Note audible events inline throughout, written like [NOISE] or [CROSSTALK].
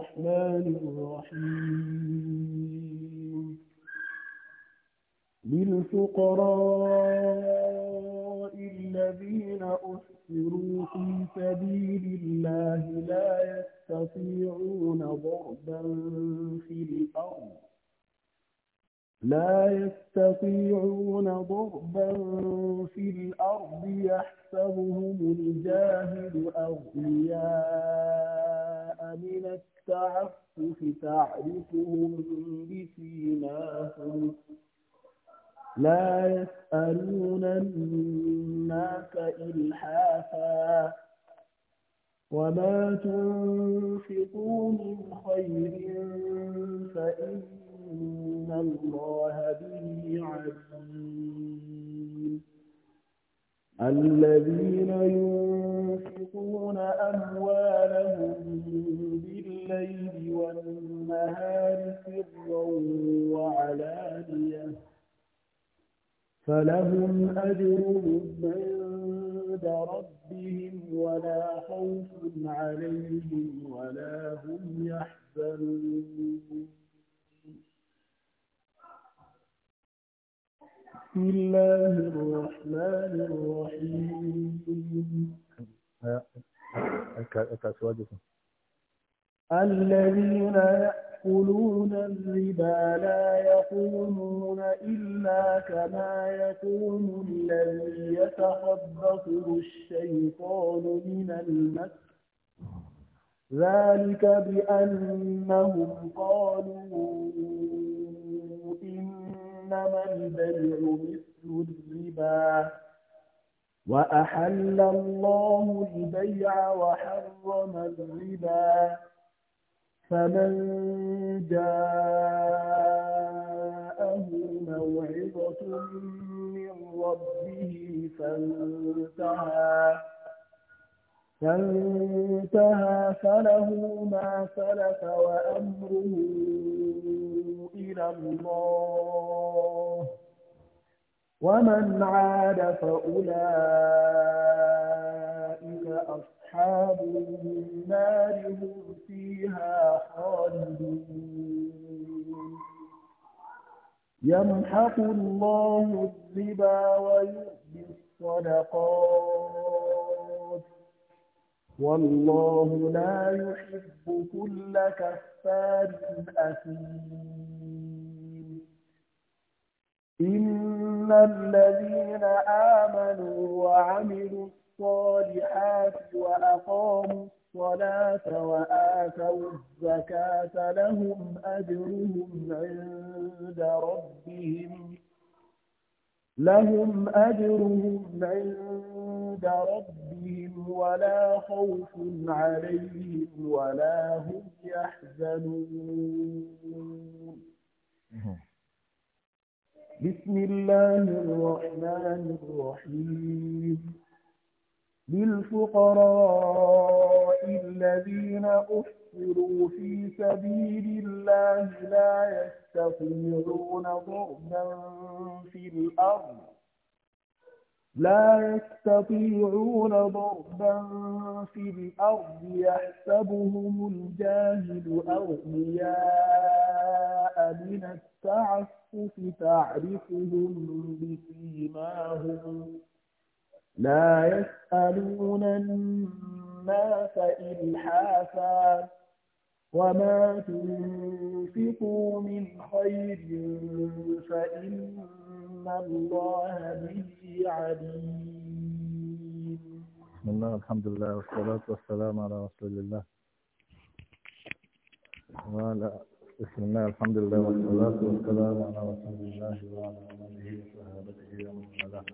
الرحمن الرحيم للفقراء الذين أسروا في سبيل الله لا يستطيعون ضربا في الأرض لا يستطيعون ضربا في الأرض يحسن أكثرهم الجاهل أغنياء من التعفف تعرفهم بسيماهم لا يسألون الناس إلحافا وما تنفقوا من خير فإن الله به عليم الذين ينفقون أموالهم بالليل والنهار سرا وعلانية فلهم أجرهم عند ربهم ولا خوف عليهم ولا هم يحزنون بسم الله الرحمن الرحيم الذين يأكلون الربا لا يقومون إلا كما يقوم الذي يتخبطه الشيطان من المس ذلك بأنهم قالوا إنما البيع مثل الربا وأحل الله البيع وحرم الربا فمن جاءه موعظة من ربه فانتهى فانتهى فله ما سلف وأمره إلى الله ومن عاد فأولئك أصحاب النار هم فيها خالدون يمحق الله الربا ويؤدي الصدقات والله لا يحب كل كفار أثيم إن الذين آمنوا وعملوا الصالحات وأقاموا الصلاة وآتوا الزكاة لهم أجرهم عند ربهم لهم أجرهم عند ربهم ولا خوف عليهم ولا هم يحزنون بسم الله الرحمن الرحيم للفقراء الذين أحصروا في سبيل الله لا يستطيعون ضربا في الأرض لا يستطيعون ضربا في الأرض يحسبهم الجاهل أغنياء من التعفف تعرفهم بسيماهم لا يسألون الناس إلحافا وما تنفقوا من خير فإن الله به عليم بسم الله الحمد لله والصلاة والسلام على رسول الله وعلى بسم الله الحمد لله والصلاة والسلام على رسول الله وعلى آله وصحبه ومن والاه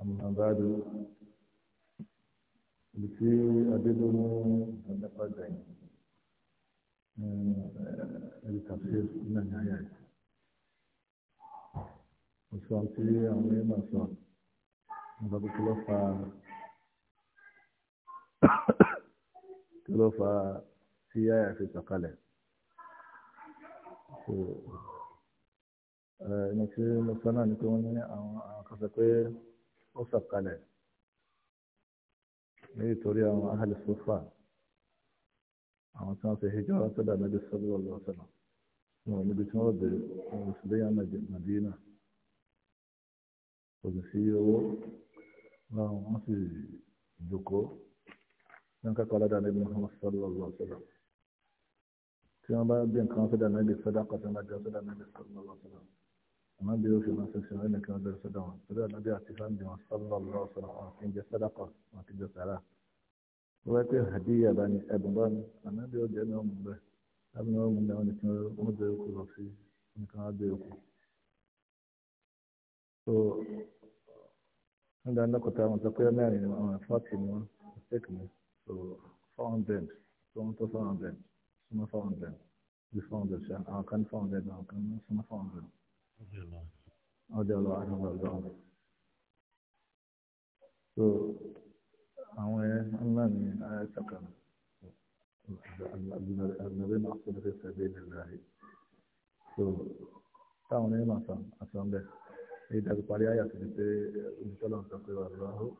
أما بعد بسي أبدنا نقدم التفسير من الآيات وصلتي أمي مصر بابا كلوفا كلوفا سيايا في سقالة إنك مثلا نكون أو أو وفق لنا ميت اليوم اهل الصفان او كان في هجره تبع النبي صلى الله عليه وسلم النبي تمرد في مدينه وزفيرو ما هو في جوكو كان قال النبي محمد صلى الله عليه وسلم كان بعد بين كان في النبي صدقه ما صلى الله عليه وسلم ومن بيوفي ما تسمع انك ما درس دعوة فدعا النبي اعتفاء بما صلى الله عليه وسلم وكنجة صدقة وكنجة صلاة ويأتي هدية بني أبنبان النبي يودي أنه من به أبنه من دعوة انك مدى يوكو رفسي انك مدى يوكو so عند أنك تعمل تقول ماني أنا فاتي ما استكمل so 400 ثم 400 ثم 400 بفوندر عشان كان فوندر آه، كان ثم 400 ọjọ́ lọ àwọn ọ̀dọ́ so àwọn ẹ̀ ńlá ni ayẹ́sàkà àgbẹ̀rẹ̀ náà fún ẹgbẹ́ sẹ́gbẹ́ nílẹ̀ ayé so táwọn ẹ̀ máa sàn àtúnbẹ̀ èyí dàbí parí ayé àti pé ìjọba ń sọ pé wà lọ́wọ́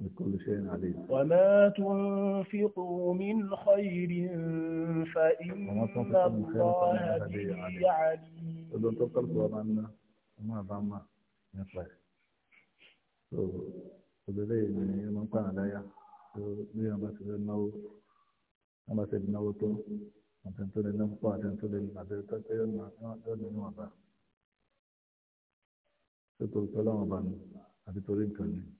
بكل شيء عليم وما تنفقوا من خير فإن الله به عليم إذا تقلت ورانا وما ضعنا يطلع فبدأي من كان عليا بيان بس النو أما سيدنو تو أنتم تلين نمقوا أنتم تلين أنتم تلين أنتم تلين أنتم تلين أنتم تلين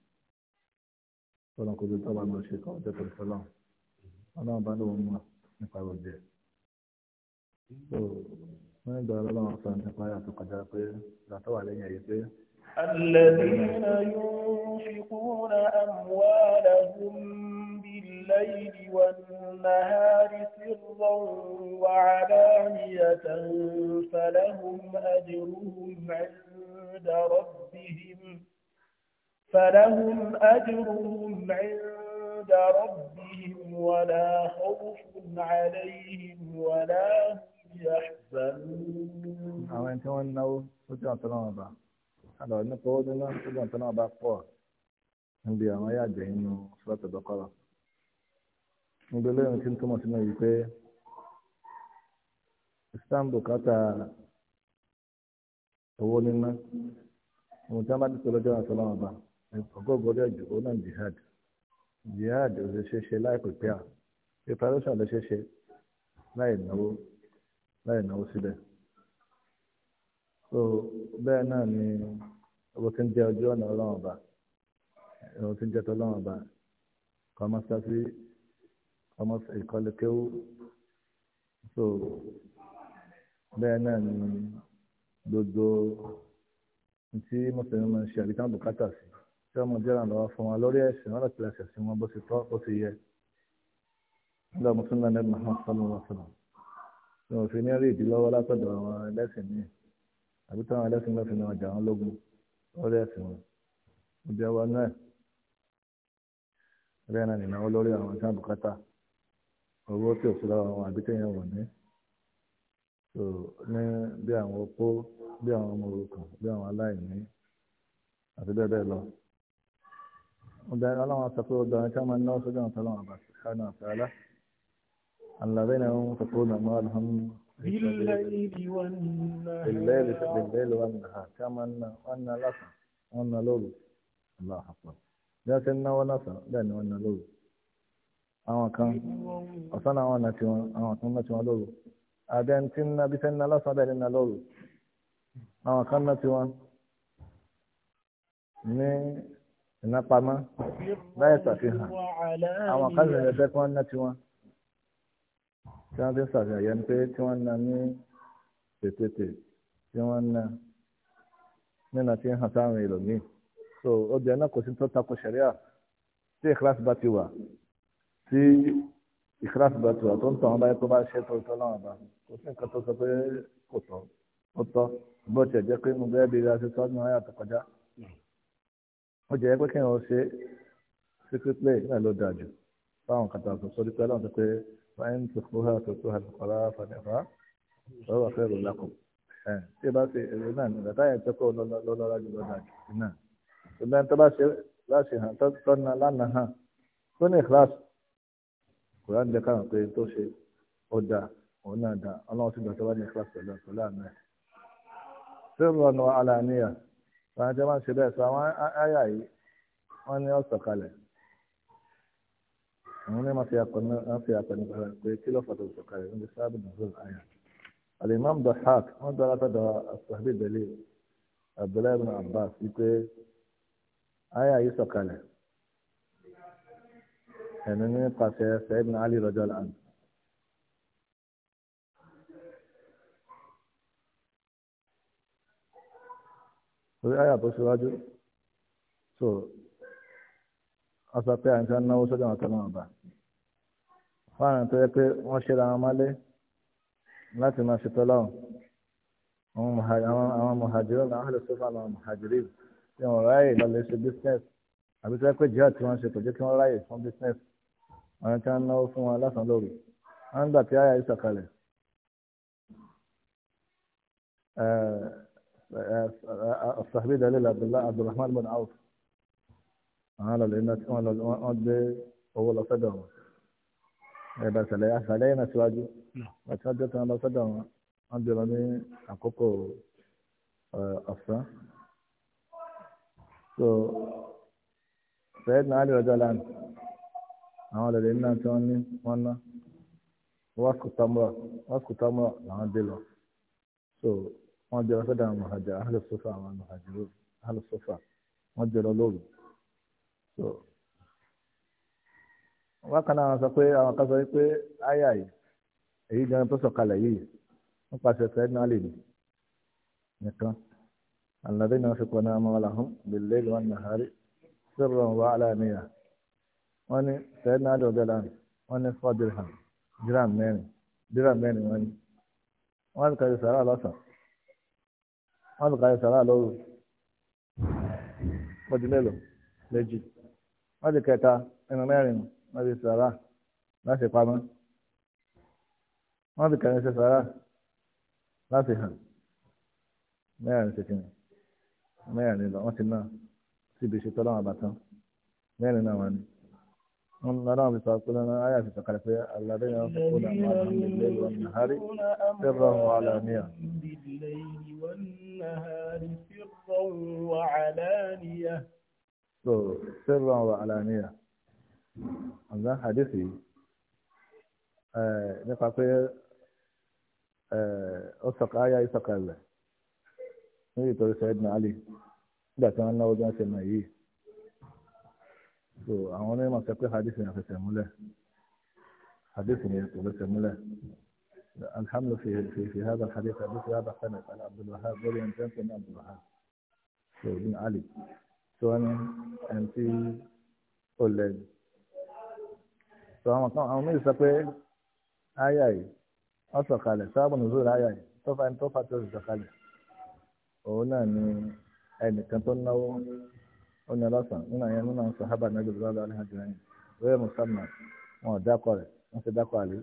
الذين ينفقون أموالهم بالليل والنهار سرا وعلانية فلهم أجرهم عند ربهم فلهم أجرهم عند ربهم ولا خوف عليهم ولا هم يحزنون àwọn tí wọ́n náwó sójú àtọ́nà ọba àlọ́ nípa owó níná sójú àtọ́nà ọba pọ̀ níbi àwọn ayáàjẹ́ inú sọ́tọ̀ dọ́kọ́rọ̀ níbi olóyìn tí ń túmọ̀ sínú yìí pé istanbul kátà owó níná ohun tí wọ́n bá ti sọ lọ́jọ́ àtọ́nà ọba ọgọ́ gbọ́dọ̀ jù náà jihad jihad ò lè ṣeéṣe láì pèpéà preparation lè ṣeéṣe láì náwó láì náwó síbẹ̀ so bẹ́ẹ̀ náà ni owó tí ń jẹ ojú ọ̀nà ọlọ́run ọba owó tí ń jẹ tọ́lọ́run ọba kọ́mọ́sáfí kọ́mọ́sá ìkọ́lé kéwú so bẹ́ẹ̀ náà ni gbogbo tí mùsùlùmí máa ń ṣe àbí bùkátà sí tí wọ́n mú jẹ́ràn lọ́wọ́ fún wọn lórí ẹ̀sìn wọn lọ́pìlẹ̀ ẹ̀sìn sí wọn bó ti tọ́ bó ti yẹ nígbà mùsùlùmí náà nẹ́bí Muhammad sallallahu alaihi wasallam ni wọ́n fi ní rí ìdílọ́wọ́ látọ̀dọ̀ àwọn ẹlẹ́sìn míì àbí táwọn ẹlẹ́sìn lọ́ọ́ fi ní ọjà wọn lógun lórí ẹ̀sìn wọn ó jẹ́ wọn náà bẹ́ẹ̀ náà nìyàwó lórí àwọn ìṣàn bùkátà owó tí ò sí lọ́wọ́ àwọn àbí téèyàn wọ̀ ní ní bí àwọn opó bí àwọn ọmọ òrukàn bí àwọn aláìní àti bẹ́ẹ̀ bẹ́ẹ̀ lọ. ọ̀dàrin ọlọ́run àtàkùn ọ̀dàrin ká máa náwó sójú àwọn tọ́lọ́run àbá sùkánù àtàlá àlàbẹ́ni àwọn tàkùn ọ̀dàrin máa lọ́n bílẹ̀lì wà nàá ká máa ná wọn ná lásán wọn ná lóru aláwọ̀ àpọ̀ bí wọ́n ti ń náwó lásán bẹ́ẹ̀ ni wọ́n ná lóru àwọn kan ọ̀sán àwọn ọ̀nà tiwọn àwọn kan ná tiwọn lóru àbẹ́ni tí ń ná bí sẹ́ni ná lásán bẹ́ẹ̀ ni ná lóru àwọn kan ná tiwọn ní. ìnápamọ́ láyé ṣàfihàn àwọn kan lè fẹ́ kí wọ́n ná tiwọn tí wọ́n fi ń ṣàfihàn yẹn pé tí wọ́n ná ní tètè tí wọ́n ná nínú tí ń hàn sáwọn ẹlòmíì so ọjà náà kò sí tó takò ṣẹ̀ríà tí ìkíláàsì bá ti wà tí ìkíláàsì bá ti wà tó ń tàn án báyìí tó bá ṣe tó tọ́ láwọn bá kò sí nǹkan tó sọ pé kò tọ́ ó tọ́ bó tiẹ̀ jẹ́ pé mo bẹ́ẹ̀ bí ra ṣe tọ́ ní ọ̀yà ó jẹ́ pé kéèyàn ṣe secret play náà ló dáa jù fáwọn kàtà tó sọ dípẹ́ láwọn tó pé fáyín tó kó hà tó tó hà tó kọ́lá fànífà lọ́wọ́ fẹ́ rò lákò tí ẹ bá ṣe èrè náà nígbà táyà tó kọ́ lọ́lọ́lá jù lọ́dà jù náà ṣùgbọ́n tó bá ṣe láṣẹ hàn tó ná lánàá hàn tó ní ìkíláàsì kò rán jẹ́ káwọn pé tó ṣe ó dáa òun náà dáa ọlọ́run sì gbà tó bá ní ìkíláàsì pẹ̀lú àná àwọn tí wọ́n máa ń ṣe bẹ́ẹ̀ sọ àwọn àyà yìí wọ́n ní ọ̀sọ̀ kalẹ̀ àwọn ní wọ́n fi àpẹnu padà pé kí ló fàtọ̀ ọ̀sọ̀ kalẹ̀ níbi sábà nàzọ́ọ̀lù àyà. alimam dahak wọ́n dọ́ra sọ́dọ̀ asahabi bẹ̀lẹ̀ abdullahi bin abbas wípé àyà yìí sọ̀kalẹ̀ ẹ̀mí nípasẹ̀ sẹ́yìn ali rọ́jọ́lá àná orí àyà tó ṣíwájú so ọsọ pé àǹtí wọn náwó sọ́dọ̀ àwọn tọ́lọ́wọ́n bá fáwọn tó yẹ pé wọ́n ṣẹlẹ̀ àwọn mọ́lé láti máa ṣe tọ́lọ́wọ́n àwọn mọ̀hàjírò business àbí tó yẹ pé jihad tí wọ́n ṣe kò jẹ́ kí business àwọn tí wọ́n náwó fún wọn lásán lórí wọ́n صاحبي دليل عبد الله عبد الرحمن بن عوف قال لأن أنا هو لا اي بس لا فلا نسواجه ما تصدق نعم. أنا صدقه عندي لاني أكوكو افا so سيدنا علي رضي الله عنه àwọn ọ̀lẹ́lẹ́ náà tí wọ́n ní wọ́n ná wọ́n kò سو so wọ́n jọra sọ́dọ̀ àwọn mọ̀hájà ahàlẹ̀ sọ́fà àwọn mọ̀hájà ahàlẹ̀ sọ́fà wọ́n jọra lóru so wọ́n kàn náà sọ pé àwọn kan sọ pé àyà yìí èyí gan tó sọ̀kalẹ̀ yìí nípasẹ̀ sẹ́dínà lè ní nìkan àlàdé náà fi kọ́ná ọmọ aláhùn lèlè ló wà nàhárí sọ̀rọ̀ wà aláàmìyà wọ́n ní sẹ́dínà dọ̀dọ̀lá wọ́n ní fọ́dìrìhàn dírà mẹ́rin dírà mẹ́rin wọ́n ní wọ́n ní kàdé sàrà lọ́sàn wọn bùkà yẹn sàrà lóru bọ́dí mélòó méjì wọ́n di kẹta ẹnu mẹ́rin wọ́n di sàrà láti pamọ́ wọ́n di kẹrin ṣe sàrà láti hàn mẹ́rin ṣe kìnnì mẹ́rin nílò wọ́n ti náà síbi ìṣètò ọlọ́run àbàtàn mẹ́rin náà wọ́n ni. ونرى بتعطلنا آية في تقريبا الذين ينفقون أموالهم بالليل والنهار سرا وعلانية بالليل والنهار والنهار سرا وعلانية سرا وعلانية عندنا حديثي nípa pé ó sọ̀kà ayá ìsọ̀kalẹ̀ ní ìtòrí sẹ́ẹ̀dì nàálì nígbà tí wọ́n náwó jọ́nsẹ̀ náà yìí so àwọn onímọ̀ sọ pé hadith yẹn fẹsẹ̀ múlẹ̀ hadith yẹn kò fẹsẹ̀ múlẹ̀ الحمل في في في هذا الحديث حديث هذا حديث على عبد الوهاب ويليام جنسون عبد الوهاب سيدنا علي سؤال ان في اولاد سؤال مقام عمي سقوي اي اي اصل خالي سابق نزول اي اي توفى ان توفى تزد خالي هنا ني اين كنتون نو هنا لاسا هنا ينون يعني صحابة نجد الله عليها جنين غير مسمى ما داقوا لي ما في داقوا عليه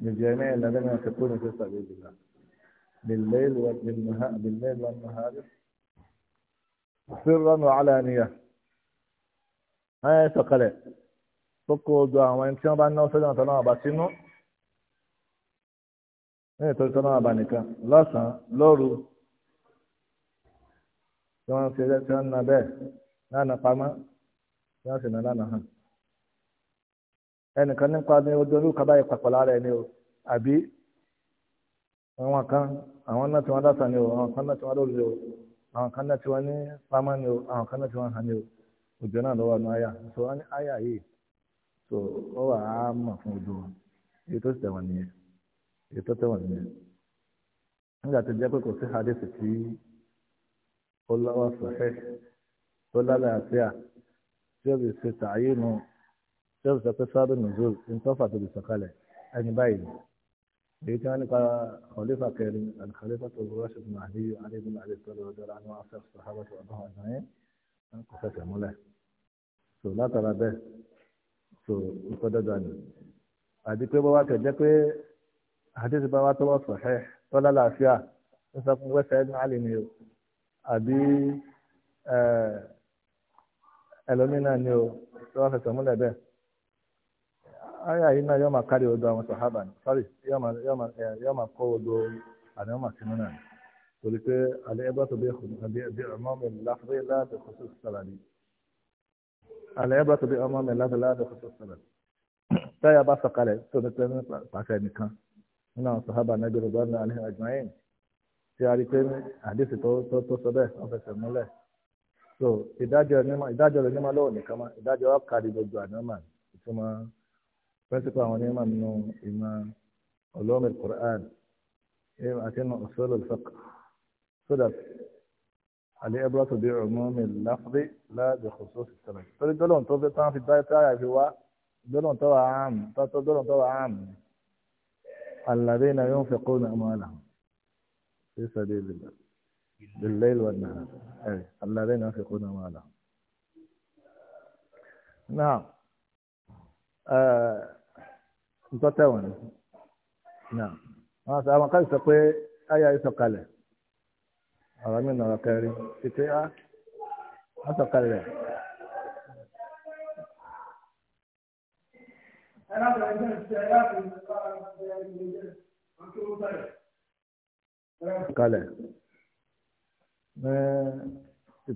للجميع الذين يثقون في سبيل الله بالليل والنهار بالليل والنهار سرا وعلانية هاي ثقلة سكو دعاء وإن شاء الله أنه سجن تنوى باشينو هاي تو تنوى بانيكا لاسا لورو كما سيدة سنة به نانا قاما سنة سنة نانا هان ẹnìkan nípa ní ojú olúkà báyìí papọ̀ lára ẹni o àbí àwọn kan àwọn náà tí wọ́n dáta ni o àwọn kan náà tí wọ́n lórí o àwọn kan náà tí wọ́n ní pamọ́ ni o àwọn kan náà tí wọ́n hàn ni o òjò náà lọ́wọ́ nu àyà so wọ́n ní àyà yìí so ó wà á mọ̀ fún ojú wọn èyí tó tẹ̀wọ̀n nìyẹn èyí tó tẹ̀wọ̀n nìyẹn nígbà tó jẹ́ pé kò sí hadith tí ó lọ́wọ́ sọ̀hẹ́ tó lálẹ́ àti à tí ó lè ṣe tààyè nù tí ó sọ pé sábà nìjọ ntọ́fà tó ti sọ̀kalẹ̀ ẹni báyìí èyí tí wọ́n nípa kọ̀lífà kẹrin alikọ̀lífà tó rọ́ ṣe fún àdéhùn àdéhùn àdéhùn ọ̀dọ́rọ̀ àwọn afẹ́ sọ̀hábà tó ọ̀dọ́ wọn náà ń kò fẹsẹ̀ múlẹ̀ so látara bẹ́ẹ̀ so ìkọ́dọ́dọ́ ni àti pé bọ́wá tẹ̀ jẹ́ pé àdéhùn bá wá tọ́wọ́ sọ̀hẹ́ tọ́lá làáfíà ń sọ fún wẹ́sẹ̀ ẹ̀dùn àlè ni o àbí eh, ẹlòmínà ni o tọ́wọ́ fẹsẹ̀ múlẹ̀ bẹ́ẹ̀ àyà yìí náà yóò máa kárí odò àwọn sàhábà ní sọ́rí yóò máa eh, kọ́ odò àdéhùn màsínú náà ní torí pé àlẹ́ ẹgbẹ́ tó bí ọmọ mi láfẹ́ láti kóso sàlà ní. àlẹ́ ẹgbẹ́ tó bí ọmọ mi láfẹ́ láti kóso sàlà ní. táyà bá sọ̀kalẹ̀ tó ní pé ní pàṣẹ nìkan nínú àwọn sàhábà náà bí rògbòn náà àlẹ́ àjùmáyìn tí a rí pé ní àdéhùn tó sọ bẹ́ẹ̀ wọ́n fẹsẹ̀ múlẹ̀ so ìdájọ́ rẹ̀ ní ma lọ́wọ́ nìkan ma ìdájọ́ ọ̀kadì gbogbo àná mà ìtumọ̀ فاتي فاهمون ايما انه ايما علوم القرآن اما اكنه اصول الفقه صدف علي ابرات بعموم اللفظ لا بخصوص السبب فلي دولون تو يطان في الدائرة تاعي في هو دولون طوى عام فاتو دولون طوى عام الذين ينفقون اموالهم في سبيل الله بالليل والنهار اي الذين ينفقون اموالهم نعم آه. nǹkan tẹ̀wọ̀n na àwọn kan sọ pé àyà ìsọ̀kalẹ̀ mi nọ̀rọ̀ kẹrin ha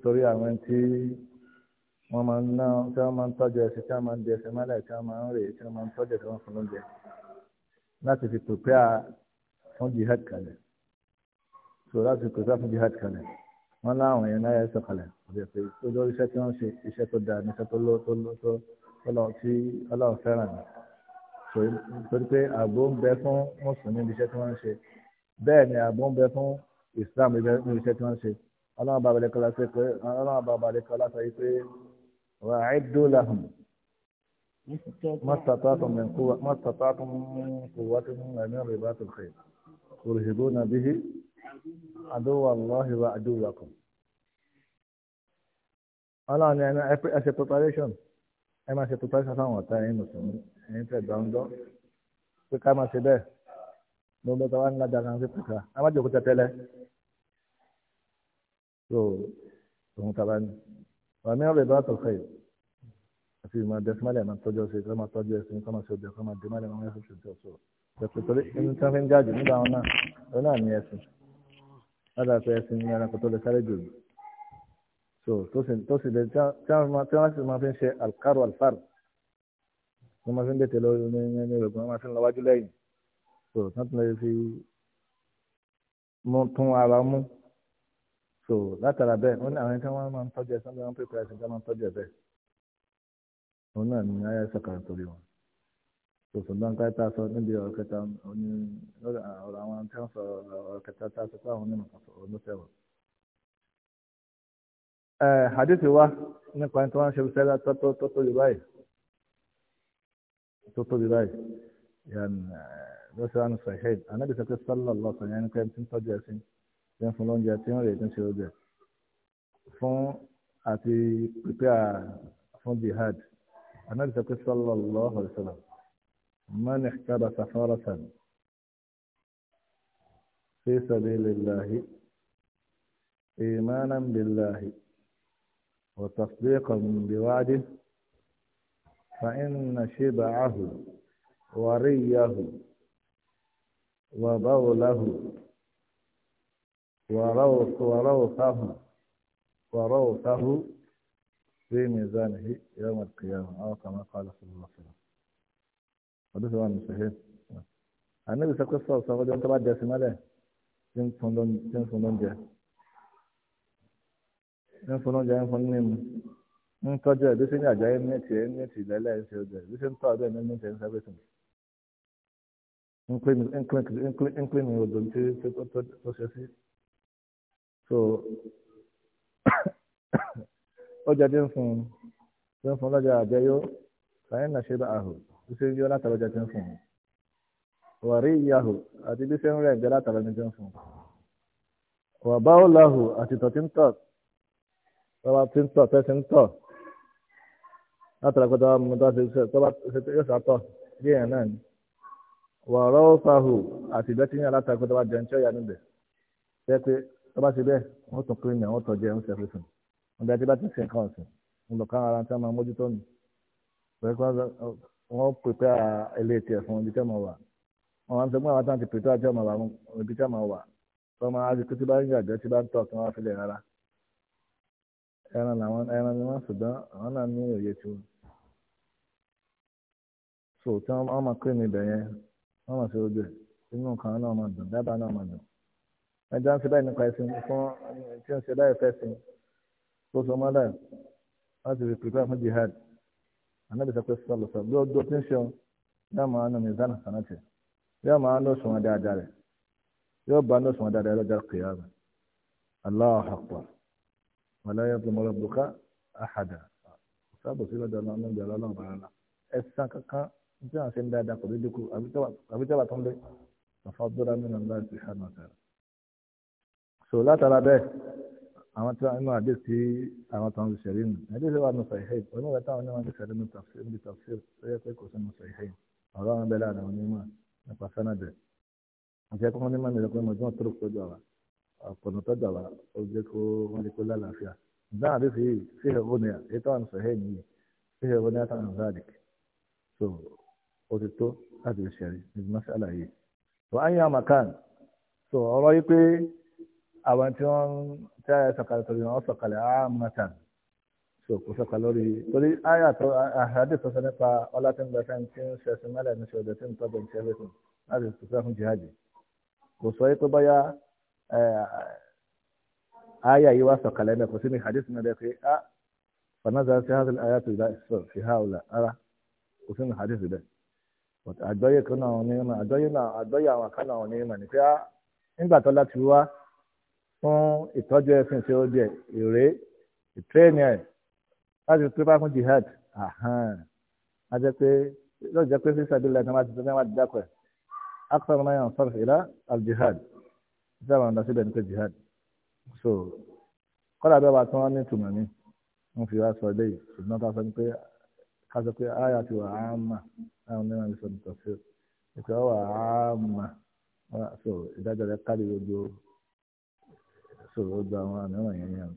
á wọ́n kalẹ̀ wọ́n máa ń ná tí wọ́n máa ń tọ́jú ẹsẹ̀ tí wọ́n máa ń di ẹsẹ̀ mọ́lẹ̀ tí wọ́n máa ń rè tí wọ́n máa ń tọ́jú ẹsẹ̀ wọn fún lóúnjẹ láti fi pèpéà fún jihad kalẹ̀ so láti fi pèpéà fún jihad kalẹ̀ wọ́n láwọn èèyàn náà yẹ sọ kalẹ̀ ọ̀dẹ̀ pé tó lórí iṣẹ́ tí wọ́n ṣe iṣẹ́ tó dáa níṣẹ́ tó lọ tó lọ tó lọ tí ọlọ́run fẹ́ràn ni torí pé ààbò ń bẹ fún mùsùlùmí ibi iṣẹ́ tí wọ́n ń ṣe bẹ́ẹ̀ ni وأعدوا لهم ما استطعتم من قوة ما استطعتم من قوة ومن رباط الخير ترهبون به عدو الله وعدوكم ọlọ́run ni ẹni ẹ ṣe preparation ẹ máa ṣe preparation fáwọn ọ̀tá ẹ̀yin mùsùlùmí ẹ̀yin tẹ̀ gbọ́ndọ́ pé ká máa ṣe bẹ́ẹ̀ ló ń bẹ́ẹ̀ tọ́wọ́ ńlá dára ní pẹ̀ka a má jòkó tẹ́tẹ́lẹ́ so òun tàbá ni ọ̀mí ọ̀rẹ́ bá tó fẹ́ àti ìmọ̀ dẹ́símálẹ̀ máa tọ́jú ọ̀sẹ̀ kọ́ máa tọ́jú ẹ̀sìn kọ́ máa ṣe ọ̀dẹ̀ kọ́ máa dẹ́málẹ̀ máa ṣe ṣe ọ̀sọ̀ ẹ̀sìn torí ẹni tí wọ́n fi ń jáde nígbà wọn náà wọn náà ní ẹ̀sìn ládàá pé ẹ̀sìn ní ẹranko tó lè sáré jù so tó sì lè tí wọ́n sì máa fi ń ṣe alkaru alfar wọ́n máa fi ń dètè lórí ní ní ìrògùn wọ́n máa fi ń lọ wájú lẹ́yìn so tó tún lè fi mú tún ara mú so látara bẹ́ẹ̀ wọn ní àwọn ẹni tí wọ́n máa ń tọ́jú ẹsẹ̀ wọn pé pẹ́ẹ́sì tí wọ́n máa ń tọ́jú ẹ bẹ́ẹ̀ òun náà ní ayé sọ̀kàrà torí wọn so ṣùgbọ́n ká tá a sọ níbi ọ̀rọ̀ kẹta oní ọ̀rọ̀ àwọn tí wọ́n sọ ọ̀rọ̀ kẹta tá a sọ pé àwọn onímọ̀ ọ̀nùsẹ̀wọ̀. ẹ eh, hadith wa nípa ẹni tí wọ́n ń ṣe sẹ́lá tó tóbi báyìí tó tóbi báyìí yẹn eh, ló ṣe wá ní sahih anábìsẹ̀ pé sọ́lá lọ́sàn yẹn ní pé ẹni tí ń tọ́jú ẹ̀sìn tí wọ́n fún lóúnjẹ tí wọ́n lè tún ṣe ọbẹ̀ fún àti prepare fún jihad anabi sọ pé sallallahu alayhi wa sallam man ihtabasa faratan fi sabilillahi imanan billahi wa tasdiqan biwa'dihi فإن شبعه وريه وبوله وروثه وروثه في ميزانه يوم القيامة أو كما قال صلى الله عليه وسلم حديث عن صحيح النبي صلى الله عليه وسلم أنت بعد جاسم عليه تن فندون تن فندون جاه تن فندون جاه فندون ń tọ́jú ẹ̀ bí sí ní àjáyé ní ti ẹ̀ ní ti ìlẹ́lẹ̀ ẹ̀ ń ṣe ọjọ́ ẹ̀ bí sí ń tọ́ ọdún ẹ̀ ní ti ẹ̀ ń sẹ́bẹ̀tì ń pè mí odò tí ó ṣe sí so ọjà tí ń fún tí ń fún lọ́jà àjẹyó sàyẹn náà ṣe bá àhò bí ṣe ń yọ látara ọjà tí ń fún wàrí ìyàhò àti bí ṣe ń rẹ̀ ń jẹ látara ẹni tí ń fún wà báwo làhò àti tọ̀ tí ń tọ̀ tọ́ba tí ń tọ̀ tẹ́sí ń tọ̀ látara pé tọ́ba mú tọ́ba ṣe tọ́ba yóò sàtọ̀ bí èèyàn náà ni wà rọ́ọ̀fàhò àti ìbẹ́tí yàn látara pé tọ́ba jẹun tí ó tó bá ṣe bẹ́ẹ̀ wọ́n tún kiri ní àwọn tọ́jú ẹ̀ ń ṣe fífún wọn bí a ti bá ti ṣe nǹkan ọ̀sìn ń lọ káwọn ara tí wọ́n máa mójútó nù wọ́n pèpè ilé tiẹ̀ fún ibi tí wọ́n wà wọ́n máa ń sẹ́gbọ́n àwọn àti pèpè àti ọmọ àwọn ibi tí wọ́n wà tó máa á ti kú tí bá ń yàgbẹ́ tí bá ń tọ̀ kí wọ́n á fi lè rárá ẹran làwọn ẹran ni wọ́n ṣùgbọ́n àwọn náà ní òye tiwọn so tí wọ́n máa kí ibẹ̀ yẹn wọ́n máa ṣe ojú ẹ̀ inú nǹkan náà máa dùn dábàá náà máa dùn ẹja ń ṣe báyìí nípa ẹ̀sìn fún tí ń ṣe báyìí fẹ́sìn tó sọ mọ́lá wọ́n ti fi prepare fún jihad anábì sọ pé sọlọ sọ bí ọdún tí ń ṣe yóò máa nù mí zánà sànàtì yóò máa nù sùn wọn dáadáa rẹ yóò bá nù sùn wọn dáadáa lọ́jọ́ kìyàmù Allahu akbar wàlá yóò tó mọ́lá bùkà àhàdà sábò sí lọ́dọ̀ náà níbi ọ̀rọ̀ náà bàrà náà ẹ̀sán kankan tí wọ́n ṣe ń dáadáa kò ní dínkù àbí tẹ́wà tó ń lé àfọ́dúnrán mi náà láti ṣàánú ọ̀tẹ̀rẹ̀ so látara bẹ́ẹ̀ àwọn tí wọ́n adé sí àwọn tó ń ṣẹlẹ̀ nù adé sí wàá nù sàìhẹ́yìn oníwèé táwọn oníwèé ti ṣẹlẹ̀ nù tafsir níbi tafsir tó yẹ pé kò sí nù sàìhẹ́yìn ọ̀rọ̀ àwọn bẹ́ẹ̀ láàrin onímọ̀ nípa sánàdẹ̀ àti ẹ̀kọ́ wọn ní mọ̀ nílẹ̀ pé mo jọ́ tó tó jọ wa ọ̀pọ̀nà tó jọ wa ó jẹ́ kó wọ́n lè kó lálàáfíà náà adé sí fíhẹ̀ ó ní ètò àwọn sàìhẹ́yìn yìí fíhẹ̀ ó ní àtàwọn záàdì so ó ti tó láti ṣẹlẹ̀ níbi mọ́ṣáláyé so àyàn àmàkàn so ọ̀rọ̀ yìí pé àwọn tí wọ́n tí àyà sọ̀kalẹ̀ torí wọn sọ̀kalẹ̀ àmàtà so sọ̀kalẹ̀ lórí torí àyà tó àhàdì tó sọ nípa ọlá tí ń gbà sáyẹn tí ń ṣẹ̀sìn mẹ́lẹ̀ ní ṣọ̀dọ̀ tí ń tọ́jú ní láti fún jihadi kò sọ pé báyà yìí wá sọ̀kalẹ̀ sí pé a fanaza sí hadith àyà tó dá fi ha ọ̀la ara kò sí fún ìtọ́jú ẹ̀sìn tí ó jẹ èrè ìtírẹ́nì ẹ̀ láti pípa fún jihad a jẹ pé lọ́ọ̀ jẹ́ pé sísá bílẹ̀ náà ti tẹ́lẹ̀ wá ti dákọ̀ ẹ̀ akpọ̀rọ̀ náà yàn sọ̀rọ̀ ìlà al-jihad ìṣe àwọn ọ̀dọ́ síbẹ̀ ní pé jihad so kọ́lá bí ọba tí wọ́n ní tùmọ̀ ní wọ́n fi wá sọ ọ́ léyìí ṣùgbọ́n ká sọ pé ká sọ pé ayé àti wà á mà táwọn onímọ̀ ní sọ ní tọ̀síọ̀ ìpè ọwà á mà so ìdájọ́ rẹ̀ kárí gbogbo so gbogbo àwọn àmìràn yẹn yẹn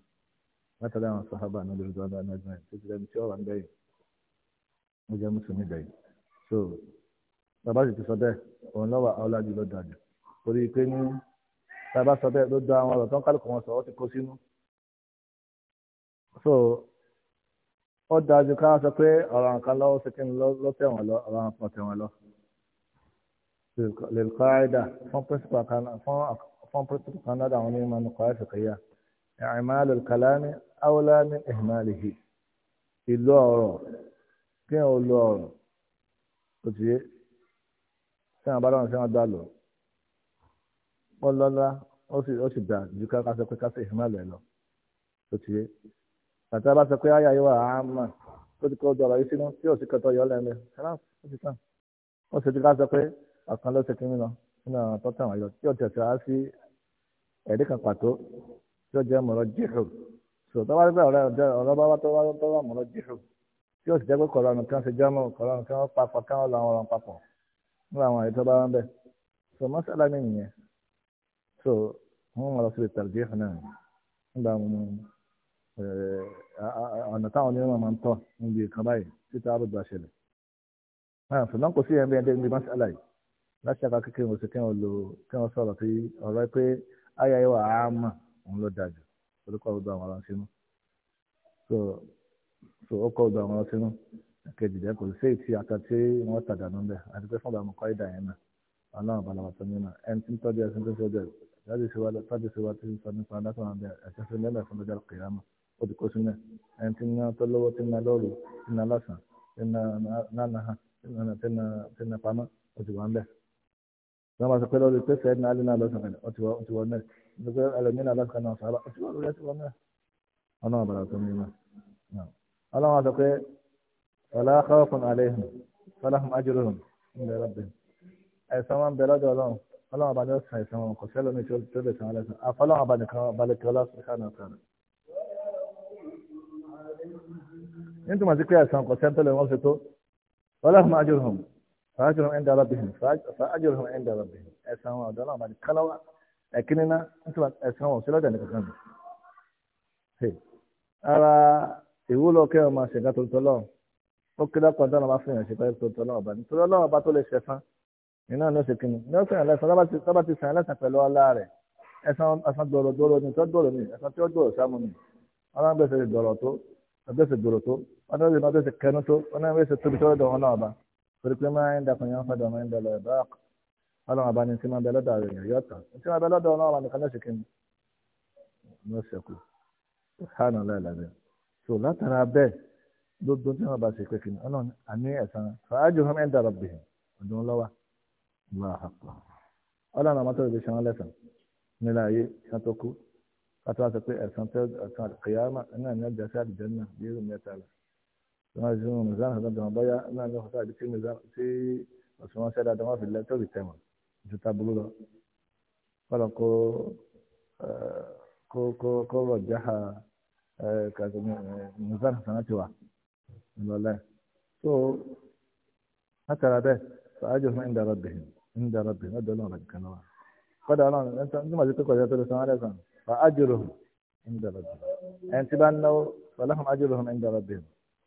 látàrí àwọn sàhábà náà lórí gbọ́dọ̀ anájúmọ̀ tó ti lẹ́nu tí ọ̀rọ̀ ń bẹ̀yìn ó jẹ́ mùsùlùmí bẹ̀yìn so bàbá sì ti sọ bẹ́ẹ̀ òun lọ́wọ́ ọlájú ló dàjù torí pé ní bàbá sọ bẹ́ẹ̀ ló da àwọn ọ̀rọ̀ tó ń kálukú wọn sọ ọ́ ti kó sínú so ó dájú ká sọ pé ọ̀rọ̀ nǹkan lọ́wọ́ sí kí n lọ tẹ̀wọ̀n lọ ọ̀rọ̀ nǹkan tẹ̀wọ̀n lọ lè kọ́ àìdá fún pírísìpà kan fún wọ́n píríncípù kan lọ́dọ̀ àwọn onímọ̀ nípa ẹ̀fẹ̀kẹ́yà i'malul kalami awla min ihmalihi ìlú ọ̀rọ̀ kí n ò lo ọ̀rọ̀ kò sí yé sí àwọn abáláwọn sí àwọn gbà lọ ó lọ́lá ó sì ó sì dà ju ká sọ pé ká sí ihmal ẹ̀ lọ kò sí yé bàtà bá sọ pé àyà yìí wà á mà ó ti kọ́ ọdọ yìí sínú tí ò sí kẹtọ yọ lẹ́nu ó ẹ̀rí kan pàtó tí ó jẹ́ mọ̀rọ̀ jíhù sọ tó wá rí pé ọ̀rọ̀ bá wá tó wá tó wá mọ̀rọ̀ jíhù tí ó sì jẹ́ pé kọ̀ọ̀rọ̀ nù kí wọ́n ṣe jẹ́ mọ̀ kọ̀ọ̀rọ̀ nù kí wọ́n papọ̀ kí wọ́n lọ àwọn ọ̀rọ̀ papọ̀ nígbà àwọn àyètọ́ bá ń bẹ̀ sọ mọ́sálà mi nìyẹn sọ wọ́n mọ̀ lọ sí ìtàlùjíhù náà nígbà ọ̀nà táwọn onímọ̀ máa ń tọ̀ níbi ìkan báyìí títí àbùdó àṣẹlẹ̀ ah, ṣùgbọ́n kò sí ẹ̀ ń mọ́sálà yìí láti ṣàkà kékeré wọn sí kí wọ́n lo kí wọ́n sọ̀rọ̀ sí ọ̀rọ̀ pé ayé ayé wà á mọ̀ òun ló dájú orúkọ gbogbo àwọn ọ̀rọ̀ sínú so ó kọ́ gbogbo àwọn ọ̀rọ̀ sínú kejì dẹ́ kò sí èyí ata tí wọ́n tàdà nù bẹ́ẹ̀ àti pé fúnbà mọ̀kọ́ ìdá yẹn náà ọlọ́run balaba tó ní náà ẹni tí ń tọ́jú ẹsẹ̀ tó ṣe ọjọ́ ìwádìí sí wájú tọ́jú sí wájú tí sọ nípa adákan àbẹ ẹ̀sẹ̀ sí lẹ́lẹ̀ fún lọ́jọ́ kìlámà ó ti kó sínú ẹ̀ ẹni tí ń ná tó lówó tí ń wọ́n máa sọ pé lọ́dún pé sẹ́yìn náà lẹ́nà lọ́sàn án ọtí wọ́n ti wọ́n náà nígbà ẹlòmínà lọ́sàn án náà sábà ọtí wọ́n lórí ẹtí wọ́n náà ọ̀nà àbàrà tó mímọ́. ọlọ́wọ́n sọ pé ọ̀là kọ́ọ̀kùn àlẹ́hùn fọláhùn ájúròhùn ńlẹ̀ rọ́bìn ẹ̀sán wọn bẹ lọ́dọ̀ ọlọ́run ọlọ́run ọba ní ọ̀sán ẹ̀sán wọn kò sẹ́lómi tó lè sàn án lẹ́sàn àfọlọ́run ẹ̀sán wọn ṣe فأجرهم عند ربهم فأجرهم عند ربهم أسهم ودلهم بعد كلوا لكننا أنتم أسهم وسلا ده نكمل هي أرى يقولوا كي ما شجعت الطلاق وكذا قد أنا ما فينا شجعت الطلاق بعد الطلاق بعد طول الشفا iná ló ṣe kínní ní ọ̀sẹ̀ ẹ̀lẹ́sàn tó bá ti sàn ẹlẹ́sàn pẹ̀lú ọlá rẹ̀ ẹ̀sán ẹ̀sán dọ̀rọ̀ dọ̀rọ̀ ni tó dọ̀rọ̀ ni ẹ̀sán tí ó dọ̀rọ̀ sámú ni ọlọ́run bẹ̀sẹ̀ dọ̀rọ̀ tó ọdún ṣe dọ̀rọ̀ tó ọdún ṣe kẹnu tó ọdún ṣe tóbi tó dọ̀rọ̀ náà bá torí pé máa ń dàkùn yẹn fàdà máa ń dàlọ ẹ̀bá ọlọ́run àbá ni tí máa bẹ lọ́dọ̀ àwọn èèyàn yọ̀tọ̀ tí máa bẹ lọ́dọ̀ ọlọ́run àbá nìkan lọ́sẹ̀ kìíní ní ọ̀sẹ̀ kù sànù láìlábẹ́ tó látara bẹ́ẹ̀ gbogbo tí wọ́n bá ṣe pé kìíní ọlọ́run àní ẹ̀sán fàájù hàn ẹ̀ dàrọ̀ bìhìn ọdún lọ́wọ́ ọlọ́run àmọ́ tó lè ṣe wọn lẹ́sàn nílẹ̀ ayé ṣan tó kú látara sọ pé ẹ̀sán tẹ́ ẹ̀sán àkèyàmà náà ní ọjà sí àdìjẹ́ náà bí irú mẹ́ta lọ wọn ju mizan hasan dama bóyá náà ní ọkọta àbí tí mizan tí ọsùnwọn ṣẹlẹ àdá wọn fi lẹ tóbi tẹmọ ju tabulu lọ kọlọ kó kó kó kó rọjá ha kàtó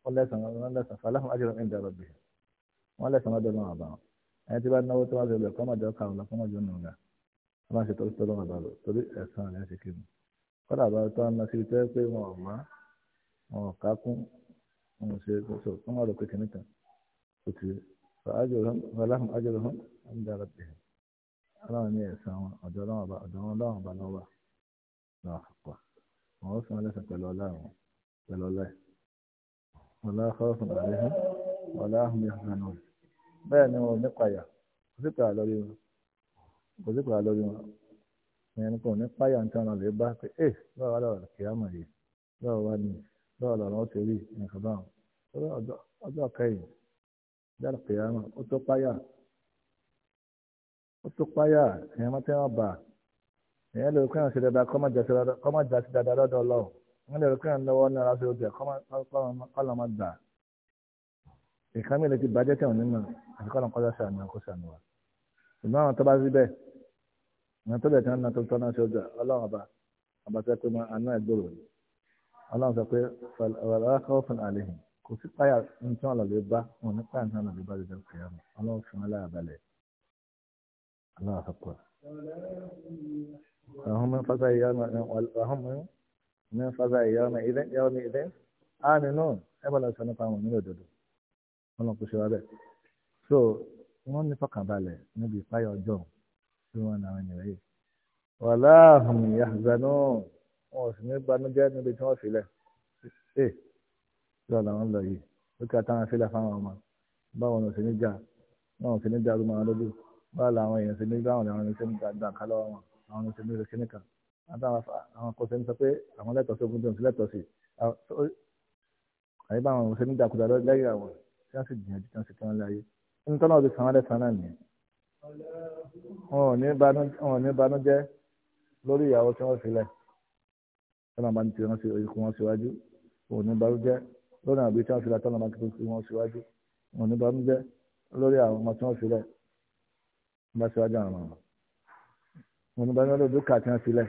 wọ́n lẹ́sàn wọ́n lẹ́sàn فلهم àjọyọ̀ ní ìjà rọ̀bì wọ́n lẹ́sàn wọ́n dọ́lọ́wọ́ àbá wọn ẹni tí bá náwó tó wá sí ọbẹ̀ kọ́mọ̀jọ́ kàrùn lọ́kọ́mọ̀jọ́ nù nga wọ́n máa ṣe tó tọ́lọ́ àbá lọ torí ẹ̀sán rẹ̀ ṣe kí ni kọ́dà bá tó ń lọ sí ibi tó yẹ pé wọn ò má wọn ò kákún wọn ò ṣe kóso wọn ò pé kìnnì kan kò tí fàlàfún àjọyọ̀ ní ìjà ọlọ́run ní ẹ̀sán wọn ọ̀dọ́ ọlọ́run bá lọ́wọ́ wọ́n láfọ́ fún ọ̀rẹ́ hàn wọ́n láhùn ìhànà bẹ́ẹ̀ ni wọn ò ní payà kò sí pàrọ̀ lórí wọn kò sí pàrọ̀ lórí wọn ìyẹn ni kò ní payà ń tán lè bá pé ẹ eh, lọ́wọ́ wá lọ́wọ́ kìí àmọ̀ yìí lọ́wọ́ wá ní lọ́wọ́ lọ́wọ́ ó ti rí nǹkan báwọn ọjọ́ kẹyìn dáàbò kìí wọ́n lè rò pé àlọ́wọ́ náírà sí ọjà kọ́lọ́ máa gbà ìkan mi lè ti bàjẹ́ tẹ̀wọ̀n nínú àti kọ́lọ́ kọ́lọ́ sàmì ọkọ̀ sàmì wa ṣùgbọ́n àwọn tó bá sí bẹ́ẹ̀ àwọn tó bẹ̀ tí wọ́n na tó tọ́ náà sí ọjà ọlọ́run ọba ọba tó pé máa àná ẹ̀gbọ́rò yìí ọlọ́run sọ pé ọlọ́kọ̀ fún àlehìn kò sí páyà nǹkan ọ̀lọ́lẹ̀ bá wọn ní páyà nǹkan ọ̀lọ́lẹ̀ bá lè dẹ́ kẹ́yà mọ́ ọlọ́run fún aláàbálẹ̀ ọlọ́run sọ pé ọ̀hún mi fásitì yá ọ̀hún mi ní fásitì ìyá ọmọ ìdẹ ìyá ọmọ ìdẹ àmì náà ẹ bọ́ lọ sọ nípa àwọn onílò òdodo wọn lọ kó ṣe wá bẹ́ẹ̀ so wọn ní fọkànbalẹ̀ níbi ìpáyà ọjọ́ tí wọn náà yẹn yìí wàhálà àhùn ìyàgbẹ́nu wọn ò sì ní gbanújẹ́ níbi tí wọ́n filẹ̀ ẹ lọ làwọn lọ yìí lókè àtàwọn filẹ̀ fáwọn ọmọ báwọn ò sì ní jà wọn ò sì ní jà lómọ àwọn lójú báwọn làwọn èèyàn sì ní gbàwọn làwọn èèyàn sì ní gbàgbà kálọ́ wọn àwọn ò sì ní àwọn kọsẹ̀ ń sọ pé àwọn lẹ́tọ̀ọ́ sí ogun tó ń sí lẹ́tọ̀ọ́ sí àyíbá àwọn òṣèlú dàkúdà lẹ́yìn àwọn tí wọ́n sì gbìyànjú tí wọ́n sì kí wọ́n láyé nínú tọ́lá ọdún sàn án lẹ́sàn náà nìyẹn wọn ò ní banújẹ́ lórí ìyàwó tí wọ́n sílẹ̀ tọ́lá bá ń ti wọn sí ikú wọn síwájú wọn ò ní banújẹ́ lórí àbí tí wọ́n sílẹ̀ tọ́lá bá ń ti ikú wọn síwájú wọn ò ní banújẹ́ lórí àwọn ọmọ tí wọ́n sílẹ̀ bá síwájú àwọn ọmọ wọn ò ní banújẹ́ lórí dúkà tí wọ́n sílẹ̀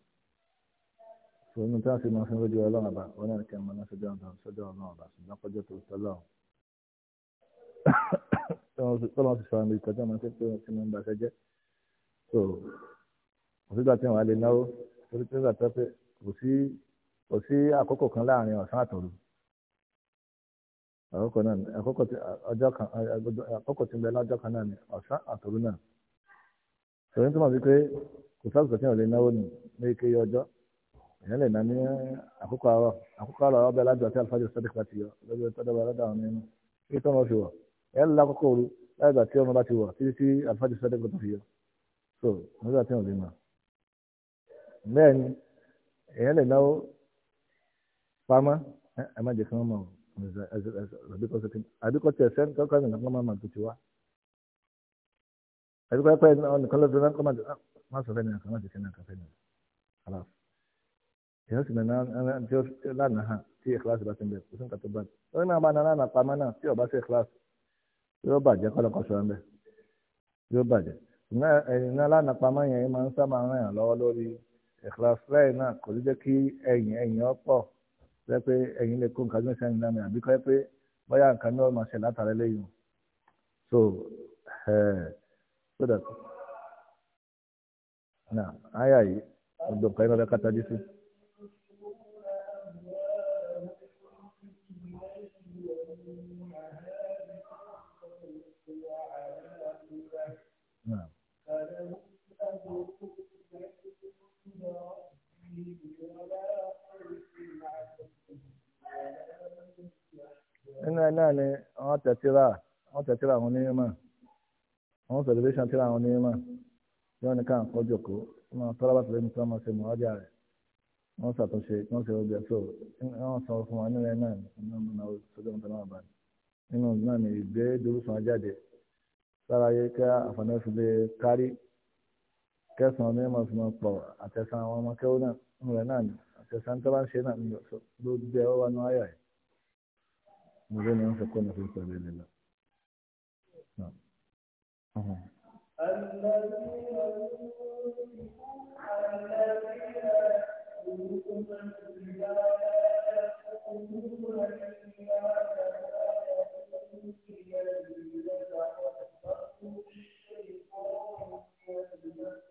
sọ̀rọ̀ tí wọ́n fi máa fi rojú ọlọ́run àbá wọn náà kẹ́ mọ́ náà sọ́jọ́ ọ̀dọ́ sọ́jọ́ ọlọ́run àbá ṣùgbọ́n kọjọ́ tó tọ́lọ́ tọ́lọ́ ti sọ̀rọ̀ so òṣìṣẹ́ tí wọ́n á lè náwó torí pé nígbà tó pé kò sí kò sí àkókò kan láàrin ọ̀sán àtòru àkókò náà ni àkókò tí ọjọ́ kan àkókò tí ń bẹ lọ́jọ́ kan náà ni ọ̀sán àtòru náà sọ̀rọ̀ tí wọ́n fi pé kò sáàkùkọ̀ tí wọ́n lè náwó ní ní ike ọjọ́ èèyàn lè nà ní àkókò àárọ̀ àkókò àárọ̀ ọbẹ̀ lájọ tí alifájọ sadiq bá ti yọ lọ́jọ́ tọ́dọ̀bà lọ́dọ̀ àwọn nínú kí tó wọn fi wọ̀ èèyàn lè lákòókò òru láìgbà tí ọmọ bá ti wọ̀ títí tí alifájọ sadiq bá fi yọ so nígbà tí wọn lè mọ. bẹ́ẹ̀ ni èèyàn lè náwó pamọ́ ẹ má jẹ́ kí wọ́n mọ̀ àbíkọ́ tẹ̀ sẹ́ni kọ́kọ́ ní nǹkan máa tó ti wá àbíkọ́ pẹ́ nìkan lọ́dún náà kọ́ sọ fẹ́ nìkan má ti fẹ́ èèyàn sebenarnya, nana tí ó lánàá hàn bahasa ìkíláàsì bá ti ń bẹ kò mana nǹkan tó bá ti bahasa náà bá nana kalau kau náà tí ọba sí ìkíláàsì yóò bàjẹ́ kọ́lọ́kọ́ sọ ẹ́ bẹ́ yóò bàjẹ́ ìná lánàá pamọ́ yẹn máa ń sábà ràn yàn lọ́wọ́ lórí ìkíláàsì lẹ́yìn náà kò ní jẹ́ kí ẹ̀yìn ẹ̀yìn ọ̀pọ̀ jẹ́ pé ẹ̀yìn lè kó nǹkan so heh, that na aya yìí ọ̀dọ̀ kan náà lẹ́ka tajú sí. nínú ẹ náà ni àwọn tẹ̀síra àwọn tẹ̀síra àwọn onímọ̀ àwọn celebration tíra àwọn onímọ̀ yóò ní káà kọjú òkú wọn tọ́lá bá tẹ̀lé mi tọ́ ọmọ ṣe mọ́ ọjà rẹ̀ wọ́n ṣàtúnṣe wọ́n ṣe ọjà tó wọ́n sọ fún wa nínú ẹ náà nínú ọmọ náà sọjọ́ ọmọ náà bá nínú náà ni ìgbé dorúfún ajáde sára yẹ ká àfààní kárí kẹsàn-án onímọ̀ Mula nan, ke santa ban sih nan do dewa wan ayah. Mungkin yang sekolah nak kita beli lah. Thank you.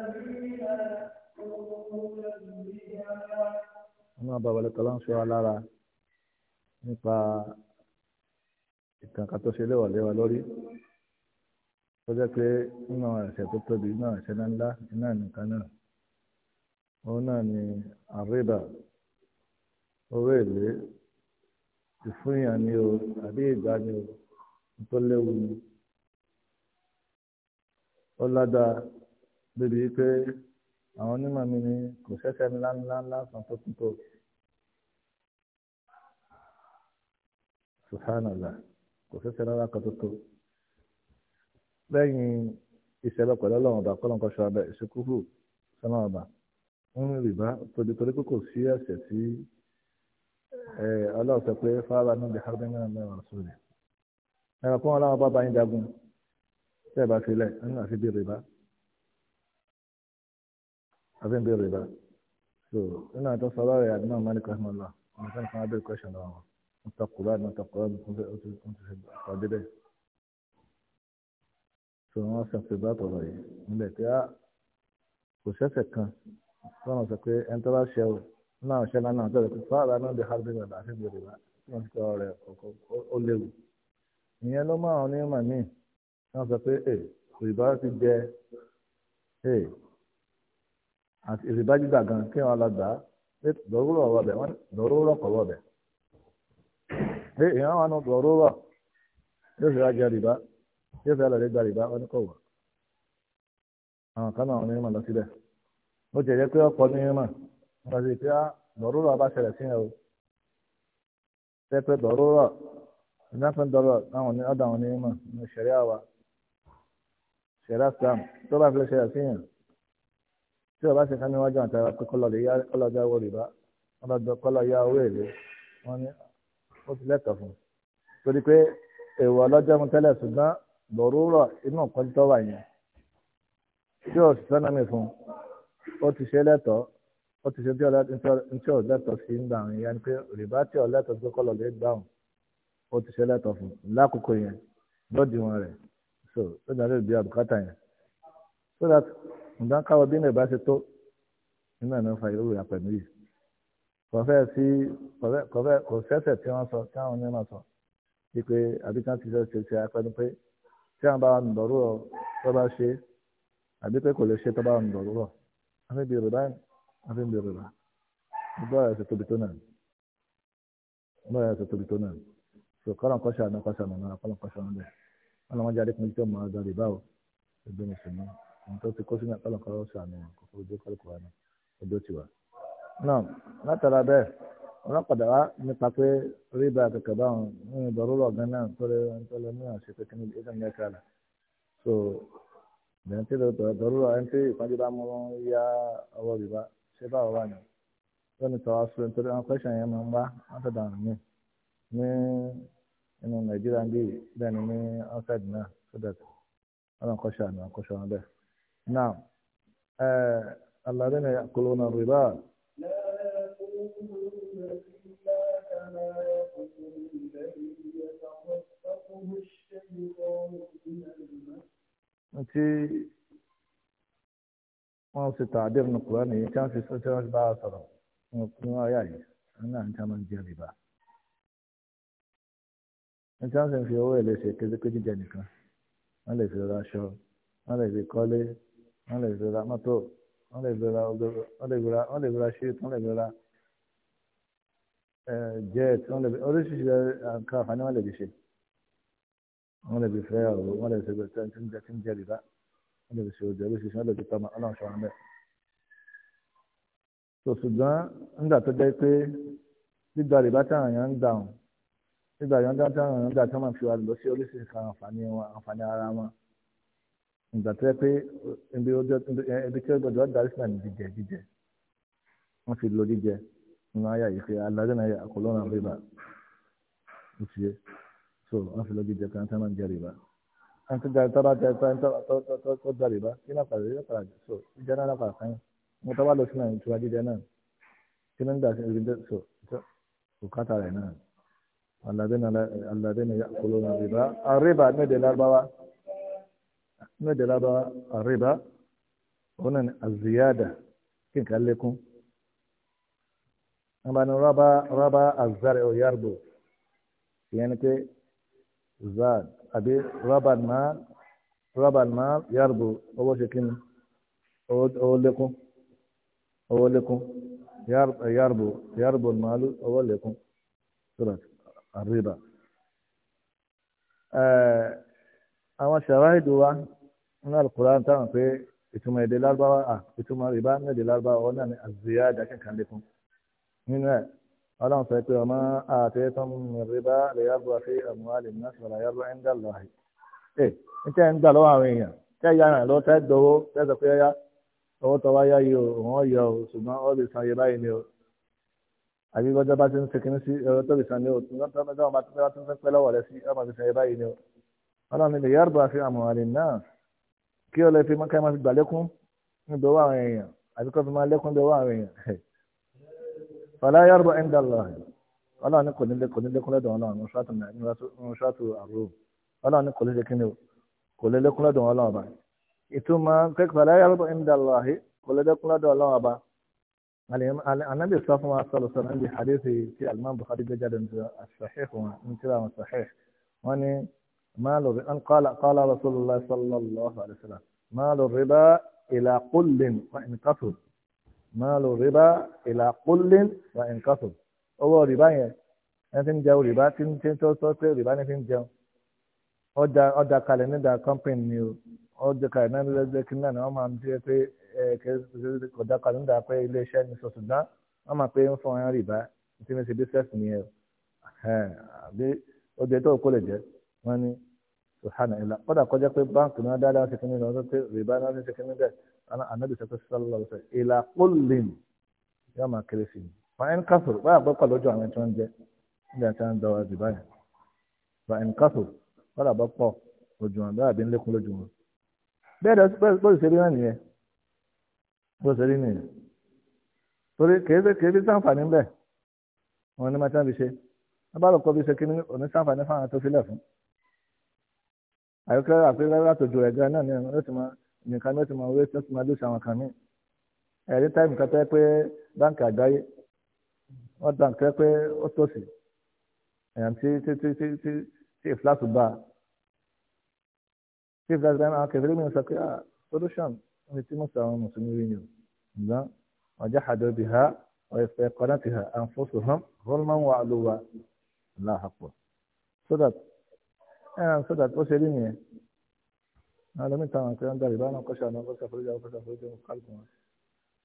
ọlọ́run ọba wọlé tọ́lá ń sọ wa lára nípa ìtànkà tó ṣe léwọ̀ léwa lórí tó jẹ́ pé nínú ẹ̀ṣẹ̀ tó tóbi nínú ẹ̀ṣẹ̀ ńláńlá iná nìkan náà òun náà ni àríbà owó èlé ìfúnyàn ni o àbí ìgbà ni o tó léwu ni ó ládàá débi pé àwọn onímọ̀ mi ni kò ṣẹ̀ṣẹ̀ ńláńláńlá kan tó tún tó. subhanallah kò sẹ́sẹ̀ rárá kan tó tó lẹ́yìn ìṣẹ̀lẹ̀ pẹ̀lú ọlọ́run ọba kọ́lọ́n kọ́ṣọ́ abẹ ìṣekúrú sọ́nà ọba ń rìbá torí torí pé kò sí ẹ̀ṣẹ̀ tí ọlọ́run sọ pé fáwọn níbi harvey mẹ́rin mẹ́rin sórí ẹ̀rọ kọ́ ọlọ́run ọba bá yín jagun tẹ́ ẹ bá fi lẹ̀ ń àfi bí rìbá àfi bí rìbá so nínú àtọ́sọ́lọ́ rẹ̀ àdínà mọ́lẹ́kọ̀ọ́ mọ́lá ọ̀nà sẹ́ni kan á bẹ̀rẹ̀ kọ́ṣọ́ lọ́wọ́ nta kuraani nta kuraani kunfẹ o tun fẹ ka débẹ sọ̀rọ̀ wọn sàn fẹ bá tọrọ yìí nílẹ̀ pé a ah, kò sẹ́sẹ̀ kan wọn sọ pé ẹni tó bá ṣe o náà ṣe náà náà tó yẹ pé fáàrà náà lè hàrùbí rẹ láti gbèrè wá wọn sọ rẹ ọkọ ó léwu ìyẹn ló máa ní mà míì wọn sọ pé ẹ kò ti jẹ ẹ àti ìrìbájú gan kí wọn lọ gbà á lọ́wọ́rọ̀ ọ̀wọ́ bẹ̀ wọ́n lọ́wọ́rọ̀ kọ̀wọ́ bẹ̀. èèyàn wà nù gbọ̀rọ̀ wà yóò fi rájà rìbá yóò fi alàlẹ́ gba rìbá wọn kọ̀ wà àwọn kan náà wọn ní mà lọ síbẹ̀ bó ti pé ní wọn sì wà bá sí o tẹ́pẹ́ gbọ̀rọ̀ wà ìdáfẹ́ dọ̀rọ̀ àwọn ní ọ̀dà àwọn mà ní tó bá sí yẹn tí ṣe ká níwájú yá owó èlé wọn ní ó ti lẹ́tọ̀ọ́ fún un torí pé èèwọ̀ ọlọ́jọ́ mu tẹ́lẹ̀ ṣùgbọ́n lọ́rùúrọ̀ inú nǹkan tó wà yẹn tí ò sì sọ́nà mi fún un ó ti ṣe lẹ́tọ̀ọ́ ó ti ṣe tí ò lẹ́tọ̀ọ́ sí ń gbà yẹn pé rìbá tí ò tó kọ́ lọ lè gbà ó ti ṣe lẹ́tọ̀ọ́ fún un lákòókò yẹn lọ́dì wọn rẹ̀ so ó dàbí ìbí àbùkátà yẹn so that ǹdánkáwọ bí ní ìbá ṣe tó nínú ẹ̀ náà fa ìrú ìyàpẹ̀mí yìí kọfẹ́ sí kọfẹ́ kò sẹ́sẹ̀ tí wọ́n sọ tí àwọn onímọ̀ sọ wípé àbíkan ti ṣe ṣe apẹ́nu pé tí àwọn bá wà ní dọ̀rọ̀ tó bá ṣe àbí pé kò lè ṣe tó bá wà ní dọ̀rọ̀ àfi bí rìbá àfi bí rìbá gbọ́ ẹ̀sẹ̀ tóbi tó náà gbọ́ ẹ̀sẹ̀ tóbi tó náà so kọ́lọ̀ kọ́ṣà náà kọ́ṣà náà kọ́lọ̀ kọ́ṣà náà bẹ́ẹ̀ kọ́lọ̀ wọn jáde fún iṣẹ́ mọ́ ọ̀dọ̀ rìbá o ẹgbẹ́ mùsùlùmí ohun tó ti kó sínú kọ́lọ̀ kọ́ṣà náà kọ́kọ́ ojú kọ́lọ̀ kọ́ṣà náà ojú tiwa náà látara bẹ́ẹ̀ wọ́n padà wá nípa pé rìbá kẹ̀kẹ́ báwọn ní ìdọ̀rọ̀rọ̀ ọ̀gán náà nítorí nítorí ní àṣetò kí ní ìdíjọ́ mẹ́ta so ìdẹ̀yìn tí ìdọ̀rọ̀rọ̀ ẹni tí ìpọ́njú bá mú yá ọwọ́ rìbá ṣé báwo wà ní lónìí tọ́wọ́ sọ nítorí àwọn kẹ́sàn yẹn máa ń wá wọ́n tẹ̀ dànù mí ní inú nàìjíríà bíi bẹ́ẹ̀ ni ní outside náà so that wọ́n kọ́ ṣàánú àkọ́ṣọ́ wọn bẹ́ẹ̀ now ẹ̀ẹ́d tí wọ́n ṣe tàbí ọ̀nà kùránì yìí tí wọ́n fi sọ́tí wọ́n bá a sọ̀rọ̀ wọn kú wọn ayà yìí wọn náà ń tí wọ́n máa ń jẹ rìbá. ní tí wọ́n sì ń fi owó èlé ṣe kéjékéjì jẹ nìkan wọ́n lè fi ra aṣọ wọ́n lè fi kọ́lé wọ́n lè fi ra mọ́tò lè fi ra ṣíìtì wọ́n lè fi ra jet wọ́n lè fi oríṣiríṣi nǹkan àǹfààní wọ́n lè fi ṣe wọ́n lè fi fẹ́ ọ̀rọ̀ wọ́n lè fi ṣe tí ń jẹ tí ń jẹ rìbá wọ́n lè fi ṣe ojú oríṣiríṣi wọ́n lè fi tọ́mọ ọlọ́run ṣọ́ wọn bẹ́ẹ̀. tó ṣùgbọ́n nígbà tó jẹ́ pé gbígba rìbá táwọn èèyàn ń gbà wọn nígbà yẹn táwọn èèyàn ń gbà tí wọ́n máa fi wà lọ sí oríṣiríṣi kan àǹfààní wọn àǹfààní ara wọn ìgbà tó yẹ pé ibi tí ó gbọ́dọ̀ darí sí nínú àyà yìí pé alájọ́ náà yà kó lọ́nà rìbá ó ti yé so wọ́n fi lọ́gídẹ̀ kan tí wọ́n máa ń jẹ rìbá wọ́n ti jẹ tọ́ba jẹ tó jẹ rìbá kí náà pàdé yóò pàdé so ìjẹ náà pàdé kan mo tọ́ba lọ sí náà ìtura jíjẹ náà kí náà ń gbà sí ìrìndẹ́ so bùkátà rẹ̀ náà alájọ́ náà yà kó lọ́nà rìbá àrìbá ní èdè lárúbáwá ní èdè lárúbáwá àrìbá òun náà ni àzìyáàdà kí wọn bá ní rọba rọba azari oyarbo ìyẹn ni pé zad àbí rọba náà rọba náà yarbo owó ṣe kíni owó lékún owó lékún yarbo yarbo màálù owó lékún sọ̀rọ̀ àríbà àwọn ṣàwáìdù wa ní alukuran táwọn pé ìtumọ̀ èdè lárúbáwá ìtumọ̀ rìbá ní èdè lárúbáwá ọ̀nà ni àzíyá dákẹ́kàn lékún nínú ẹ̀ ọlọ́run sọ pé ọmọ àtẹ́tọ́ mìíràn lè yàgbọ́ sí àmúhálì náà sọ̀rọ̀ yàgbọ́ ẹ̀ ń dà lọ́hì. ẹ níta ẹ̀ ń dà lọ́wọ́ àwọn èèyàn tẹ́ ya ràn lọ́wọ́ tẹ́ dọwọ́ tẹ́ sọ pé ẹ yá owó tó wáyá yìí o òun yọ o ṣùgbọ́n ó lè san iye báyìí ni o. àbí bọ́jọ́ bá ti ń sekin sí ọ̀rọ̀ tó lè san ni o tọ́jọ́ bá ti ń fàlá yàrá ẹ̀ ń dàlọ́ ọlọ́run ní kò nílé kò nílé kúnlẹ̀ dùn ọlọ́run ṣáàtù ṣáàtù àrùn ọlọ́run ní kò nílé kíni kò nílé kúnlẹ̀ dùn ọlọ́run ọba ìtumọ̀ kẹ́kẹ́ fàlá yàrá ẹ̀ ń dàlọ́ kò nílé kúnlẹ̀ dùn ọlọ́run ọba النبي صلى الله عليه وسلم في حديث في الإمام البخاري بجد الصحيح من كلام الصحيح وأني مال أن قال قال رسول الله صلى الله عليه وسلم مال الربا إلى قل وإن كثر máàlù rìbá ìlà kullin wa in kasab owó rìbá yẹn ẹni tí ń jẹun rìbá tí ń tó sọ pé rìbá ni fi ń jẹun ọjà ọjà kalẹ̀ nígbà company ni o ọjà kalẹ̀ náà lẹ́gbẹ̀ẹ́ kí náà ni wọ́n máa ń tiẹ̀ pé ọjà kalẹ̀ nígbà pé iléeṣẹ́ ni sọ ṣùgbọ́n wọ́n máa pé ń fún ẹran rìbá tí wọ́n ṣe business nìyẹn àbí ọjà tó kó lè jẹ́ wọ́n ní subhanallah kódà kọjá pé báńkì náà dáadáa ṣe kí ni lọ́wọ́ pé rìbá náà ṣe kí ni bẹ́ẹ̀ anabi sọ pé sọlọ sọ ìlà kólìn yóò máa kéré sí i fàáyín kásòrò báyà gbọ́ pọ̀ lójú àwọn tí wọ́n jẹ́ níbi àti àwọn dọ̀wọ́ ẹ̀dì báyà fàáyín kásòrò báyà gbọ́ pọ̀ lójú wọn báyà bí ń lékún lójú wọn. bẹ́ẹ̀ dẹ́ bó ṣe rí náà nìyẹn bó ṣe rí nìyẹn torí kèébi kèébi sáǹfààní bẹ́ẹ̀ wọn ní màtí wọn fi ṣe wọn bí ṣe kí ní sáǹfààní nìkan náà ti máa wé tẹ́sí máa lóṣù àwọn kan mí ẹ̀rí táìmù kan tẹ́ pé báǹkì àgbáyé wọ́n dàn tẹ́ pé ó tòṣì èèyàn tí tí tí tí tí tí ìfúláṣù bá a tí ìfúláṣù bá a kẹfìrí mi sọ pé ah solution ni tí mo sọ àwọn mùsùlùmí rí ni o ǹgbọ́n ọjà àdó bi ha ọ̀ẹ̀fẹ̀ kọ́nà ti ha àǹfọ̀sọ̀ hàn rọ́lmán wà lówà láhàpọ̀ so that ẹ̀ràn eh, so that ó ṣe rí nìyẹn. هذا من تعمل كلام ده يبان وقشع من قشع فرجع وقشع فرجع وقلبه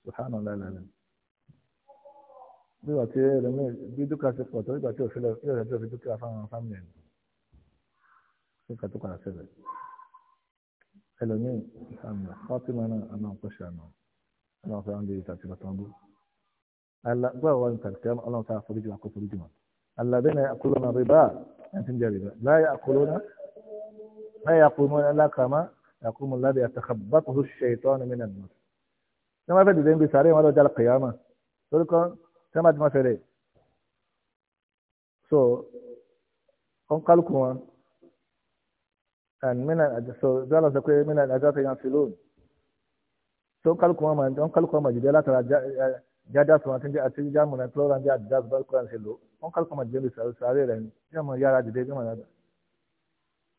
سبحان الله لا لا nígbà tí ẹlẹmí bí dúkìá ti pọ̀ tó nígbà tí òṣèlú yóò ṣẹjọ́ fi dúkìá fáwọn fámìlì ẹ̀ dúkìá tó padà ṣẹlẹ̀ ẹlẹmí àmì fátímà náà àmà ọ̀pọ̀ṣẹ̀ àmà ọlọ́run fẹ́ ọ́n di ìtàtí lọ́tọ́ ọdún alágbó àwọn ìtàtí ọlọ́run fẹ́ àforíjì wà kó foríjì wọn alábẹ́nà àkóló náà jẹ rí bá láyé àkóló náà láyé يقوم الذي يتخبطه الشيطان من النار كما في الدين بساري ولا جل القيامة تلك كما ما في so kon kalu kuma and mina so zala sa kwe mina ajata yan filun so kalu kuma ma don kalu kuma jide la tara jaja so atin je atin jamu na floran je adas bal kuran selo kon kalu kuma jide sare sare ren jamu yara jide jamu na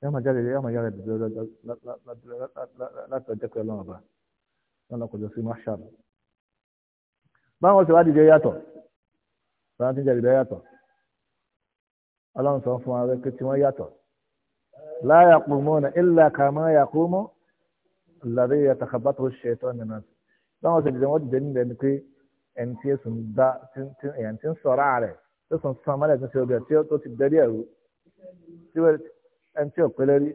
yóò máa jáde yóò máa yára dìde láti ọjọ́ pẹ̀lú ọba wọn lọ́kọ̀jọ́ sí marshal báwọn ti wá dìde yàtọ̀ báwọn ti ń jáde yàtọ̀ ọlọ́run sọ fún wa pé tí wọ́n yàtọ̀ la yaqumuna illa kama yaqumu alladhi yatakhabbathu ash-shaytanu min an-nas báwọn ti dìde wọ́n dìde nílẹ̀ ni pé ẹni tí èsùn dá ẹ̀yàn tí ń sọ̀rọ̀ ààrẹ tó sùn sàn mọ́lẹ̀ tó ti obìnrin tí ó ti dẹ́rí ẹ̀rú ẹni tí ọ̀pẹ lẹ́rí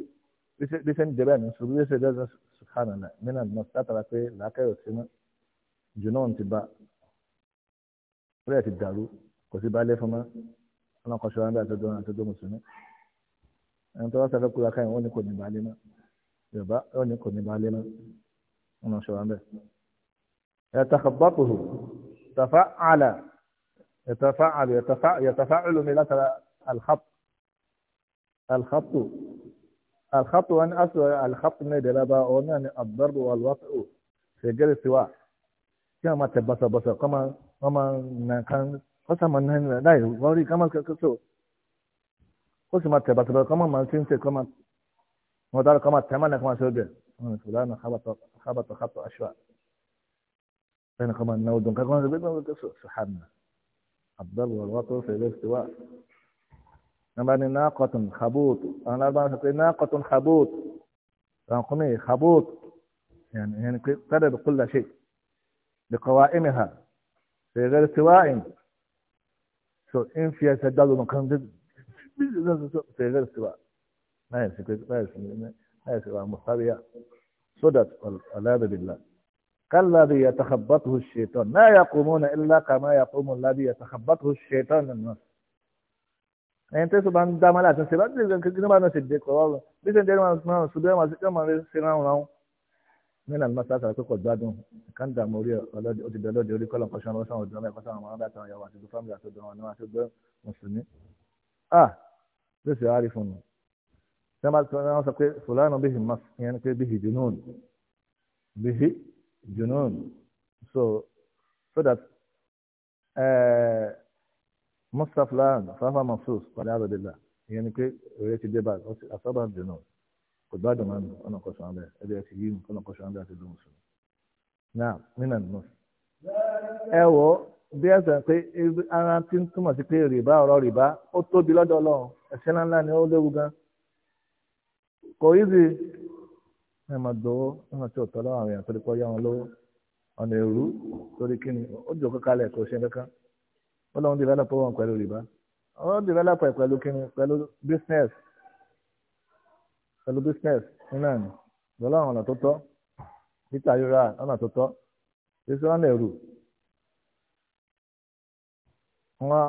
bí ṣe ń jẹ bẹ́ẹ̀ ní sùúrù bí ṣe dẹ́sẹ̀ sùkánà náà mìíràn náà látara pé làákàyọ̀ sí mọ́ jù náà ti bá orí ẹ̀ ti dàrú kò sí balẹ̀ fún mọ́ ọ̀nà kan ṣọlá ń bẹ́ àtọ́jọ́ àtọ́jọ́ mùsùlùmí ẹni tó wá sọ fẹ́ kúra káyọ̀ wọ́n ní kò ní balẹ̀ mọ́ yorùbá wọ́n ní kò ní balẹ̀ mọ́ ọ̀nà ṣọlá ń bẹ́ يتخبطه تفعل يتفعل يتفعل, يتفعل من الخط الخط الخط أن أصل الخط من دلابا أن الضرب والوقع في غير سواء كما تبص بص كما كما كان قسم من لا يوري كما كسو قسم تبص بص كما ما تنسى كما ما دار كما تمنى كما سوى فلان خبط خبط خط أشواء أنا كما نودن كما سحبنا الضرب والوقع في غير سواء نمبر ناقة خبوط أنا أربعة ناقة خبوط رقمي إيه؟ خبوط يعني يعني ترى بكل شيء بقوائمها في غير التواء سو إن في سجل من كم في غير التواء ما يصير ما يصير ما صدت والعياذ بالله كالذي يتخبطه الشيطان ما يقومون إلا كما يقوم الذي يتخبطه الشيطان النصر ẹni tẹ́sọ̀ bá ń dá máa láti ṣe láti ṣe kékeré máa ń ṣe dé kọ̀ ọ́rọ̀ bí ṣe ń jẹ́ máa ṣubú ẹ̀ máa ṣe máa ṣe ráhùn ráhùn mẹ́lá ni mọ́tà sàrẹ́ kókò gbádùn ká ń dààmú orí òdìdẹ lọ́dẹ orí kọ́lọ̀ kọ́ṣán lọ́sàn ọ̀dọ́ mẹ́kọ́ sáwọn ọmọ ọ̀dà àtàwọn ìyàwó àti fámìlì àti wọn ni wọ́n ti gbé mùsùlùmí. a ló sì rárí fún mi sọ so so eh, mustapha safa mafsus pàdé àbẹ̀dẹ̀là ìyẹn ni pé òye ti dé bá àsábà dènà kò bá dùn mọ́nu ọ̀nà kọ̀ṣọ́ àbẹ̀ ẹ̀dẹ̀ ti yí ọ̀nà kọ̀ṣọ́ àbẹ̀ àti lóhùn sùn. náà nínà nínú. ẹ wọ bí ẹ sọ pé ara ti ń túmọ̀ sí pé rìbá ọ̀rọ̀ rìbá ó tóbi lọ́dọ̀ ọlọ́run ẹ̀ṣẹ̀ ńláńlá ni ó léwu gan. kò í sì ẹ máa dọwọ́ ẹ máa ti ọ̀tọ̀ láwọn èèyàn torí pé ọ ó lọ́n develop wọn pẹ̀lú rìbá ó develop ẹ̀ pẹ̀lú kíni pẹ̀lú business pẹ̀lú business nínú ẹ̀ lọ́la àwọn ọ̀nà tó tọ́ títà yóra ọ̀nà tó tọ́ èso ọ̀nà ẹ̀rù wọn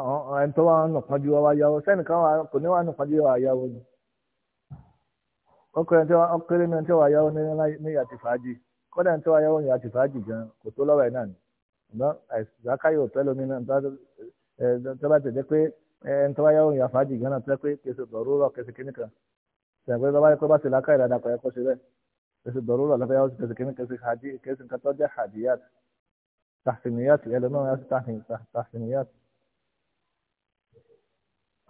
ẹni tó wà ń nùkan ju wa yàwó sẹ́nìkan kò ní wà ń nùkan ju wa yàwó ni ọkùnrin tí wọn kéré ní ẹni tí wọn yàwó ní ìyá fàájì kọ́dà ẹni tí wọn yàwó ní ìyá fàájì gan kò tó lọ́wọ́ ẹ̀ náà ni ṣùgbọ́n àìsàkáyọ̀ tẹ́lómi náà tó bá tẹ̀jẹ́ pé ẹni tó bá yáwó ìyá fàájì gánà tó pé kèsì dọ̀rúrọ̀ kèsì kìnìkan ṣàgbé tó bá yẹ kó bá ti lákàyè dáadáa kọ̀ yẹ kó ṣe bẹ́ẹ̀ kèsì dọ̀rúrọ̀ lọ́fẹ́ yáwó kèsì kìnìkan kèsì hàjì kèsì nǹkan tó jẹ́ hàjìyàt tàfìnìyàt ẹlòmíràn yà sí tàfìnìyàt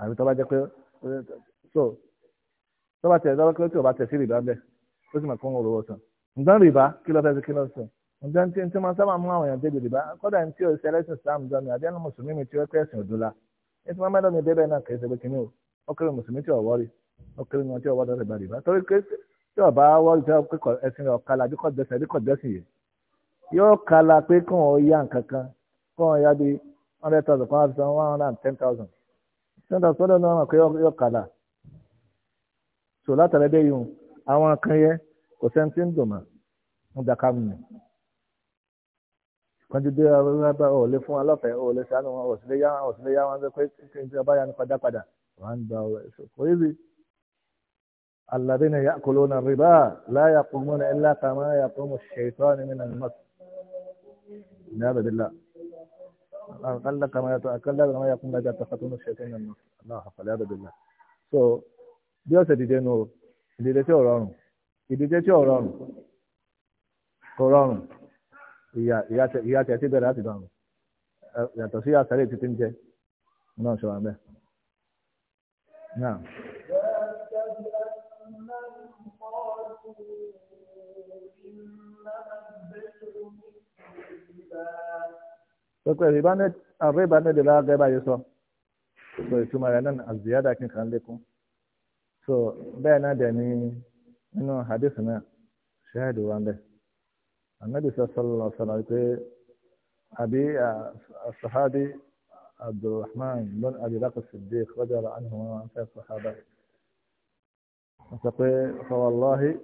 àbí tó bá jẹ́ pé so tó bá tẹ̀ tó bá tẹ̀ sí rìbá bẹ́ẹ̀ ó sì mọ̀ kó ń rò wọ́sàn ǹdán rìbá ǹjẹ́ tí tí wọ́n sábà mú àwọn èèyàn débi rìbá o ṣe ẹlẹ́sìn Islam jọ ni àdéhùn mùsùlùmí mi tí ó kẹ́sìn òdùn la ní tí wọ́n mẹ́dọ̀ mi débẹ̀ náà kẹ́sìn pé kìnìún ó kéré mùsùlùmí tí ọ̀wọ́ rí ó kéré wọn tí ọ̀wọ́ dọ̀ rìbá rìbá torí pé tí ọba wọ́ ìjọ pé ẹ̀sìn ọ̀kala bí kò dẹ́sìn bí kò dẹ́sìn yìí yóò kala pé kí wọn yá nǹkan kan kí yá bí hundred thousand kí wọn fi san one hundred and ten thousand ten thousand tó dẹ́nu ọ̀nà pé yóò kala so látàlẹ́ bẹ́ẹ̀ yìí àwọn kan yẹ kò sẹ́ni ń dùn mọ́ kan ti dé ọlọ́ba ọ̀lẹ́ fún alọ́fẹ́ ọ̀lẹ́ sànù wọn ọ̀sílẹ̀ yá wọn ọ̀sílẹ̀ yá wọn ṣe pé kí n ti ọba yanu padà padà wọn gba ọ̀rọ̀ ẹ̀sọ́ kò yí bi. alladhina ya'kuluna riba la yaqumuna illa kama yaqumu ash-shaytanu min al-mas. ní abẹ́dẹ́lá akalla kama yàtọ̀ akalla kama yaqumu lajá takatunu ash-shaytanu min al-mas. aláwọ̀ àfàlẹ́ abẹ́dẹ́lá. so bí ọ̀sẹ̀ dìde nù ìdíje tí ò rọrùn ìdíje tí ò rọrùn kò rọrùn ìyá tiẹ̀ ti bẹ̀rẹ̀ láti dọ̀rùn yàtọ̀ sí àtàrí ètùtù ń jẹ náà ṣọ̀rọ̀ àmẹ́. Pẹ̀pẹ̀ àbẹ́ ìbánidè lágẹ́ báyìí sọ. So ìtumọ̀ rẹ̀ náà àzìyádà kankan lékún. So bẹ́ẹ̀ náà dẹ̀ ní nínú hadith náà ṣáàdù wa ń bẹ̀. النبي صلى الله عليه وسلم يقول أبي الصحابي عبد الرحمن بن أبي بكر الصديق رضي الله عنه وعن سائر الصحابة فوالله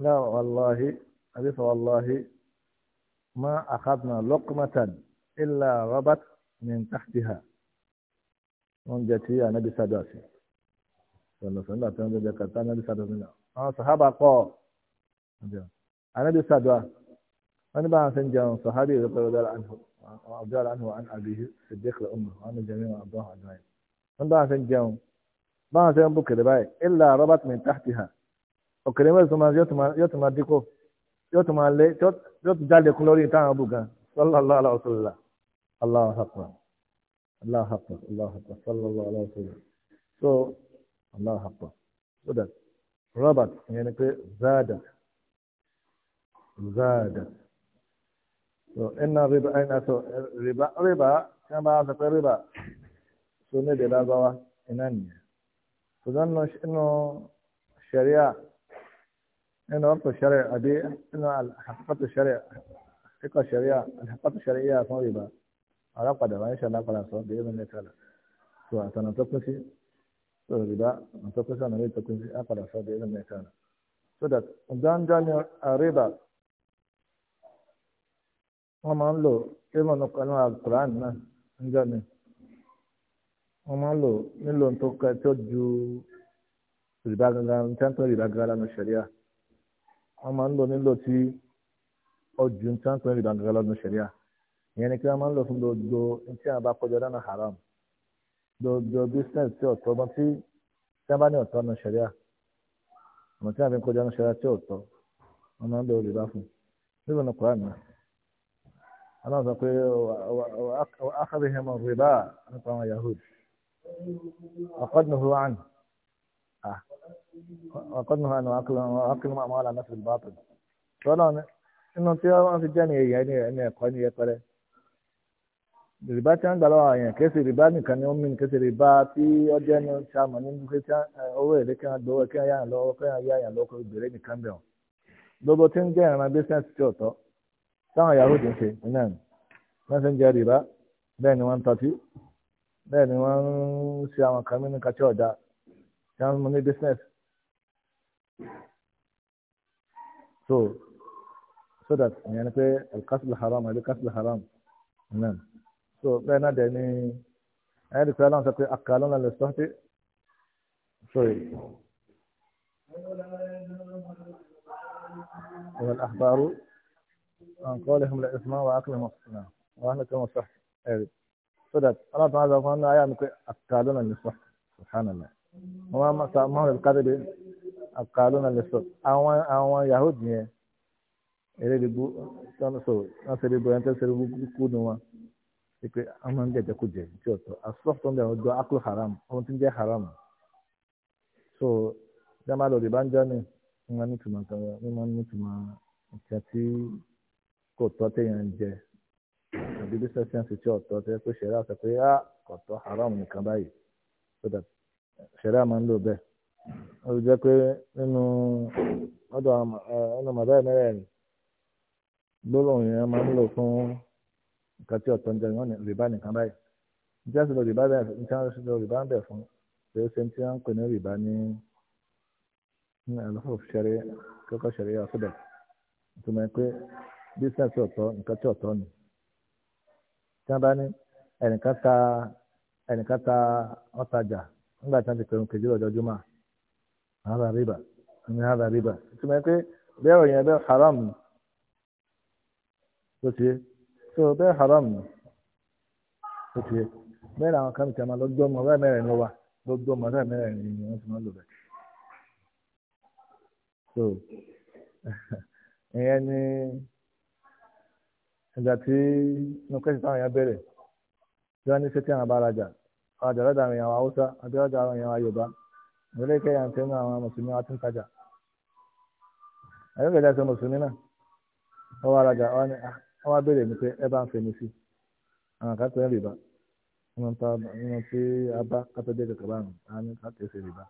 لا والله أبي فوالله ما أخذنا لقمة إلا ربت من تحتها من جتي ànábì sábẹ́ ọ̀sẹ̀ sọ̀nà sọ̀nà tí wọ́n jẹ́ kàtà ànábì sábẹ́ ọ̀sẹ̀ náà àwọn sàhábà قال النبي سادوا أنا بعرف إن جاء صحابي رضي الله عنه رضي الله عنه وعن أبيه الصديق لأمه وعن الجميع وأرضاه أجمعين أنا بعرف إن جاء بعرف إن بكر باي إلا ربط من تحتها وكلمة ثم يتم يتم ديكو يتم لي يت يت كلوري ابو كان صلى الله عليه وسلم الله أكبر الله أكبر الله أكبر صلى الله عليه وسلم so الله أكبر so that ربط يعني زادت zada so ina riba ina so riba riba kan ba ta riba so ne da labawa ina ne so dan no ino sharia ina wato sharia abi ina al-haqiqatu sharia haqiqa sharia al-haqiqatu sharia kan riba ala qada wa insha Allah kala so da ibn ta'ala to atana to kusi to riba to kusa na ne to kusi so da ibn ta'ala so that dan dan riba wọ́n máa ń lò símọ̀ nípa ní alukuran náà níjọ́ ni wọ́n máa ń lò nílò tó kẹ́ tó ju rìbá gangan tẹ́ńtọ́ rìbá gangan lánàá ṣẹ̀ríà wọ́n máa ń lò nílò tí ó ju tẹ́ńtọ́ rìbá lánàá ṣẹ̀ríà ìyẹn ni kí wọ́n máa ń lò fún gbogbo tí wọ́n bá kọjá lánàá haram gbogbo business tí ọ̀tọ̀ ọmọ tí tí wọ́n bá ní ọ̀tọ̀ lánàá ṣẹ̀ríà ọmọ tí wọ́n fi kọjá lánàá ṣẹ̀ríà tí ọ̀tọ̀ wọ́n máa ń lò rìbá fún nílò ní kúránì náà ọlọ́run sọ pé الربا ọmọ يهود nípa àwọn yahudi ọkọdúnhù àn ọkọdúnhù àn ọkùnrin máa wà lánàá fún bàtàn tọ́lọ́ nínú يعني wọ́n fi jẹ́ ní èyí ẹni ẹni ẹ̀kọ́ ní yẹpẹrẹ rìbá tí wọ́n gbà lọ́wọ́ àyàn kìí ṣe rìbá nìkan ni ó mìíràn kìí ṣe rìbá tí ọjọ́ ẹni ṣàmọ̀ ní owó èlé kí wọ́n gbowó kí wọ́n yá àyàn lọ́wọ́ kí wọ́n yá àyàn lọ́wọ́ kí wọ́n tí ń jẹ́ ìran bísíǹsì tí ò tọ́ táwọn yahoo ti ń ṣe iná ni wọ́n ti ń jẹ rìbá bẹ́ẹ̀ ni wọ́n ń tọ́tí bẹ́ẹ̀ ni wọ́n ń ṣe àwọn kan nínú kàtí ọ̀dà tí wọ́n business. so so that ìyẹn ni pé alkasila haram alkasila haram iná so bẹ́ẹ̀ náà dẹ̀ ni ẹ̀yẹ́ ti pẹ́ aláwọ̀ sọ pé akalọ́nà lè sọ́tí sorry. والأخبار and قولهم لا اسمع وعقلهم وصفنا واهلكم وصح so that Allah تعالى قال آية نقول أقالون للصح سبحان الله وما ما ما هو الكذب أقالون للصح أوان أوان يهود نيه èrè ìdìbò sọ́nà sọ̀rọ̀ wọ́n ṣe ìdìbò yẹn tẹ́sẹ̀ ìdìbò kúkú ni wọn ṣe pé a máa ń jẹ ìjẹkújẹ tí ó tọ́ asọ́fù tó ń bẹ̀rẹ̀ ọjọ́ aklu haram ohun tí ń haram so jẹ́ máa lọ rìbá ń jẹ́ ni wọ́n kò tọ́ téèyàn ń jẹ àbí business tí ọ̀tọ̀ tó yẹ kó ṣẹ̀rá sọ pé á ah, haram nìkan báyìí so that ṣẹ̀rá máa ń lò bẹ́ẹ̀ ó jẹ́ pé nínú ọ̀dọ̀ eh, ọ̀nà màdá gbólóhùn yẹn máa ń lò fún nǹkan tí ń jẹ ìwọ̀n rìbá nìkan báyìí rìbá bẹ́ẹ̀ rìbá ń bẹ̀ fún pé ó ṣe ń pè ní rìbá business ọtọ nǹkan tí ọ̀tọ̀ ni tí wọ́n bá ní ẹnìkan ta ẹnìkan ta ọ̀tajà nígbà tí wọ́n ti pẹ̀rù kejì lọ́jọ́júmọ́ àhàbà rìbà ní àhàbà rìbà ìtumọ̀ pé bẹ́ẹ̀ ọ̀yìn haram so haram ló ti làwọn kan ọmọ so [LAUGHS] ìgbà tí inú kẹ́sì táwọn èèyàn bẹ̀rẹ̀ tí wọ́n ní sẹ́tì àwọn abárajà ọjà lọ́dọ̀ àwọn èèyàn haúsá àbí ọjà àwọn èèyàn yorùbá ìrọ̀lẹ́ ìkẹyà ń tẹnu àwọn mùsùlùmí wa ti ń tajà àyọ̀kẹ́ dá sọ mùsùlùmí náà wọ́n wá rajà wọ́n ah, wá bẹ̀rẹ̀ mi pé ẹ bá ń fẹ́ mi sí àwọn kan pé ń rìbá nínú tí a bá kátọ́jẹ́ kẹ̀kẹ́ bá mi a ní káàkiri sí rìbá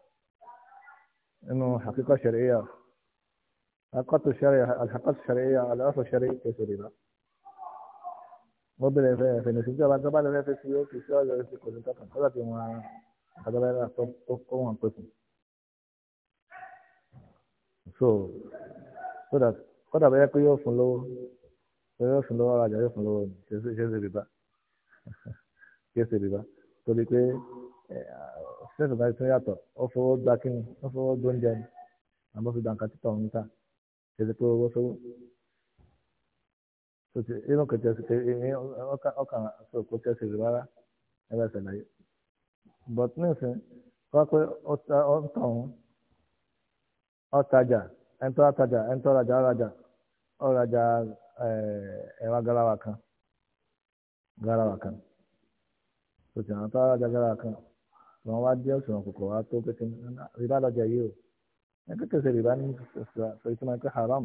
nínú àkíkọ́ ṣẹ̀rẹ̀ yà àkọ́tù ṣẹ̀rẹ̀ yà àlàkọ́tù yà àlàkọ́tù wọ́n bẹ̀rẹ̀ fẹ́ fẹ̀nẹ̀sì tí ọba lè fẹ́ fi ó kì í sí ọ̀yọ́ sí kò ní tọ́kàn kọ́lá ti wọn àtàgbẹ́rẹ́ tó wọn pẹ̀kù. so so that kọ́dà bẹ́ẹ̀ pé yóò fún lówó yóò fún lówó ọ̀rajà yóò fún lówó ní ṣe é ṣe bíbá ṣe é ṣe bíbá torí pé ṣẹ́ẹ̀sì bá tún yàtọ̀ ó fowó gba kíni ó fowó gbóúnjẹ ni àmọ́ fi gbàǹkà títọ̀ ń ta ṣe é ṣe pé owó sówó. sọtì inú kẹtẹ ẹsẹ ọkàn sọkò tẹsẹ rẹ rárá ẹ bá ṣàlàyé but nísìn wọn pé ọtọhún ọtajà ẹntọ ọtajà ẹntọ ọrajà ọrajà ọrajà ẹwà garawa kan garawa kan sọtì àwọn tó ọrajà garawa kan wọn wá dé òṣùwọn kòkò wá tó pété rìbá lọjà yìí o ẹ kékeré rìbá ní sọ ìtumọ̀ ẹ̀kọ́ haram.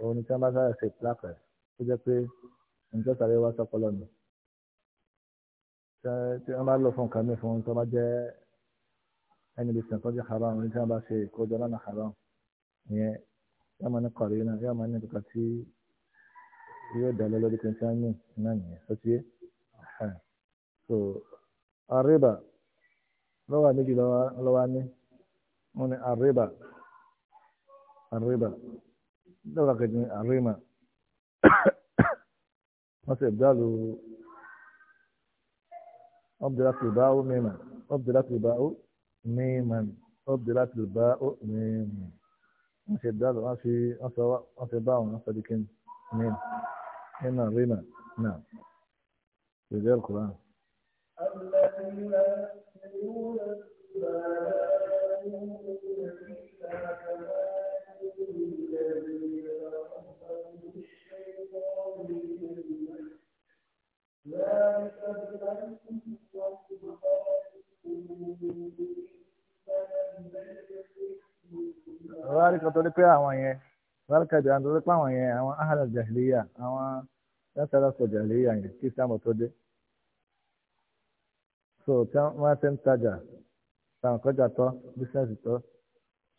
òun ni tí wọ́n bá sára ṣe plápẹ̀ tó jẹ́ pé nǹkan sáré wá sọ́pọlọ nù tí wọ́n bá lọ fún nǹkan mi fún tó bá jẹ́ ẹni bí sìnkọ́ jẹ́ haram ní tí wọ́n bá ṣe ìkójọ lọ́nà haram ìyẹn yóò máa ní kọ̀rí náà yóò máa ní nǹkan tí yóò dá lé lórí pé tí wọ́n ní náà nìyẹn tó ti so àríbà lọ́wọ́ méjì lọ́wọ́ ní wọ́n ní àríbà àríbà lọ́gà kejì ní àríma wọ́n sì dá lu ọ́bdìlá tìlbá ó mímà ọ́bdìlá tìlbá ó mímà ọ́bdìlá tìlbá ó mímà wọ́n sì dá lu wọ́n fi wọ́n fi bá wọn sọ dikin mímà nínú àríma náà ìdí ẹ̀kọ́ ọ̀rọ̀ àríkà tó dé pé àwọn yẹn ọ̀rọ̀ àríkà tó dé pé àwọn yẹn àwọn ahàlà jàhìlíyà àwọn látara sọ jàhìlíyà yẹn kí sáàmù tó dé so tí wọ́n ti ń tajà táwọn kọjá tọ́ bísíǹsì tọ́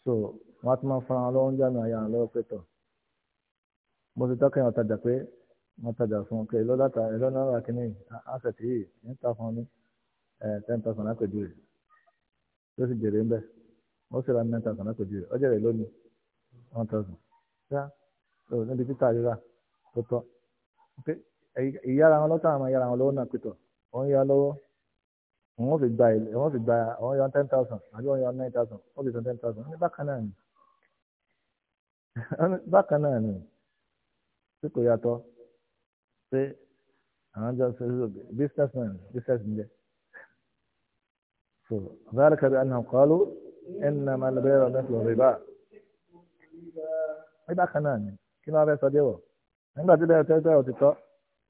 so wọ́n ti máa ń fara wọn lọ́wọ́ ń jánu àyà wọn lọ́wọ́ pé tọ̀ mo ti tọ́kẹ́ wọn tajà pé wọ́n tajà fún un pé lọ́dọ̀ àtà ẹ̀lọ́nà àkínní àṣẹ tì ń ta fún un ten thousand lápèjúwe tó sì jèrè ń bẹ̀ ó sì ra nine thousand lápèjúwe ó jèrè lónìí one thousand tó níbi títà wọ́n fi gba ilẹ̀ wọ́n fi gba yọ ten thousand àbí wọ́n yọ nine thousand wọ́n fi san ten thousand wọ́n ní bákan náà ni [LAUGHS] bákan náà ni ذلك بأنهم قالوا إنما البيع مثل الربا ìbá kan náà ni kí ló wá fẹ́ sọ dé wọ̀ nígbà tí bẹ́ẹ̀ tẹ́tẹ́ ò ti tọ́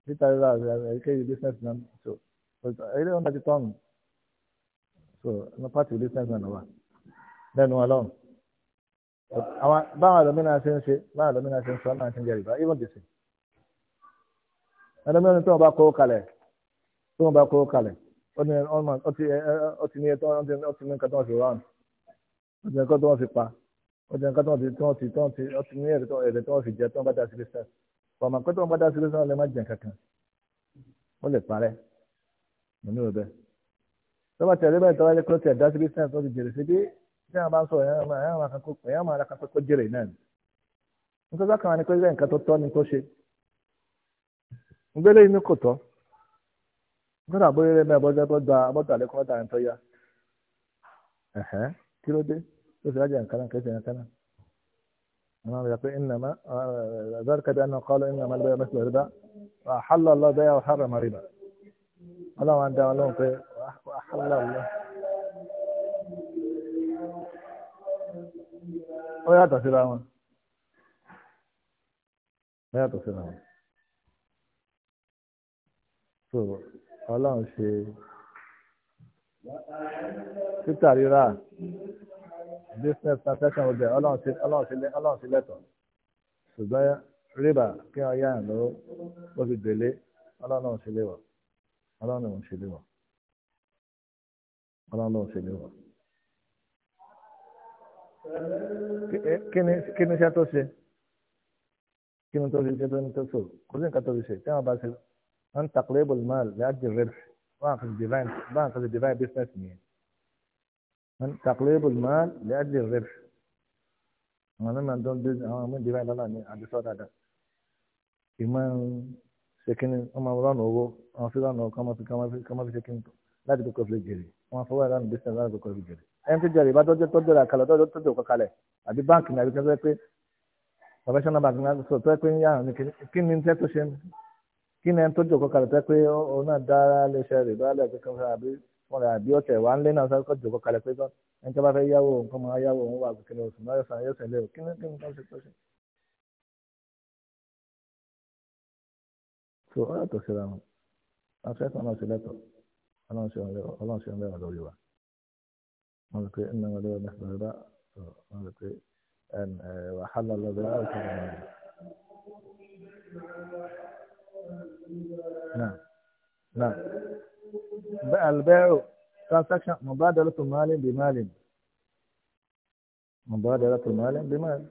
títà rírà èyíkéyìí business náà so ilé oúnjẹ ti tọ́ nù so inú pàtì business náà wà lẹ́nu ọlọ́run àwọn báwọn àlọ́mínà ṣe ń ṣe báwọn àlọ́mínà ṣe ń sọ náà ṣe ń jẹ rìbá even the same ẹlòmíràn tí wọn bá kó kalẹ̀ tí wọn bá kó kalẹ̀ ọdún yẹn ọmọ ọtí ọtí ní ẹtọ ọtí ní ọtí ní nǹkan tí wọ́n fi wá ọtí ní nǹkan tí wọ́n fi pa ọtí ní nǹkan tí wọ́n fi tí wọ́n fi tí wọ́n fi ọtí ní ẹ̀rẹ̀ tí wọ́n fi jẹ tí wọ́n bá dá sí kristian ọmọ nǹkan tí wọ́n bá dá sí kristian lè má jẹ kankan ó lè parẹ́ mo ní òbẹ tọ́ba tẹ̀lé bẹ́ẹ̀ tọ́ba yẹ kó tẹ̀ dá sí kristian tó fi jèrè sí bí tí wọ́n bá ń sọ̀rọ̀ ẹ̀yàn máa kan kó jèrè náà nítorí nígbà bóyá rẹ̀ náà bọ́jọ́ tó gba mọ́tò àlékún mọ́tò àyẹ̀ntọ́ yá kí ló dé tó sì rájà nǹkan náà kẹsì nǹkan náà àwọn àmì yàtọ̀ ìnàmá zarika bí anáà kọ́lọ́ ìnàmá lọ́yà mẹ́sìlẹ̀ rírà àhálà lọ́ bẹ́yà ọ̀hárà màrìbà ọlọ́run á dá wọn lóhùn pé àhálà lọ́ ó yàtọ̀ síra wọn ó yàtọ̀ síra wọn ọlọ́run ṣe títà rírà business transaction ọbẹ̀ ọlọ́run ṣe lẹ́tọ̀ ṣùgbọ́n rírà kí wọ́n yá ẹ̀ lọ́wọ́ ó fi gbélé ọlọ́run ṣe léwọ̀ ọlọ́run ṣe léwọ̀ ọlọ́run ṣe léwọ̀. Eh, kí ni iṣẹ́ tó ṣe kí ni tó ṣe iṣẹ́ tó ní tó ṣò kò sí nǹkan tó fi ṣe tí wọ́n bá ṣe. عن تقريب المال لأجل الربح بنقص الديفاين بنقص الديفاين بزنس مين عن تقريب المال لأجل الربح أنا ما عندهم بز أنا من ديفاين لا لا عندي صوت هذا كمان سكن أما ولا نوغو أما في لا نوغو كما في كم في كم في سكين؟ لا تبقى في الجري أما فوق لا بزنس لا تبقى في الجري ẹni tó jẹrìí bá tọjọ tọjọ rà kalẹ̀ tọjọ tọjọ kọ kalẹ̀ àbí báńkì ní àbí kí wọn sọ pé professional bank ní wọn sọ pé kí ni tẹ tó ṣe kí ni ẹni tó jòkó kalẹ̀ tẹ́ pé òun náà dára léṣẹ́ rẹ̀ bá lẹ̀ pé kan fẹ́ àbí wọn rẹ̀ àbí ọ̀tẹ̀ wà ń lé náà sáré kọ́ jòkó kalẹ̀ pé ẹni tó bá fẹ́ yáwó nǹkan máa yáwó òun wà kìnìún oṣù náà yọ̀sán yọ̀sán lé o kí ni kí ni kan ṣe tó ṣe. so ọ̀rọ̀ tó ṣe ra wọn afẹ́kọ̀ọ́ náà ṣe lẹ́tọ̀ọ́ ọlọ́run ṣe ń lẹ́wà lórí wa wọ́n rẹ̀ pé ẹni náà lọ́wọ́ mẹ́fà rẹ̀ نعم نعم بيع البيع transaction مبادلة مال بمال مبادلة مال بمال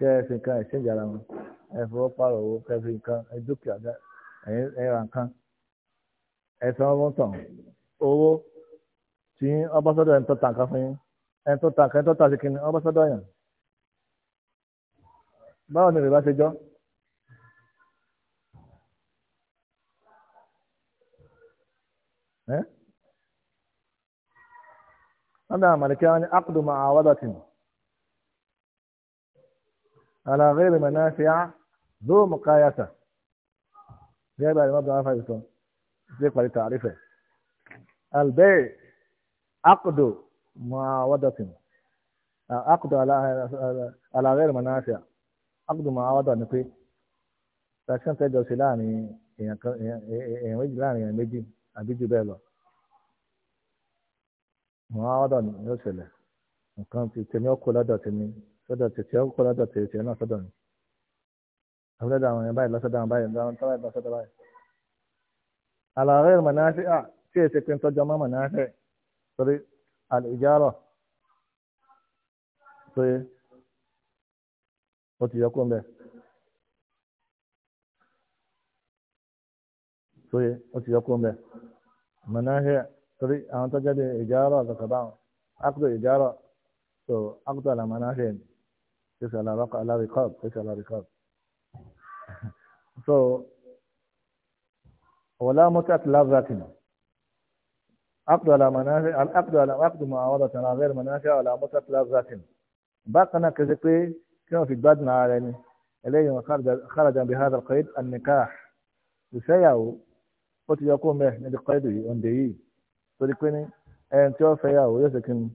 kẹ́ẹ̀fì kan ẹ̀ṣẹ́jà ara wọn ẹ̀fọ́ pààrọ̀ owó kẹ́ẹ̀fì kan ẹ̀dúkìá ẹ̀ràn kan ẹ̀sán ọgbọ́n tàn owó tí ọbásọ́dọ̀ ẹ̀ ń tọ́ta nǹkan fún yín ẹ̀ ń tọ́ta nǹkan ẹ̀ ń tọ́ta sí kinní ọbásọ́dọ̀ yàn báwo ni rẹ̀ bá ṣe jọ́. أنا ملكان عقد معاوضة على غير منافع ذو مقايسة جايب على مبدأ عفايته ذيك لتعريفه البيع عقد معاوضة عقد على على غير منافع عقد معاوضة نقي لكن تجد سلاني يعني يعني يعني يعني يعني àbí jù bẹ́ẹ̀ lọ. Àwọn àwọ̀dọ̀ ni yóò ṣẹlẹ̀. Nǹkan ti tèmi ọkọ̀ lọ́dọ̀ tèmi sọ́dọ̀ tètè ọkọ̀ lọ́dọ̀ tèmi tèmi náà sọ́dọ̀ mi. Àwọn ọ̀dọ̀ àwọn yẹn báyìí lọ́sọ̀dọ̀ àwọn báyìí lọ́sọ̀dọ̀ báyìí lọ́sọ̀dọ̀ báyìí. Àlàáfẹ́ ìmọ̀nàáfẹ́ à tí èsì pé ń tọ́jú ọmọ ìmọ̀nàáfẹ́ torí àlìjárọ̀ pé ó ti yọ kó ń sóye ó ti yọ kó ń bẹ mọ̀nàhẹ́ torí àwọn tó jáde ìjárọ̀ kàkàbá akudo ìjárọ̀ so akudo àlà mọ̀nàhẹ́ kìsì alárìkọ́b kìsì alárìkọ́b so wọlá mọ́tò àti lábúrákìn akudo àlà mọ̀nàhẹ́ akudo àlà akudo mọ̀ àwọn ọ̀dọ̀tàn àbẹ́rẹ́ mọ̀nàhẹ́ àlà mọ́tò àti lábúrákìn bákan náà kẹsẹ̀ pé kí wọ́n fi gbádùn ara ẹni eléyìí wọn káràjà bí hádà kọ́ ó ti yọ kó mẹ níbi kọ́ẹ̀dù òǹdè yìí torí pé ní ẹni tí ó fẹ́ yàwó yóò ṣe kí ni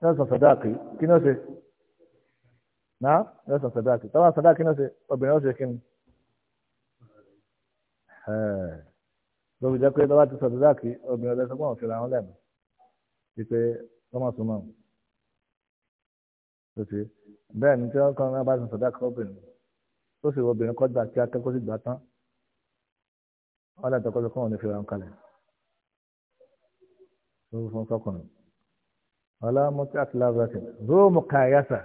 yóò sọ sàdáàkì kí ni ó ṣe náà yóò sọ sàdáàkì táwọn sàdáàkì ni ó ṣe obìnrin ó ṣe kí ni lórí jẹ́ pé lọ́wọ́ ti sọ sàdáàkì obìnrin ọ̀dọ́ sọ́gbọ́n òfin làwọn lẹ́nu wípé tọ́mọ̀ súnmọ́ ó bẹ́ẹ̀ ni tí wọ́n kọ́ ọ́n bá sọ sàdáàkì obìnrin ó sì obìnrin kọ́ gbà kí akẹ́kọ̀ọ́ sì gbà tán wọ́n dàtọ́ kọ́ lókàn wọn ní fi ra ń kalẹ̀ lórí fún sọ́kùnrin wàlá mọ́tí àti lábẹ́tì ró mùkàyàsà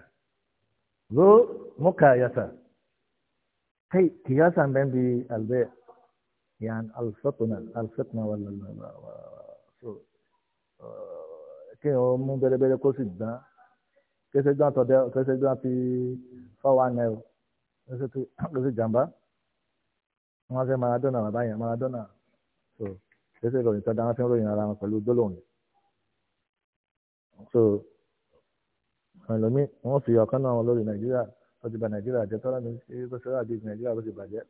ró mùkàyàsà kai kìyàsà ń bẹ́ẹ̀ bí albẹ́ yàn alfẹ́tùnà alfẹ́tùnà wà lọ́lọ́ kí n ò mú bẹ́rẹ́bẹ́rẹ́ kó sì dán kẹsẹ̀ gbọ́n tọ́dẹ́ kẹsẹ̀ gbọ́n ti fọ́wọ́ àná ẹ̀ kẹsẹ̀ jàmbá wọ́n fẹ́ Maradona bàbá yẹn Maradona so ṣẹṣẹ ìròyìn tọ́da wọn fi ń ròyìn ara wọn pẹ̀lú gbólóhùn so ẹlòmí wọn fi ọ̀kan náà wọn lórí Nàìjíríà ó ti bà Nàìjíríà jẹ́ tọ́lá mi ṣe bó ṣe rà bí Nàìjíríà bó ti bàjẹ́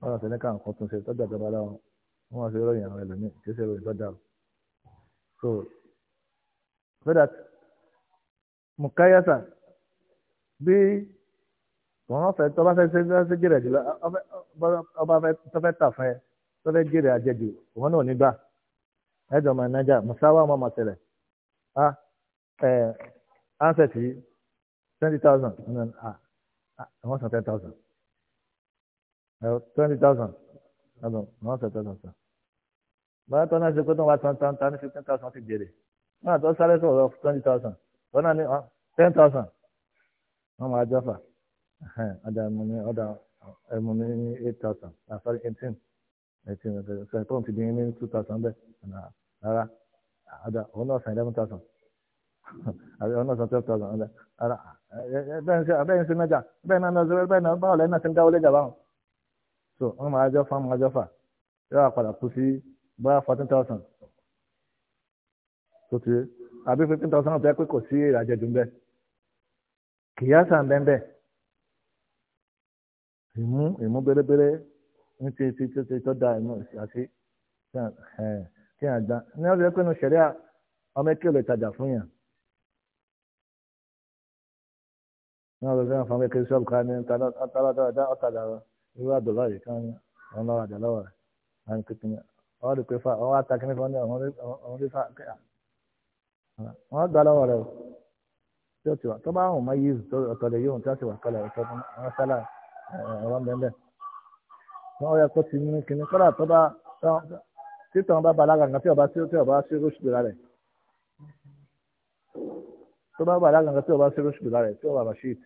wọn lọ sẹ́ni káàkó tún ṣe tọ́jú àjọba láwọn wọn wọn fi ròyìn àwọn ẹlòmí kì í ṣe ròyìn so so that mukayasa bí wọn fẹ́ tọ́ bá fẹ́ ṣe jèrè jùlọ ọba fẹ́ tọ́ fẹ́ tà fẹ́ tọ́ fẹ́ jèrè àjẹjù wọn náà nígbà ẹjọ máa nájà mùsáwá ọmọ màtẹlẹ a ẹ ansẹtì twenty thousand àwọn sàn ten thousand twenty thousand àwọn sàn ten thousand báyọ̀ tó náà ṣe pé tó ń wá tán tán tán ní fifteen thousand ti jèrè náà tó sáré sọ̀rọ̀ twenty thousand wọn náà ní ten thousand wọn máa jọ fà ọ̀dà mo ní ọ̀dà ẹ̀mú ní eight thousand ah sorry eighteen eighteen ọ̀dà sọ ẹ̀pọ̀ ti dín ní two thousand bẹ́ẹ̀ rárá ọ̀dà òun náà san eleven thousand àbí òun náà san twelve thousand ọ̀dà rárá bẹ́ẹ̀ ń so wọ́n máa jọ fún máa jọ fà yóò padà kú sí bóyá fourteen thousand tó ti àbí fifteen thousand tó ìmú ìmú bẹ́rẹ́bẹ́rẹ́ ń ṣe ṣe ṣe ṣe tó da ìmú àti kí n àgbà ní ọ̀rẹ́ pẹ́nu ṣẹ̀ríà ọmọ ẹ̀kẹ́ lè tajà fún yàn. ní ọ̀rẹ́ pẹ́nu fún ọmọ ẹ̀kẹ́ ṣọ́ọ̀bù ká ní ọ̀tàdà irú àdọ̀lá yìí kan ọ̀nà àdọ̀lá wà láti kékeré ọ̀rẹ́ rẹ̀ pé fa ọ̀rẹ́ àtàkìní fún ọ̀rẹ́ rẹ̀ fa rẹ̀ tí ó wọ́n ọ̀rọ̀ bẹ́ẹ̀ wọ́n yẹ kó ti ní kinní kọ́dà tó bá títàn bá balaga nǹkan tí ọba tí ọba ṣe róṣùdù rẹ̀ tó bá balaga nǹkan tí ọba ṣe róṣùdù rẹ̀ tí ọba rashid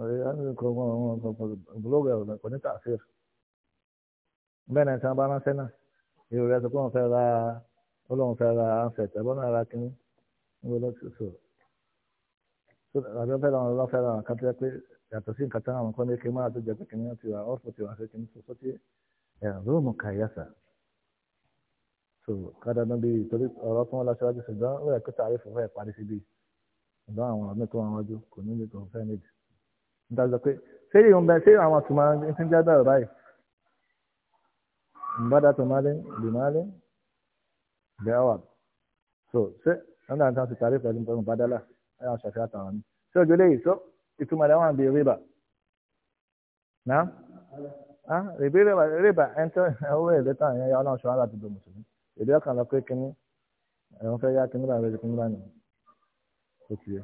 ọ̀rẹ́ ànínú bùlọ́ọ̀gù ẹ̀rọ kò ní tàṣír bẹ́ẹ̀ náà tí wọ́n bá ránṣẹ́ náà èrò rẹ̀ sọ pé wọ́n fẹ́ ra ọlọ́run fẹ́ ra ansẹ̀ tẹ̀bọ́n náà ra kínní ń wọlé sọ̀rọ̀ àbí wọ́n fẹ́ ra ọlọ́run fẹ́ ra àkàtúntẹ́ pé yàtọ̀ sí nǹkan táwọn àwọn kan ní kí n máa tó jẹ pé kìnìún ti wà ọ̀fọ̀ ti wà ṣe kìnìún sọ́sọ́ tí ẹ̀rọ̀mù kàyàsà so kádà níbi ìtorí ọ̀rọ̀ tí wọ́n lọ síwájú ṣùgbọ́n ó yẹ kó tààrí fún fẹ́ parí síbi ṣùgbọ́n àwọn ọ̀rọ̀ mi tó wọn wájú kò ní lè tó fẹ́ níbi. n ta sọ pé ṣé ìhun bẹ ṣé àwọn àtùmọ̀ ti ń jẹ́ bẹ́ẹ̀ báyìí mbada tó máa lé lè máa lé bẹ́ẹ̀ wà so ṣé ọ̀nà àti àti tààrí pẹ̀lú mbadala ìtumọ̀ rẹ̀ wọ́n bí rìbá náà rìbí rìbá ẹ̀ńtọ́ owó èlé tán ìyẹn ọlọ́run ṣọ́ ara dùdú mùsùlùmí èdè ọkàn lọ pé kínní ẹ̀rọ fẹ́ yá kínní báyìí kínní báyìí ó ti yẹ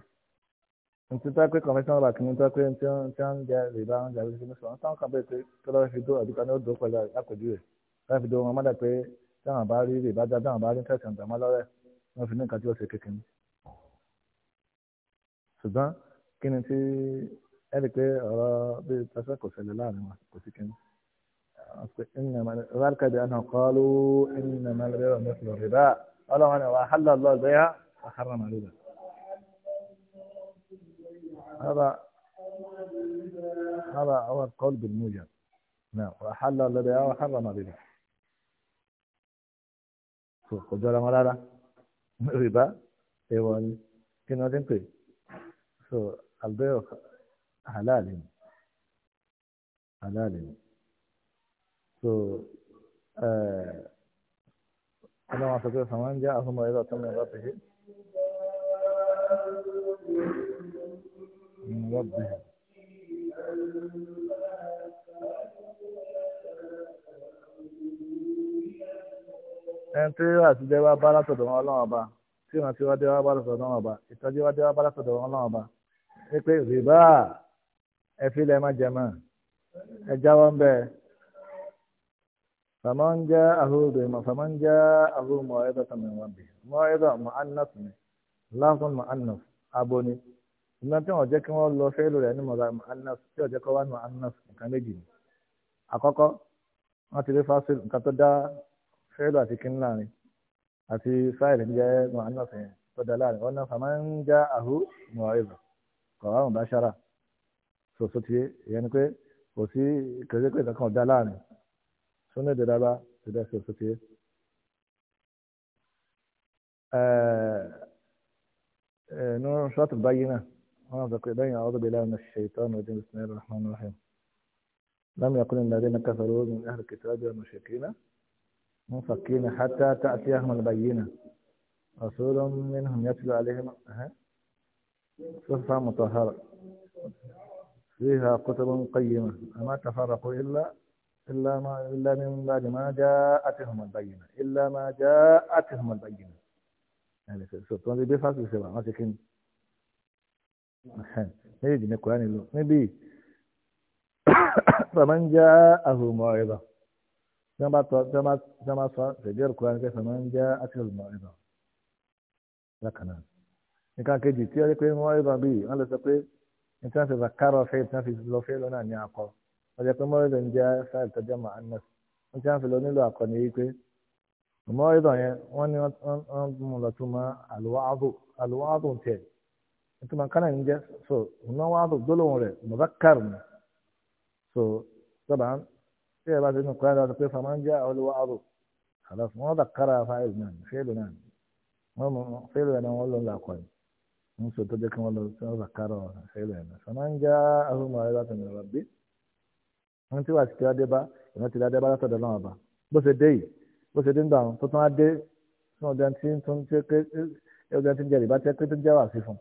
nti tọ́ pé conventional bank ní tọ́ pé tí wọ́n tí wọ́n jẹ rìbá wọn jẹ rìbá sọ wọn tán kàn pé tó lọ́wọ́ fi dó ọ̀dùkọ́ ní ó dó pẹ̀lú àpèjúwe láti fi dó wọn mọ́dà pé táwọn bá rí rìbá dá táwọn bá rí tẹ̀sán tàmọ́ lọ́rẹ̀ wọn fi ní nǹkan tí ó ṣe kékeré ṣùgbọ́n kí ni tí ẹ rí i pé ọ̀rọ̀ bí pẹ́sẹ́ ذلك بأنهم قالوا إنما البيع مثل الربا قالوا أنا وأحل الله البيع وحرم الربا هذا هذا هو القول بالموجب نعم وأحل الله البيع وحرم الربا kò jọra wọn rárá rìbá ẹwọ البيع حلال حلال so أنا ما أعتقد فمن جاءه موعظة تم من ربه من ربه ẹni tí àtijọ́ wa bá látọ̀dọ̀ wọn ọlọ́run ọba tí ìrántí wa dé wa bá látọ̀dọ̀ wọn ọba ìtọ́jú wa dé bá látọ̀dọ̀ wọn ọlọ́run ọba pé rìbá ẹ fi lẹ́ má jẹ mọ́ ẹ jáwọ́ ń bẹ́ẹ̀ faman jẹ́ àhóòdè mọ́ faman jẹ́ àhóò mọ́ wọn bì mọ́ ẹ̀dọ́ mọ́ annas ni lásán mọ́ annas abo ni ìgbà tí wọ́n jẹ́ kí wọ́n lọ fẹ́lú rẹ̀ ní mọ́ annas tí wọ́n jẹ́ kọ́ wá ní annas nǹkan méjì ni àkọ́kọ́ wọ́n ti rí fásil nǹkan tó dá fẹ́lú àti kíní láàrin àti fáìlì ń jẹ́ mọ́ annas yẹn tó dá láàrin wọ́n náà faman jẹ́ àhóò mọ́ قرار مباشرة سوسوت في يعني كوي وسي كذا كوي ذاك هو دالان شو نبي دابا تدا سوسوت في آه، آه، نو آه، أعوذ بالله من الشيطان بسم الله الرحمن الرحيم لم يكن الذين كفروا من أهل الكتاب والمشركين منفكين حتى تأتيهم البينة رسول منهم يتلو عليهم صفحة مطهرة فيها كتب قيمة ما تفرقوا إلا إلا ما إلا من بعد ما جاءتهم البينة إلا ما جاءتهم البينة يعني سبحان الله بيفاس بسبع ما تكين هي دي نكوان اللو نبي [COUGHS] فمن جاءه موعظة كما كما جمع صار سجل كوان فمن جاءته الموعظة لكنان nǹkan kejì tí wọ́n rí pé wọ́n rí gan bíi wọ́n lọ sọ pé ní tí wọ́n fi bá kárọ̀ fẹ́ tí wọ́n fi lọ fẹ́ lọ́nà ní akọ wọ́n jẹ́ pé mọ́rẹ́dọ̀ ń jẹ́ fáìlì tọ́jọ́ màánà ní tí wọ́n fi lọ nílò akọ ní wípé mọ́rẹ́dọ̀ yẹn wọ́n ní wọ́n mú lọ tún mọ́ àlùwádùn tẹ̀ ìtumọ̀ kánà ń jẹ́ so ìmọ̀ wádùn gbólóhùn rẹ̀ mọ̀bá kárù ni so sábà tí ẹ bá ti nù kúrẹ́ lọ́sọ pé fama ń jẹ́ àlùwádùn àlọ́ fún wọn bá kára fáìlì náà wọ́n mú fẹ́ẹ̀lì náà musu ta je kamar da sun zakara haila yana sanan ja ahun ma za ta mai rabbi wọn ti wà sí tíwádé bá ìran ti dáadé bá látọ̀dọ̀ náà bá bó ṣe dé yìí bó ṣe dé ń gbà wọn tó tún á dé fún ọdún tí tó ń ṣe pé ọdún tí ń jẹ rìbá tẹ́ pé tó ń jẹ́ sí fún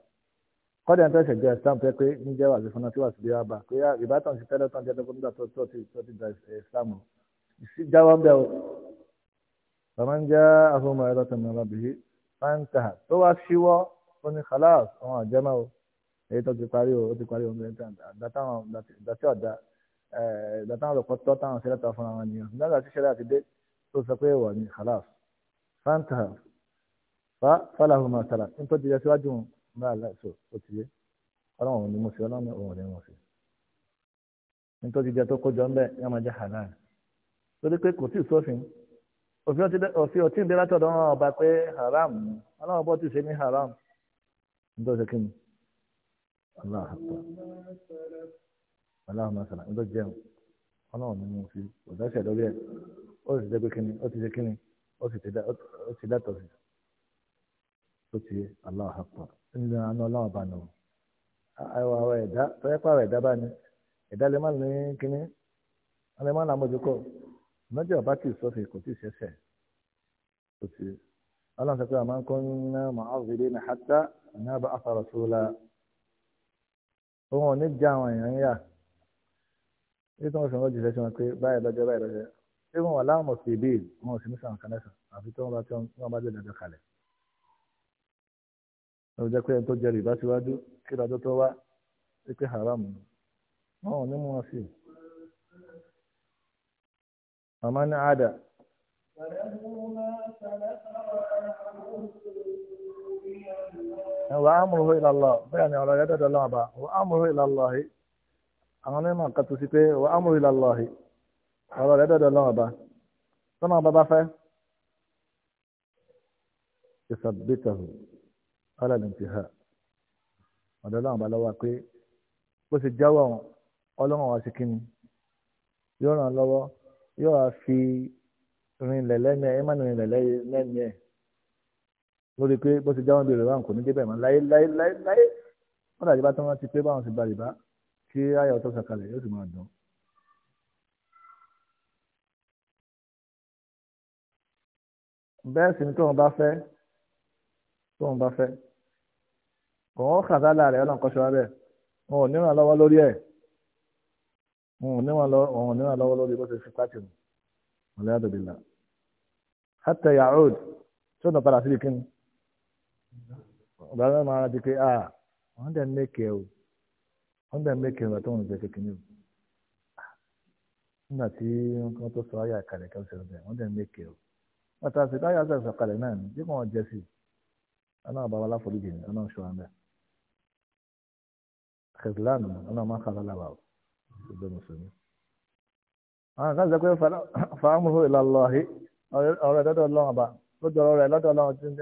kọ́dà ń tẹ̀sẹ̀ jẹ́ islam tẹ́ pé ń jẹ́ wà sí fún náà tí wà sí bíwá bá pé rìbá tàn sí tẹ́lẹ̀ tán jẹ́ tó ń gbà tó ti tó ti gba islam o jáwọ́ ń bẹ̀ o bàmá ń já ahùnmọ̀ ẹ̀rọ tẹ̀mọ̀ ó ní khalas àwọn àjẹmọ́ o èyí tó ti parí o ó ti parí o ní ẹ̀ńtà àdátáwọn àdátí ọ̀dà àdátáwọn lọ́pọ̀ tọ́ táwọn ṣẹlẹ̀ tó fúnra wọn nìyẹn nígbà tí ṣẹlẹ̀ àti dé tó sọ pé wà ní khalas fanta fa falahu ma tara n tó ti yẹ síwájú wọn bá àlá ìṣó ó ti yé ọlọ́run ò ní mo ṣe ọlọ́run ò ní mo ṣe n tó ti jẹ tó kójọ ńbẹ yẹn máa jẹ halal torí pé kò tí ì sófin òfin ọtí ń bẹ látọ̀dọ̀ ọba pé haram ọlọ́run bọ́ ti ṣe ní haram. ntọ́ ṣe kí ni aláha tó aláha masala ntọ́ jẹun ọlọ́run nínú si ọ̀dọ́ṣẹ̀ lórí ẹ̀ ó sì jẹ́ o kí ni ó ti ṣe kí ni ó sì ti dátọ̀ sí ó ti aláha tó nínú àánú ọlọ́run bá nù àwọn ti ọlọ́run sọ pé àmọ́ kó ná mọ̀ọ́fìdé ní hátà ní abá afárọ̀ tó la òun ò ní já àwọn èèyàn yà ní tí wọ́n fi ń rọ́jò sẹ́sìn wọn pé báyìí lọ́jọ́ báyìí lọ́jọ́ ṣé wọn wà láwọn ọ̀sẹ̀ ìbéèrè wọn ò sì ní sàn kánẹ́sàn àfi tí wọ́n bá tí wọ́n bá jẹ́ dandan kalẹ̀ lọ́wọ́ jẹ́ pé ẹni tó jẹ rìbá síwájú kí lọ́jọ́ tó wá ṣe pé haram ni wọn ò ní mú wọn sí màmá ní àdà wà á múlò ilà lọ bẹ́ẹ̀ ni ọ̀rọ̀ yẹn dọ̀dọ̀ lọ́wọ́ bá wà á múlò ilà lọ yìí àwọn onímọ̀ kan tó sí pé wà á múlò ilà lọ yìí ọ̀rọ̀ yẹn dọ̀dọ̀ lọ́wọ́ bá sọ́nà ọba bá fẹ́ ìsàbítàhù alàlùntìhà ọ̀dọ̀ lọ́wọ́ bá lọ́wọ́ pé bó ṣe jáwọ́ ọlọ́run wá sí kíni yóò ràn lọ́wọ́ yóò fi rinlẹ̀ lẹ́mìí ẹ̀ lórí pé bó ṣe jáwọ́ bèrè báwọn kò ní débẹ̀ mọ́ láyé láyé láyé láyé wọ́n dàjú bá tán wọ́n ti pé báwọn ṣe gba rìbá kí ayọ̀ ọ̀tọ̀ sàkalẹ̀ yóò sì máa dùn. bẹ́ẹ̀ sì ni tóun bá fẹ́ tóun bá fẹ́ òun ó kàn sálà rẹ̀ ọlọ́run kọ́ṣọ́ rẹ̀ òun ò níwọ̀n lọ́wọ́ lórí ẹ̀ òun ò níwọ̀n lọ́wọ́ lórí bó ṣe fi pàtì mu ọ̀lẹ́yàdọ̀bìlà hàtẹ̀ yahood tí ó nà padà sí ìkíni ọ̀gá náà máa rántí pé ah wọ́n dẹ̀ mẹ́kẹ̀ o wọ́n dẹ̀ mẹ́kẹ̀ o tó ń jẹ́ kékeré o nígbà tí wọ́n tó sọ ayé àkàlẹ̀ kan sọ̀rọ̀ bẹ́ẹ̀ wọ́n dẹ̀ mẹ́kẹ̀ o bàtà sí táyà sọ̀rọ̀ sọ̀kalẹ̀ náà ni bí wọ́n jẹ́ sí ọlọ́run bá láforíjì ni ọlọ́run ṣọ́ àmì kẹsìlánù ọlọ́run máa ń kàlọ́ làwà o ṣùgbọ́n mùsùlùmí. àwọn kan sọ pé fàámùhù ìlàlọ́hì ọ̀rọ̀ ìdọ́dọ̀ ọlọ́run ọba ó dọ̀rọ̀ rẹ̀ lọ́dọ̀ ọlọ́run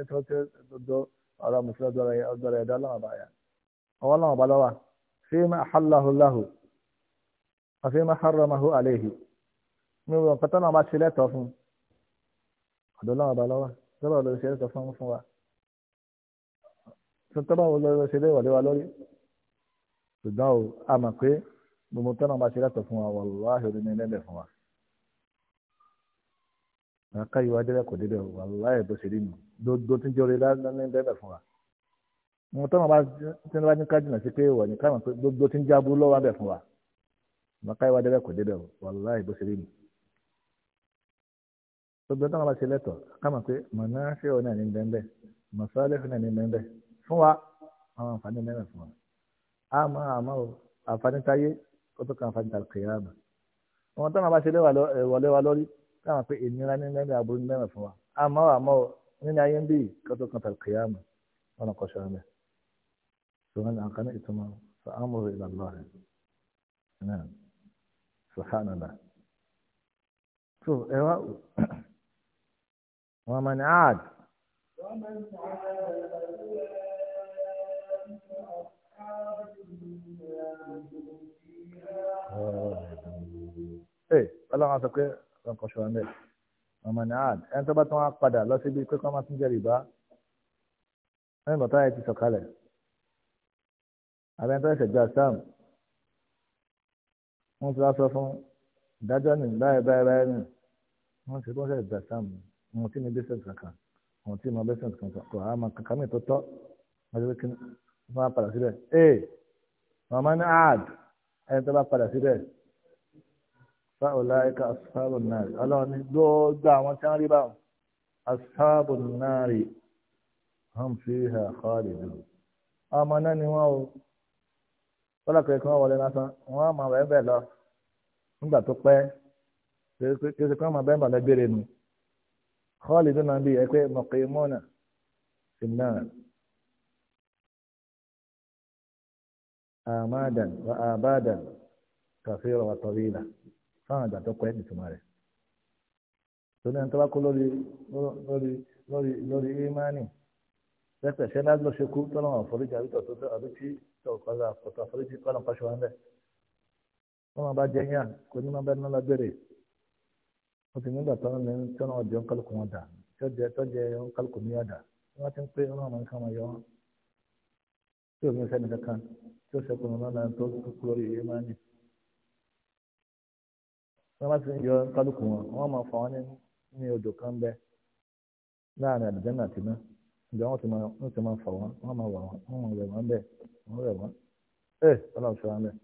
tí ó ọ̀rọ̀ mùsùlùmí ọ̀dọ̀rọ̀ ẹ̀dọ́ ọlọ́run ọba yà ọwọ́ ọlọ́run ọba lọ́wà fíìmà àhàláhùláhù àfíìmà hàrámàhù àléhì mi ò nǹkan tọ́nà ọba ṣe lẹ́tọ̀ọ́ fún ọ̀dọ̀ ọlọ́run ọba lọ́wà tọ́lọ̀ ló ṣe lẹ́tọ̀ọ́ fún fún wa tọ́lọ̀ ló ṣe lẹ́wọ̀ léwa lórí ṣùgbọ́n o a pé gbogbo tọ́nà ọba ṣe lẹ́tọ̀ọ́ fún wa wàlúwà àwọn káyọ̀ wá débẹ̀ kò débẹ̀ wàláhì bó ṣe rí nù dodo tí ń jọre lánàá débẹ̀ fún wa mo tọ́ wọn bá tí wọ́n bá ní kájìnà sí pé wọ̀ ní káwọn pé dodo tí ń jábú lọ́wọ́ bẹ̀ fún wa àwọn káyọ̀ wá débẹ̀ kò débẹ̀ wàláhì bó ṣe rí nù gbogbo tí wọ́n bá ṣe lẹ́tọ̀ káwọn pé mọ̀nà ṣé wọn náà ní bẹ́ẹ̀ mọ̀sálẹ́ fún náà ní bẹ́ẹ̀ fún wa àwọn àǹfààní mẹ́rin fún wa àmọ́ àmọ́ àǹfààní táyé ó tó kan àǹfààní tàbí káwọn pé ìnira ni mẹ́rin àbúrò ní mẹ́rin fún wa àmọ́ àmọ́ nínú ayé ń bí kátó kan tàbí kìyàmù wọn kọ ṣọra mẹ ṣùgbọ́n àwọn kan ní ìtumọ̀ sọ àmúrò ìlànà rẹ náà subhanallah so ẹ wá wọn máa ní aad. Ee, ọlọ́run sọ pé lọ́n kọ́ ṣọ́ra mẹ́rin ọmọ ní àd ẹni tó bá tún wá padà lọ síbi pé kọ́ máa tún jẹ́ rìbá ẹni bàtà ẹ ti sọ̀kalẹ̀ àbẹ́ni tó ẹsẹ̀ gba sam wọ́n ti wá sọ fún ìdájọ́ nì báyìí báyìí báyìí nì wọ́n ti wọ́n ṣẹ̀ gba sam wọn tí mi bẹ́sẹ̀ kankan wọn tí mo bẹ́sẹ̀ kankan kò á máa kankan mi tó tọ́ wọ́n ti kí wọ́n á padà síbẹ̀ ee fáwọlá ẹ̀ka asáàbùn náà rí ọlọ́run ní gbọ́gbà àwọn tí wọ́n rí báwọn asáàbùn náà rí hàn fi hà kọ́ọ̀dì dùn. ọmọ náà ni wọ́n o tọ́lá kẹ́kẹ́ kí wọ́n wọlé lásán wọ́n á máa bẹ́ẹ̀ bẹ́ẹ̀ lọ nígbà tó pẹ́ kí ṣe kí bẹ́ẹ̀ bàlẹ́ gbére nu kọ́ọ̀lì dùn náà bí ẹ pé mọ̀kì mọ́nà sí náà. amadan wa abadan kafira wa tawila fáwọn àgbà tó kọ ẹ́ ìtumọ̀ rẹ̀ torí ẹni tó bá kó lórí lórí lórí lórí imani pẹ́pẹ́ ṣẹ́ náà ló ṣe kú tọ́lọ́mọ àforíjì àbítọ̀ tó tẹ́ àbí tí ọ̀kọ́lá ọ̀tọ̀ àforíjì kọ́nà pàṣẹ wọn bẹ́ẹ̀ wọ́n máa bá jẹ yàn kò ní máa bẹ́ẹ̀ náà lágbèrè wọ́n ti nígbà tọ́lọ́ ní tọ́nà ọjọ́ kálukú wọn dà tọ́jẹ tọ́jẹ kálukú ní ọ̀dà wọ́n ti ń pé wọ́n máa ń kà wọn yọ wọn tí òun sẹ́ni kankan tí ó ṣe kùnú náà tó kú lórí imani wọ́n bá ti ń yọ kálukú wọn wọ́n máa fà ní odò kan bẹ́ láàrin àdìjẹ́nà àti náà ìjọ wọn ti máa wọn ti máa fà wọ́n wọ́n máa wà wọ́n wọ́n rẹ̀ wọ́n bẹ́ẹ̀ wọ́n rẹ̀ wọ́n ẹ̀ ọlọ́run bẹ́ẹ̀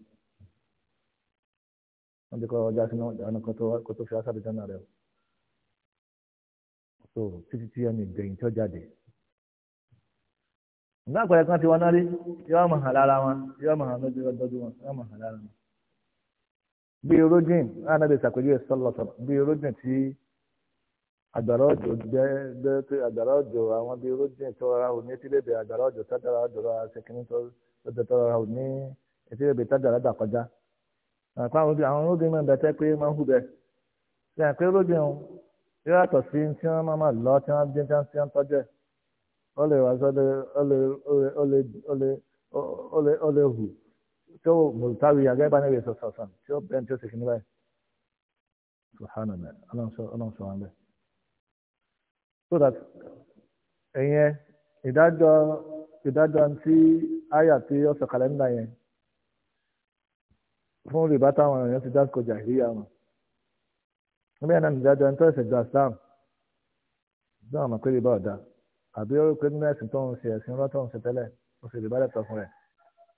wọ́n ti kọ́ ọjà sínú kó tó fi rẹ̀ títí tí ẹni tó jáde àpẹẹrẹ kan ti wọn bí rodin anabi sàpèjúwe sọlọsọ bí rodin tí àgbàrá òjò jẹ jẹ pé àgbàrá òjò àwọn bí rodin tó ra ò ní etílébè àgbàrá òjò tájàrá òjò ra ṣèkínní tó lọ́dọ̀ tó ra ò ní etílébè tájàrá dà kọjá àpá àwọn rodin máa ń bẹ tẹ pé máa ń hù bẹ ṣe àpé rodin o yóò yàtọ̀ sí tí wọ́n máa máa lọ tí wọ́n dín tí wọ́n ti ń tọ́jú ẹ̀ ó lè wá sọ́dọ̀ tí ó mùtáwì àgẹ́bá níbi ẹ̀sọ̀ sọ̀sán tí ó bẹ́ẹ̀ tí ó sì kí ní báyìí subhanallah ọlọ́nsọ wọn bẹ́ẹ̀. so that ẹ̀yẹn ìdájọ́ ìdájọ́ tí àyà tí ó sọ kàlẹ́ndà yẹn fún rìbá táwọn èèyàn ti dá kọjá ìríyà wọn. níbẹ̀ náà ìdájọ́ ń tọ́ ẹ̀sẹ̀ gba islam bí wọ́n mọ̀ pé rìbá ọ̀dà àbí ó rí pé nínú ẹ̀sìn tó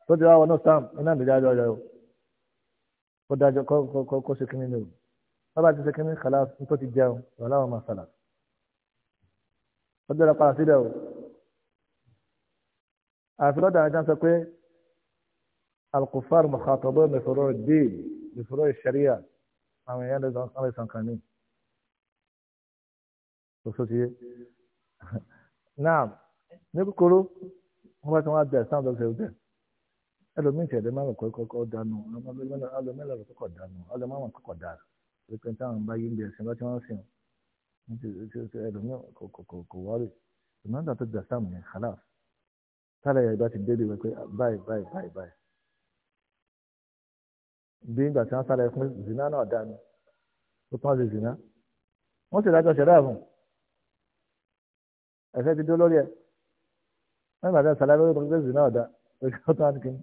tó ti wá wọnú sam iná ìdájọ́ ọjọ́ o kó dájọ́ kó kó ṣe kínní ni o bàbá ti ṣe kínní kàlá tó ti jẹun wàhálà wọn máa sàlà ó jẹ́ padà síbẹ̀ o àfi lọ́dọ̀ àjọ sọ pé alkufar mukhatabun bi furu' ad-din bi furu' ash-sharia àwọn èèyàn lè sàn kàn ní òṣòṣìyẹ [LAUGHS] náà ní kúkúrú wọn bá ti wọn bẹ sáà lọ sí ọdẹ ẹlòmíì tẹ̀lé má lọ kọ́kọ́ dànù ẹlòmíì lọ kọ́kọ́ dànù ẹlòmíì má kọ́kọ́ dànù pípẹ́ táwọn bá yí ń bẹ̀rẹ̀ sìn bá tí wọ́n sìn ẹlòmíì kò wọ́ọ̀rì ìmọ̀ọ́dà tó gbà sáàmù yẹn khalas sára yẹn ìgbà tí débi wípé báyìí báyìí báyìí báyìí bí ìgbà tí wọ́n sára yẹn fún zina náà dànù ó tán lè zina wọ́n sì dájọ́ ṣẹ̀dá fún ẹ̀fẹ́ ti dó lórí ẹ̀ wọ́n ìgbà tí wọ́n sára yẹn lórí pé zina ọ̀dà ó tán kìíní.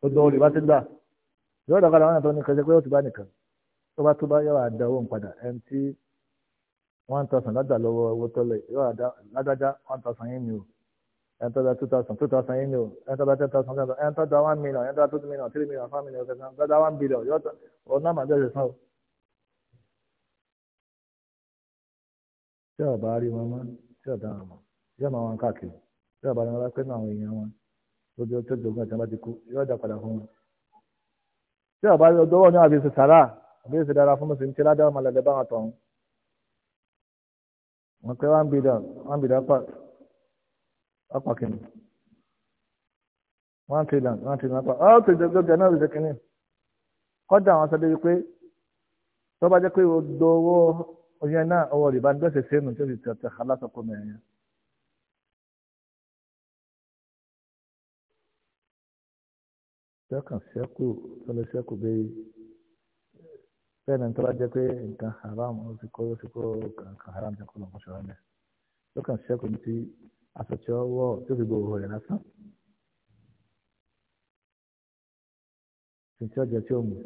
gbogbo olè bá ti gbà yóò dọ̀kadà wọn àtọ́ ní kẹsẹ̀ pé ó ti bá nìkan tó bá tó bá yóò àdá owó padà ẹni tí one thousand ládà lọ́wọ́ owó tọ́lẹ̀ yóò àdá ládájá one thousand yín ni o ẹni tó da two thousand two thousand yín ni o ẹni tó da ten thousand ten thousand ẹni tó da one million ẹni tó da two million three million five million kẹsàn tó da one billion yóò tọ́ ọ náà màá bẹ̀rẹ̀ sàn o. tí ọba rí wọn mọ tí ọ̀daràn mọ yóò máa wọn káàkiri tí ọba rí wọn lápẹ́ náà lójú tó dogun ẹ̀tàn bá ti kú yóò dá padà fún wọn. tí ọba dọwọ́ ní àbí sàrà àbí ṣe dára fún mùsùlùmí tí ládàá ọmọ lẹ́dẹ̀ bá wọn tọ̀hún. wọn pẹ́ wá ń bìdà wá ń bìdà pa ọ̀pọ̀ kìnnì. wọ́n ti dàn wọ́n ti dàn pa ọ́ tó dogun ẹ̀tàn náà ṣe kìnnì. kọ́dà àwọn sọ débi pé tó jẹ́ pé odò owó oyin náà owó rìbá ń sẹ́nu tó fi tẹ̀ lọ́kàn sẹ́kù lọ́lọ́ sẹ́kù bẹ́ẹ̀ bẹ́ẹ̀ ni tọ́lá jẹ́ pé nǹkan haram ó ti kọ́ ó ti kọ́ nǹkan haram jẹ́ kọ́ lọ́kàn sọ̀rọ̀ mẹ́ lọ́kàn sẹ́kù ní ti àtọ̀tí ọwọ́ tó fi gbòòrò rẹ̀ lásán tí ọjà tí ó mú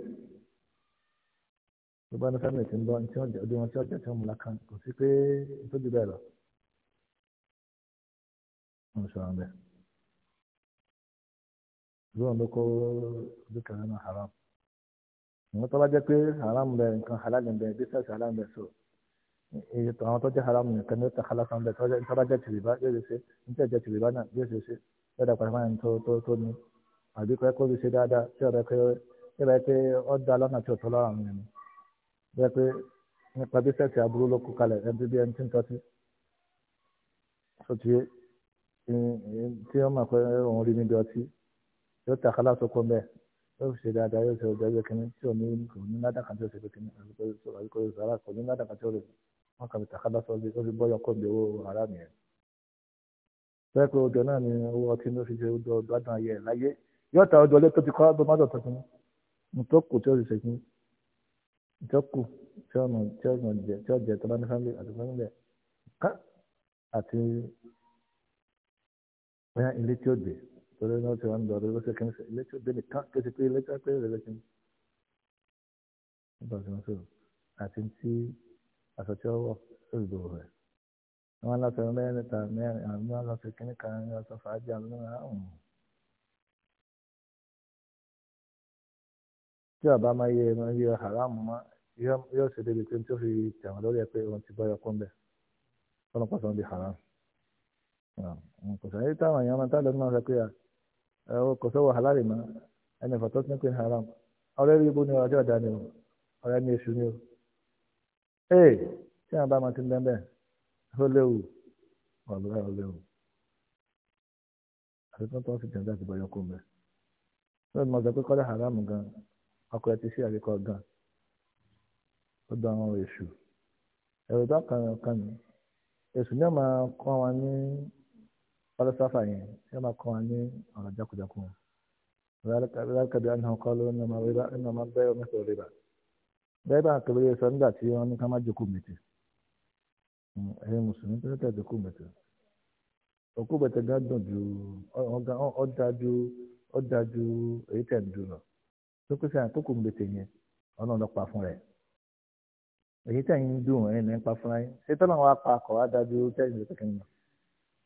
tó bá ní fẹ́mi tí ń bọ́ tí ọdún wọn tí ọjà tí ó mú lákàn kò sí pé tó ju bẹ́ẹ̀ lọ. Wọ́n sọ̀rọ̀ bẹ́ẹ̀ zoro ló kó dúkìá nínú haram ìwọ́n tó bá jẹ́ pé haram bẹ nǹkan halal bẹ business halal bẹ so iye tó àwọn tó jẹ́ haram nìkan ní ó halal kan bẹ tó bá jẹ́ tìrìbá yóò ṣe ṣe ní tí ò jẹ́ tìrìbá náà yóò ṣe ṣe yóò dà pàṣẹ máa ń tó tó tó ní àbí kọ́ kó lè ṣe dáadáa tí ọ̀rẹ́ pé ó bá yẹ pé ó da lọ́nà tí ò tó lọ́rọ̀ àwọn ènìyàn bẹ́ẹ̀ pé nípa bísẹ̀sì aburú ló kú kalẹ̀ ẹni bí ẹni tí ń tọ́tí sọ ti tí wọ́n mọ̀ pé òun rí níbi ọtí yóò ta kálá sóko mbẹ yóò ṣe dáadáa yóò ṣe ọjọ́ yóò kíní tí ò ní kò ní ládàá kan tí ó ṣe pé kíní àbíkó yóò sara kò ní ládàá kan tí ó lè wọn kàn fi ta kálá sọ ó fi bọ́yọ̀ kó gbèwó ara mi yẹn. bẹ́ẹ̀ pé náà ni owó ọtí ló fi ṣe ọjọ́ gbádùn ayé ẹ̀ láyé yóò ta ọjọ́ lé tó ti kọ́ tó má dọ̀tọ̀ kíní ntọ́kù tí ó ṣe kíní ntọ́kù tí ó jẹ tó bá ní fámìlì àti fámìlì ká àti bóyá ilé tí ó gbé torí náà ti wà ń dọ̀rọ̀ lọ́sẹ̀ kí n ṣe ilé tí ó débi tán kí ó ti pé ilé tí ó pé ilé tí ó ń bọ̀ sí wọn sọ̀rọ̀ àti tí aṣọ tí ó wọ̀ olùdó rẹ̀. wọ́n lọ́sẹ̀ mẹ́rin níta mẹ́rin àwọn mìíràn lọ́sẹ̀ kínní kan ní ọ̀sán fàájì àwọn mìíràn àrùn. tí ọba máa yẹ ẹran yíyọ haram mọ yóò ṣe débi pé tí ó fi tẹ̀wọ̀n lórí ẹ pé òun ti bọ́ yọ kún bẹ́ẹ̀ fọlọ́pàá sọ ń di haram. kò sáré táwọn èèyàn máa tá lọ́dún kò sọ́wọ́ halali mọ́ ẹni fàtọ́ sí pé haram ọ̀rẹ́ rí ibú ni ọjọ́ ọ̀dà ni o ọ̀rẹ́ ni èṣù ni o ee tí àwọn bá máa ti ń dẹ́ńbẹ́ léwu ọ̀lẹ́ ó léwu àtúntò tó ń fi jẹ̀ǹdà ti haram gan ọkọ̀ ẹ ti gan ó dán àwọn èṣù ẹ̀rọ ìdá kan kan فلسفة يعني كما قواني على جاكو جاكو ذلك ذلك بأنهم قالوا إنما الربا إنما البيع مثل الربا بيع كبير سندا تيوني كما جاكو متي هي مسلمين تلك جاكو متي òkú bẹ̀tẹ̀ gan dùn ju ọ̀dà ju ọ̀dà ju èyí tẹ̀ dùn lọ tó kí sàn tó kù yẹn ọ̀nà ọ̀nà fún rẹ̀ èyí tẹ̀ dùn ẹ̀yìn ní pa fúnra yín ṣé tọ́lá wa pa kọ̀ wá dájú tẹ̀yìn ló tẹ̀kẹ́ nù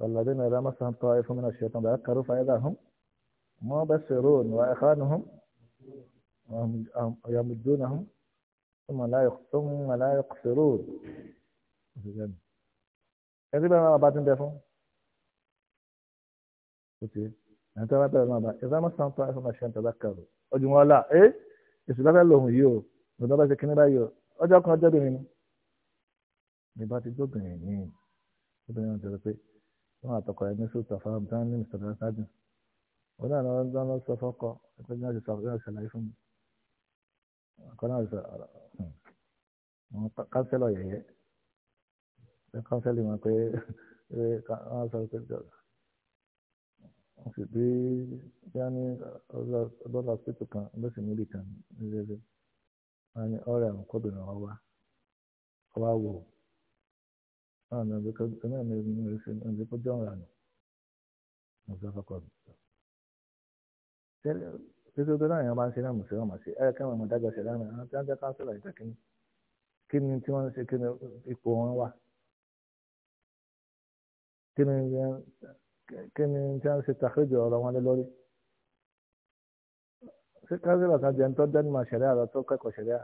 والذين إذا مسهم طائف من الشيطان ذكروا فإذا هم مبصرون وإخوانهم يمدونهم ثم لا ثم لا يقصرون ẹtí bẹ́ẹ̀ máa bá ti ń bẹ fún ok ẹni tí wọ́n bẹ̀rẹ̀ máa bá ìfẹ́ máa san tán ẹ̀fọ́n àṣẹ ìtọ́jà kẹrù ọdún wọn là ẹ èsì bá fẹ́ lòun yìí o lòun bá ṣe kíní báyìí o ọjọ́ kan ọjọ́ bìnrin ni ìbá ti gbóbìnrin ní obìnrin náà ti rẹ pé wọn àtọkọ yẹn ní sùtọ̀ fáwọn tí wọ́n ní mr nasadi wọn náà wọn dáná lọ sọ fọkọ ẹgbẹ́ náà ti sọ yóò ṣàlàyé fún mi ọkọ náà sọ hmm. àwọn kánsẹ́lọ̀ yẹ̀yẹ́ kánsẹ́lì wọn pé wọ́n sọ pé wọ́n sì bí yá ní ọlọ́lá hospital kan lọ́sì níbi kan ní rẹ́rẹ́ wọ́n ní ọ̀rẹ́ àwọn kọ́bìnrin wa wá wá أنا كمان أنا كنت جامعة أنا مسافة قرب títí tó dáhùn yẹn máa ń ṣe náà mùsùlùmí ọmọ sí ẹ kẹ́wọ̀n ọmọ dájọ́ ṣẹlẹ̀ àmì àwọn tí wọ́n jẹ́ káńsílà ìta kínní kí ni tí wọ́n ń ṣe kí ni ipò wọn wà kí ni kí ni tí wọ́n ń ṣe tàkéjọ ọ̀rọ̀ wọn lé lórí. ṣé káńsílà kan jẹun tó dẹ́nu máa ṣẹlẹ̀ àlọ́ tó kẹ́kọ̀ọ́ ṣẹlẹ̀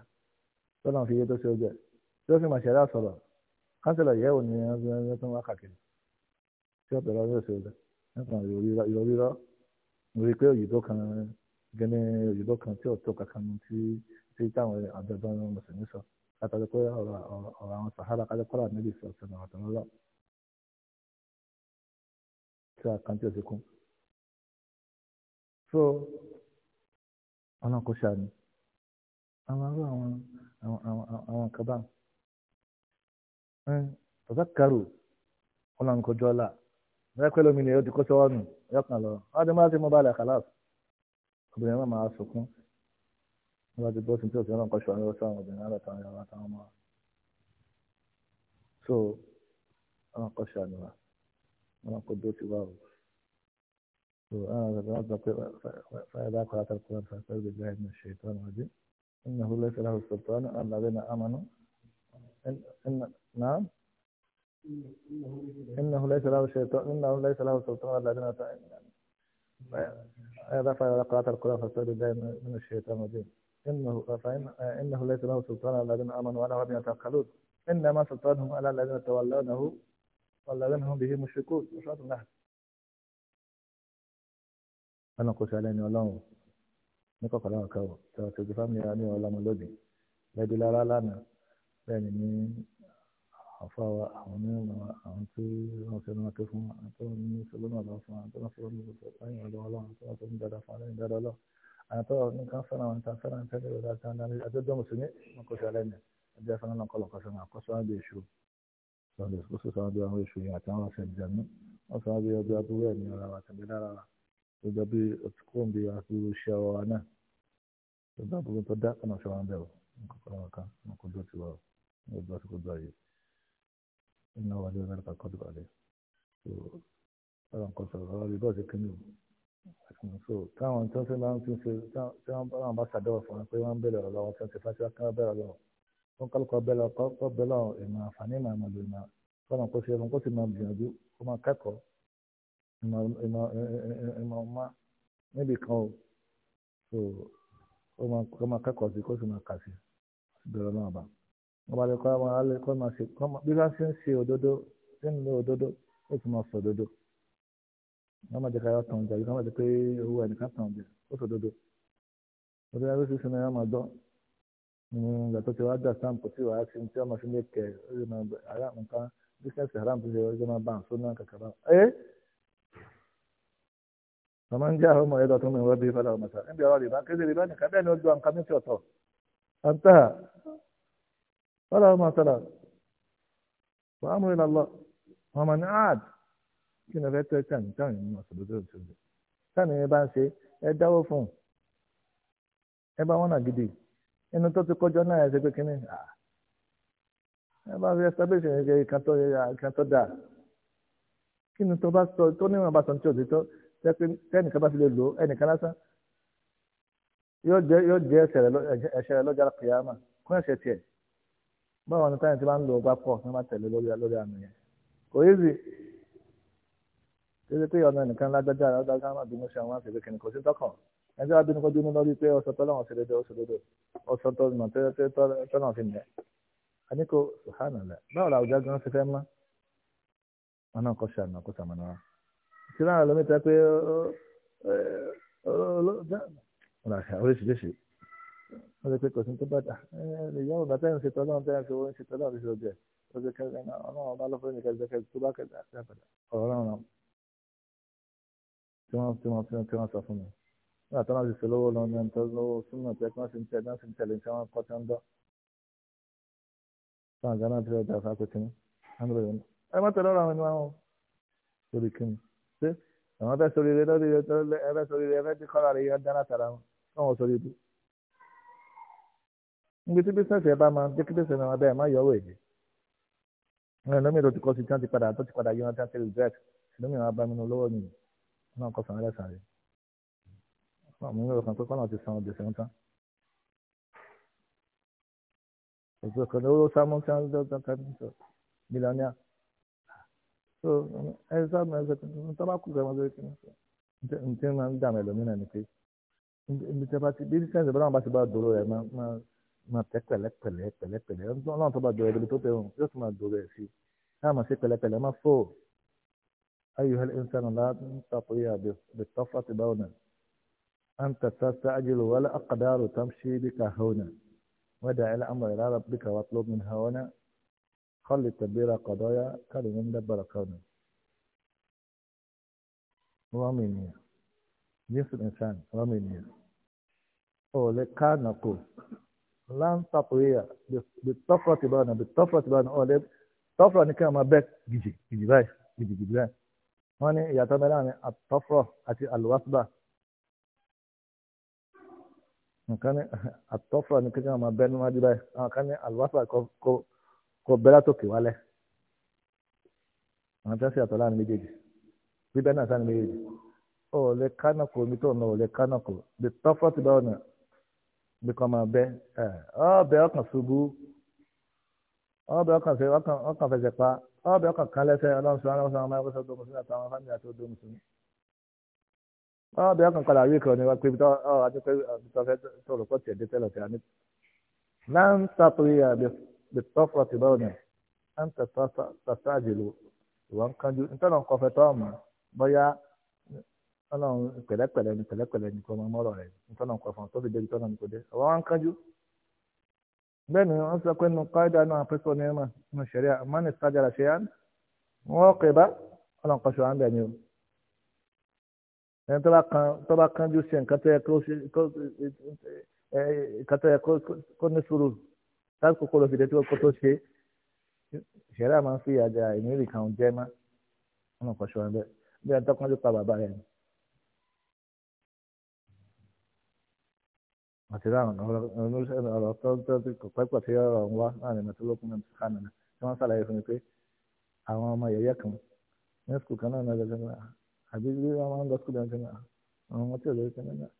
tó náà fi yé tó ṣe ojú ẹ̀ tó fi máa ṣẹlẹ̀ sọ̀rọ̀ kánsílà yẹ ò ní ẹgbẹ́ tó ń wá kàkiri tí ọ̀pẹ̀ lọ́wọ́ ṣe ọ̀dà nípa ìrọ̀rírọ́ mo rí i pé òyìnbó kan gẹ́ni òyìnbó kan tí ọ̀tọ̀ kankan tí tí táwọn àbẹ̀bọ̀n mùsùlùmí sọ látàrí pé ọ̀rọ̀ àwọn sàhárà kájọ kọ́là níbi ìfẹ́ ọ̀sẹ̀ náà àtàwọn lọ tí a kan tí ó ti kún. so ọlọ́run kò ṣàní àwọn arú àwọn àwọn àwọn àwọn tazakaru ọlọ́run kọjú ọlá ẹ̀rẹ́pẹ́ lómi ni ó ti kó sọ́wọ́ nù ẹ̀yọ́kàn lọ ọdún máa ti mú balẹ̀ kàlás obìnrin náà máa sọkún wọ́n bá ti bọ́ sí tí òṣèré náà kọ́ ṣọ́ ọ́ sáwọn obìnrin náà látàwọn ẹ̀rọ àtàwọn ọmọ so ọlọ́run kọ́ ṣàánú wa ọlọ́run kọ́ dó ti wá o so ọlọ́run sọ pé fáyọ̀dá kọ́ látàkùn láti fẹ́ gbé bẹ́ẹ̀ ní ṣe ìtọ́nà ọdún ìnáwó lẹ́sẹ̀ láwùjọ نعم إنه ليس له شيطان إنه ليس له سلطان على الذين هذا يعني فإذا قرأت القرآن فاستعذ بالله من الشيطان الرجيم إنه إنه ليس له سلطان على الذين آمنوا ولا هم يتوكلون إنما سلطانهم على الذين تولونه والذين هم به مشركون سورة النحل أنا قلت علينا ولهم nípa pàdé àwọn kan ò لا tẹ̀wọ̀ fámìlì àní لا لا لا لا لا àfáwà àwọn onímọ̀ àwọn tí wọ́n fi ọlọ́run ké fún àwọn tó ń ní sọlọ́nà ọlọ́run fún àwọn tó ń fi ọlọ́run lọ́sọ̀ lẹ́yìn ọlọ́run ọlọ́run tó wọ́n tó ń dáadáa fún àlẹ́yìn dáadáa lọ. àwọn tó ní kan fẹ́ràn àwọn tá fẹ́ràn tẹ́lẹ̀ ìrọ̀lá tá ní àjọjọ́ mùsùlùmí wọn kò ṣẹlẹ̀ ní ẹjẹ́ fẹ́ràn náà kọlọ̀ kọsẹ̀ náà kọsẹ̀ wọn bí èṣù sọ̀rọ̀ bí àwọn èṣù yẹn àti àwọn ọ̀sẹ̀ ìjẹ̀mú wọn sọ bí ọjọ́ abúlé ẹ̀mí ara wa tàbí lára wa tó jọ bí òtúkùn bí àtúrò iná wà lórí mẹ́ta kọ́ dùgbà lẹ́ so ọ̀rọ̀ nǹkan sọ̀rọ̀ ọ̀rọ̀ bíbọ̀ sí kínní o so táwọn tí wọ́n ṣe máa ń fi ṣe tí wọ́n bá ṣàdéhùn fún wọn pé wọ́n ń bẹ̀rẹ̀ ọ̀rọ̀ lọ́wọ́ tí wọ́n ṣe fásitì wọ́n kọ́ bẹ̀rẹ̀ lọ́wọ́ wọ́n kálukọ́ bẹ̀rẹ̀ ọkọ́ bẹ̀rẹ̀ ìmọ̀ àǹfààní ìmọ̀ àmọ̀ lónìí náà fọ́nà kó ṣe kó sì máa gbìyànjú kó máa kẹ́kọ̀ọ́ ìmọ̀ so kó máa kẹ́kọ̀ọ́ sí kó sì máa kà sí bẹ̀rẹ̀ ọba lè kọ́ ọmọ alẹ́ kọ́ máa ṣe kọ́ bí wọ́n ṣe ń ṣe òdodo ṣe ń lo òdodo ó sì máa sọ òdodo wọ́n máa jẹ́ ká yọ tàn jẹ́ wọ́n máa jẹ́ pé owó ẹnìkan tàn jẹ́ ó sọ òdodo òdodo ẹgbẹ́ sísè ni wọ́n máa dán ìgbà tó ti wá dà sáǹpù tí wàá ṣe tí wọ́n máa fi lè kẹ́ ẹ̀ ara nǹkan bísíǹsì haram tó ṣe ọjọ́ máa bá àǹsó náà kàkàrà ẹ́ ọmọ ń jẹ́ àwọn ọmọ ẹ̀dọ̀ tó ń rọ́bí fọlá ọmọ sá níbi ọ̀rọ̀ rìbá kéde rìbá nìkan bẹ́ẹ̀ ni ó ju àǹkà mí فله ما سلف وأمر إلى الله ومن عاد kí ni ọ̀fẹ́ tẹ́ tán tán nínú ọ̀sọ̀dọ̀dọ̀ ọ̀sọ̀dọ̀ tán ni ẹ bá ń ṣe ẹ dáwọ́ fún un ẹ bá wọn náà gidi inú tó ti kọjọ náà ẹ ṣe pé kínní ẹ bá fi ẹsẹ̀bẹ̀sì ẹ kan tó dáa kí ni tó bá sọ tó níwọ̀n bá sọ ní tí òtítọ́ tẹ́nìkan bá fi lè lò ó ẹnìkan lásán yóò jẹ́ ẹsẹ̀ rẹ̀ lọ́jà kìyàmà kún ẹsẹ̀ tiẹ̀ báwo ni táyà tí bá ń lo ọgbà pọ̀ tí wọ́n bá tẹ̀lé lórí lórí àmì yẹn kò yé zi kéde pé ọ̀nà nìkan lágbájá lágbájá má bínú ṣe àwọn àṣẹ kékeré kò sí tọkàn ẹjọ́ abínú kọjú ní lórí pé ọ̀sọ̀ tọ́lá wọn ṣèlédè ọ̀sọ̀ dodo ọ̀sọ̀ tọ́lá tọ́lá fi nìyẹn àníkò sùhánàlẹ̀ báwo la àwùjọ gan ṣe fẹ́ mọ́ wọn náà kọ́ wọ́n ti pé kò sí tó bá dà ẹ ìyá bàbá tẹ́yìn ṣètò ọlọ́run tẹ́yìn ṣe owó ń ṣètò ọlọ́run fi ṣe ọjọ́ ẹ̀ ọjọ́ kẹrin náà ọlọ́run bá lọ́fọ́ ní kẹjọ kẹjọ tó bá kẹjọ àti àpàdà ọ̀rọ̀ náà tí wọ́n tí wọ́n tí wọ́n tí wọ́n sọ fún mi nígbà tó náà ti ṣòlówó lọ ní ẹni tó lówó súnmọ́ tẹ́ kí wọ́n sì ń tẹ̀lé sì ń tẹ̀lé tí wọ́n kọ́ tí wọ́n dọ́ táwọn gan náà ti rẹ̀ dàgbà pé kíní ẹ má tẹ̀lé ọ̀rọ̀ àwọn ènìyàn wọn lórí kíní ṣé àwọn fẹ́ sórí rẹ lórí rẹ ẹ fẹ́ sórí rẹ ẹ fẹ́ ti kọ́ra rẹ yọ dáná tara wọn káwọn sórí ibi níbi tí bísíǹsì ẹ bá máa jẹ́ kí bísíǹsì máa bẹ́ẹ̀ má yọ̀wọ̀ èdè ẹ̀rọ mi tó ti kọ́ sí tí wọ́n ti padà tó ti padà yọ wọn tí wọ́n ti regret ẹ̀rọ mi máa bá mi nu lọ́wọ́ mi náà kọ́ sàn lẹ́sàn rẹ̀ náà mo ń rò kàn pé kọ́nà ti san gbèsè ń tán. òṣèlú kan ló sámú sí àwọn ọjọ́ kan ní sọ mílíọ̀nìà so ẹ sábà ẹ sọ pé tó bá kú kẹwọn lórí kíni sọ ntí máa ń dààmú ẹlòmíràn ni pé ibi tí a bá mantecla, pele, pele. Não, não, tô bagulho, ele botou eu tô mandando esse. Ah, mas pele, pele, mas أيها الإنسان لا تستطيع بالطفرة بونا أنت تستعجل ولا أقدار تمشي بك هنا ودع الأمر إلى ربك واطلب من هنا خل التدبير قضايا كلمة دبر كونا رامينيا جنس الإنسان رامينيا أو لكانكو lan tapoya bi tọfọ ti báyìí bi tọfọ ti báyìí ọ̀lẹ́ tọfọ ni kí wọ́n máa bẹ́ gidi gidi báyìí gidi gidi báyìí wọ́n ní ìyàtọ̀ mẹ́rin ní àtọfọ àti àlùwàsíbà nǹkan ní àtọfọ ni kí wọ́n máa bẹ́ níwájú báyìí àwọn kan ní àlùwàsíbà kò bẹ́rẹ̀ tó kì wálẹ̀ àwọn tí wọ́n sì yàtọ̀ láàrin méjèèjì bíbẹ́ náà sáà ní méjèèjì ọ̀lẹ́ kánàkó omi tó ń lọ ọ̀lẹ́ kánàkó bi tọfọ ti báyìí bíkọ́ máa bẹ́ ẹ̀ ọ̀bẹ ọkàn ṣubú ọ̀bẹ ọkàn ṣe ọkàn fẹsẹ̀ pa be ọkàn kan lẹ́sẹ̀ ọlọ́run sọ ọlọ́run sọ ọmọ ẹgbẹ́ sọ dogun sílẹ̀ àtàwọn fámìlì àti odò mùsùlùmí ọ̀bẹ ọkàn padà rí ìkọ̀ ní wá pé ọ adúpẹ́ tọ́fẹ́ tọ̀rọ̀ pọ̀ tiẹ̀ dé tẹ́lẹ̀ tẹ́lẹ̀ ní. náà ń sàpèrè àbẹ̀ tọ́fọ̀ tì báwọn náà ń tẹ̀sán sàṣáàjì lò ma ọlọ́run pẹ̀lẹ́pẹ̀lẹ́ ni pẹ̀lẹ́pẹ̀lẹ́ ni kò mọ ọ̀rọ̀ rẹ̀ nítorí ọ̀nà kọ̀ọ̀fọ̀n tó fi débi tọ́nà nìkó dé ọ̀rọ̀ wa ń kánjú. bẹ́ẹ̀ ni wọ́n sọ pé nínú káyọ̀dá náà pẹ́sọ̀ ní ẹ̀mà nínú ṣẹ̀ríà mọ́ni sájàrà ṣe án wọ́n kẹ̀ bá ọlọ́run kọ́ṣọ́ à ń bẹ̀ ni o. ẹni tó bá kánjú ṣe nǹkan tó yẹ kó ní sùúrù láti kókó lọ fìdí tó tó ṣe ṣẹ̀ríà máa ń fi àjà ìmírì kan jẹ́ má ọlọ́run kọ́ṣọ́ à ń bẹ̀ bí ẹni tó kánjú pa bàbá rẹ̀ ni. àti ráhùn ọ̀rọ̀ tó pẹ́pẹ́ tí ọ̀rọ̀ ń wá láàrin mẹ́tò lókun náà ti kánà náà tí wọ́n ṣàlàyé fún mi pé àwọn ọmọ yẹ̀yẹ́ kan ní skul kan náà lọ́jọ́ náà àbí bí wọ́n máa ń lọ skul dantí náà àwọn ọmọ tí ò lórí kẹ́mẹ́ náà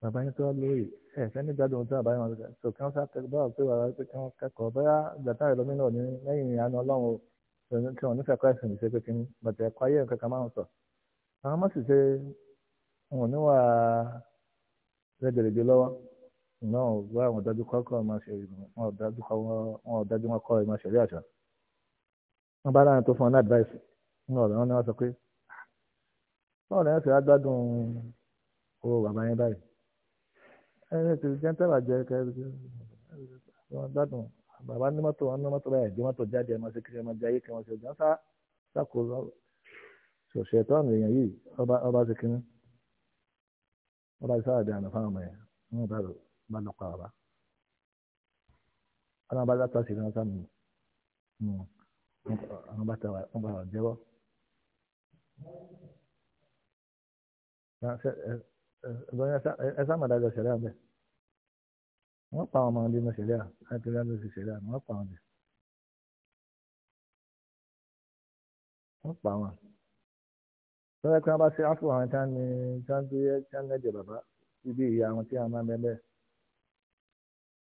bàbá yín tó wá lórí ẹ̀ sẹ́ni gbádùn tí bàbá yín wọn lọ sọ kí wọ́n sá báwọ̀ pé wàrà pé kí wọ́n kẹ́kọ̀ọ́ bẹ́ẹ̀ gbàtà ìlú mi náà ní lẹ́yìn ìyanu ọlọ́run tí wọ́n nífẹ̀ẹ́ kọ́ ẹ̀sìn ìṣe pé kí n bàtẹ̀ ẹ̀kọ́ ayé nǹkan kan máa ń sọ àwọn ọmọ sì ṣe wọn ò níwà rẹ̀dẹ̀rẹ̀dẹ̀ lọ́wọ́ ṣùgbọ́n ò gbọ́ àwọn ọ̀dájú kọ́kọ́ máa ṣe wọn ọ̀dájú wọn ọ̀dájú wọn kọ́ ẹ máa ṣẹ̀rí àṣà wọn bá láàrin tó fún ọ ní advice ní ọ̀rọ̀ wọn ni wọ́n sọ pé báwo ni wọ́n ṣe agbádùn owó bàbá yín báyìí ẹni tí jẹ́ńtẹ́là jẹ́ kẹ́rẹ́ wọn gbádùn bàbá ní mọ́tò wọn ní mọ́tò báyìí gbé mọ́tò jáde ẹ máa ṣe kiri ẹ máa jẹ ayé kí wọ́n ṣe ọjà ń sá sáko ṣòṣètò àwọn èèyàn yìí ọba ṣe kiri ọba ṣe sáà banu qara àwọn bá látọ̀ sí eh, eh, eh, ní ah, ọ̀sán mi àwọn ba? tẹ̀wà wọ́n bá wà jẹ́wọ́. ẹ sáàmà dájọ́ ṣẹlẹ̀ àbẹ̀ wọ́n pa àwọn ọmọ ọdún ṣẹlẹ̀ àtẹ̀lẹ́ àbẹ̀ sí ṣẹlẹ̀ àbẹ̀ wọ́n pa àwọn ọdún. wọ́n pa àwọn lọ́wọ́ pé wọ́n bá ṣe áfọ̀ àwọn tí wọ́n ń gbé ẹ̀jẹ̀ bàbá ibi ìyá àwọn tí wọ́n máa ń bẹ́ẹ̀ bẹ́ẹ̀.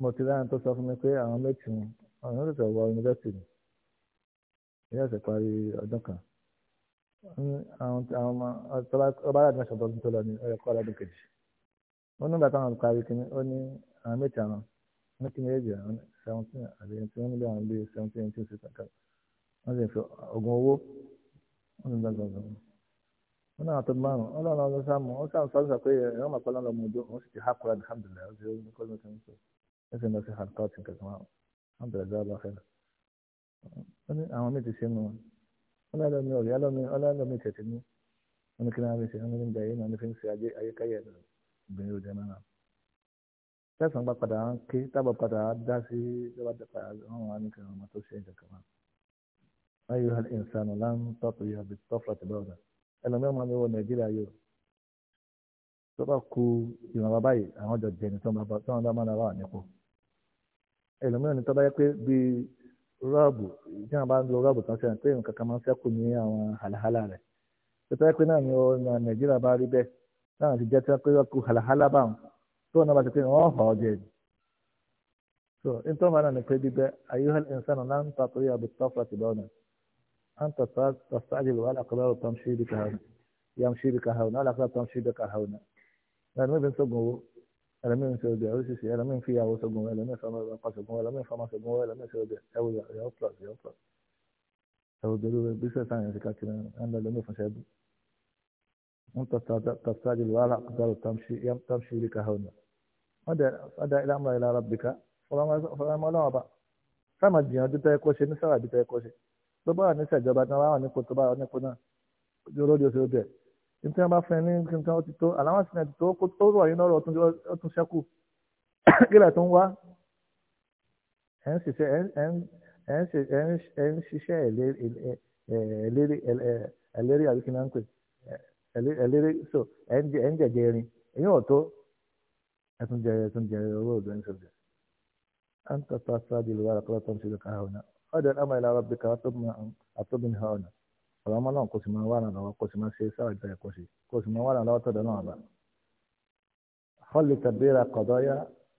mo ti ráyìn tó sọ fún mi pé àwọn méjì mi àwọn ọ̀rẹ́ ìṣòwò yunifásitì ni ilé ẹ̀sẹ̀ parí ọdún kan àwọn ọmọ ọba aládùn ẹ̀sọ̀ ọdún tó lọ ní ẹ̀kọ́ aládùn kejì ó nígbà táwọn parí kínní ó ní àwọn méjì àwọn ní kí méjì àwọn seventeen àti eighteen ó nílé àwọn bíi seventeen eighteen six kankan wọ́n sì fi oògùn owó wọ́n ní gbàgbọ́ gbàgbọ́ wọ́n náà tó márùn ọlọ́run ọdún sáà mú ó sáà sọ́ọ́ sọ pé ẹ̀rọ màpá lọ́nà ọmọdé òun sì ti hákùrọ̀ alhamdulilayi ó sì ń kọ́ ló ti ń sọ ẹsẹ̀ lọ sí halkot kankan wọn wọn bẹ̀rẹ̀ dábà fẹ́rẹ̀ wọn ní àwọn méjì ṣe nu wọn lọ́ọ́ mi ọ̀rẹ́ ọlọ́mi ọlọ́mi tẹ̀tẹ̀ ní wọn ní kí náà fi ṣe wọn ní bẹ̀rẹ̀ náà ní fi ń ṣe ayékáyé rẹ̀ obìnrin òde náà. tẹ̀sán gba padà ń ké tábà padà dá sí lọ́wọ́ dẹ́pà wọn wà ní kẹrin ọmọ tó ṣe kankan wọn. wọ́n yóò hàn ìsànù láń tọ́pù yóò bí tọ́pù àti bọ́ọ̀dà ẹlòmíràn máa ń wọ nàìjíríà yóò tó bá ku ìwọ̀n bàbá yìí àwọn jọ jẹ ní tó ń bá máa ń wà nípò ẹlòmíràn ní tọ́ba yẹ pé bíi rọ́ọ̀bù tí wọ́n bá ń lo rọ́ọ̀bù tán sẹ́yìn pé nǹkan kan máa ń sẹ́kù ní àwọn hàlàhàlà rẹ̀ tó tọ́jú pé náà ni ọ̀nà nàìjíríà bá rí bẹ́ẹ̀ náà ti jẹ́ tí wọ́n pé ọkù hàlàhàlà bá wọn tó náà bá ti pé wọ́n hàn ọ́ jẹ́ ni. so nítorí wọn náà ni pé bíbẹ́ ayélujára ìsànà náà ń tàtó yà ti bá ọ̀nà ẹlẹ́mìn ń ṣe ọjà oríṣiríṣi ẹlẹ́mìn fi ìyàwó sọ̀gùn ẹlẹ́mìn fọmọ ọkọ sọ̀gùn ẹlẹ́mìn fọmọ sọ̀gùn ẹlẹ́mìn ṣe ọjà ẹwù yàwó plus yàwó plus ẹwù bẹ̀rù business science káàkiri ẹ̀ńdà lẹ́mìn fún ṣẹ́bù. ń tọ́sítájì wàhálà kúkúrú tamṣí rí ká hàn ọ̀dà ilé àmọ́ ilé arábìkà fọlọ́mọ ọlọ́wọ́ bá sáàmà gbìyànjú tẹ́ kó ṣe ní sáwà bí tẹ́ kó ṣe tó bá wà ní ìṣèjọba tí wọ́n wà nípò tó bá wà nípò náà tí wọ́n bá fẹ́ ní kí wọ́n ti tó àláwọ̀ sí náà ti tó kó tó rọ̀ yín lọ́rọ̀ ọ̀tún ṣẹ́kù kílẹ̀ tó ń wá ẹ̀ ń ṣiṣẹ́ ẹ̀ ń ṣiṣẹ́ ẹ̀lérí àbíkí náà ń pè ẹ̀lérí so ẹ̀ ń jẹ̀jẹ̀ erin èyí ò tó ẹ̀tún jẹ ẹ̀tún jẹ owó òdò ẹ̀ ń sọ̀rọ̀ أنت تصادي الورق لا تمشي لك هنا هذا الأمر إلى ربك أتوب منها هنا ọ̀rọ̀ ọmọ náà kò sì máa wà náà lọ́wọ́ kò sì máa ṣe sáà ìgbà ẹ̀kọ́ ṣe kò sì máa wà náà lọ́wọ́ tọ̀dọ̀ náà bá. họ́ọ̀lì tàbíra kọ̀dọ́yà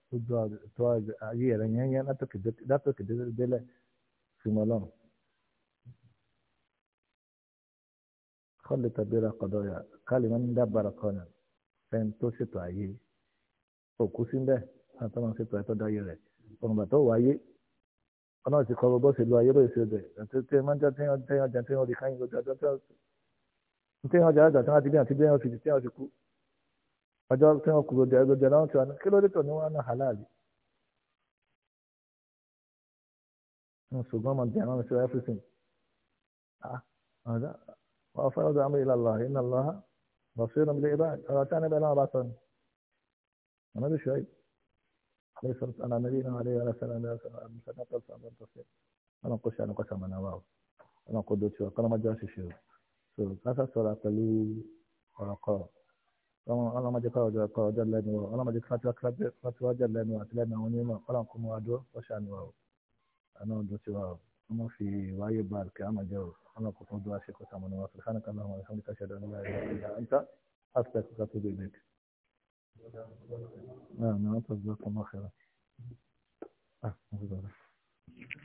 gbogbo àtọ́ ayé rẹ̀ yẹn yẹn látòkè délẹ̀ sùmọ́ lọ́rùn. họ́ọ̀lì tàbíra kọ̀dọ́yà káàlì máa ń dábàrà kọ́nà fẹ́ni tó ṣètò ayé òkú síbẹ̀ àtọ́ máa ṣètò ẹ̀tọ́ dáyé rẹ̀ òǹgbà tó wáyé ọ̀nà ti kọ́ bọ́ sílùú ayé lóye sílùú ẹ̀ tí wọ́n jẹ́ téèyàn téèyàn jẹ́ téèyàn di káyìn lójú ọjọ́ téèyàn jẹ́ àjà téèyàn ti bí àti bí wọ́n fi di téèyàn ti kú ọjọ́ téèyàn kú lójú ẹgbẹ́ jẹ́ láwọn ti wà kí ló dé tọ̀ ní náà halali. ṣùgbọ́n màá di àwọn ìṣẹ́ everything. wọ́n fẹ́ ọdọ àmì ìlàlọ́ ìlàlọ́ bàṣẹ́ ìrọ̀mílẹ̀ عليه الصلاة والسلام على نبينا عليه وعلى سلام الله مسلم قال سلام تصير أنا قش أنا قش أنا واو أنا قدوت شو أنا ما جاش شو سو كذا سورة لي ورقة أنا أنا ما جاك وجا وجا لين واو أنا ما جاك فتوى كذا فتوى وجا لين واو تلين وني ما أنا كم وادو قش أنا واو أنا قدوت واو أنا في واي بارك أنا جو أنا كنت دواشي قسم أنا واو سبحانك اللهم وبحمدك أشهد أن لا إله إلا أنت أستغفرك وأتوب إليك نعم نعم تجزاكم الله خيرا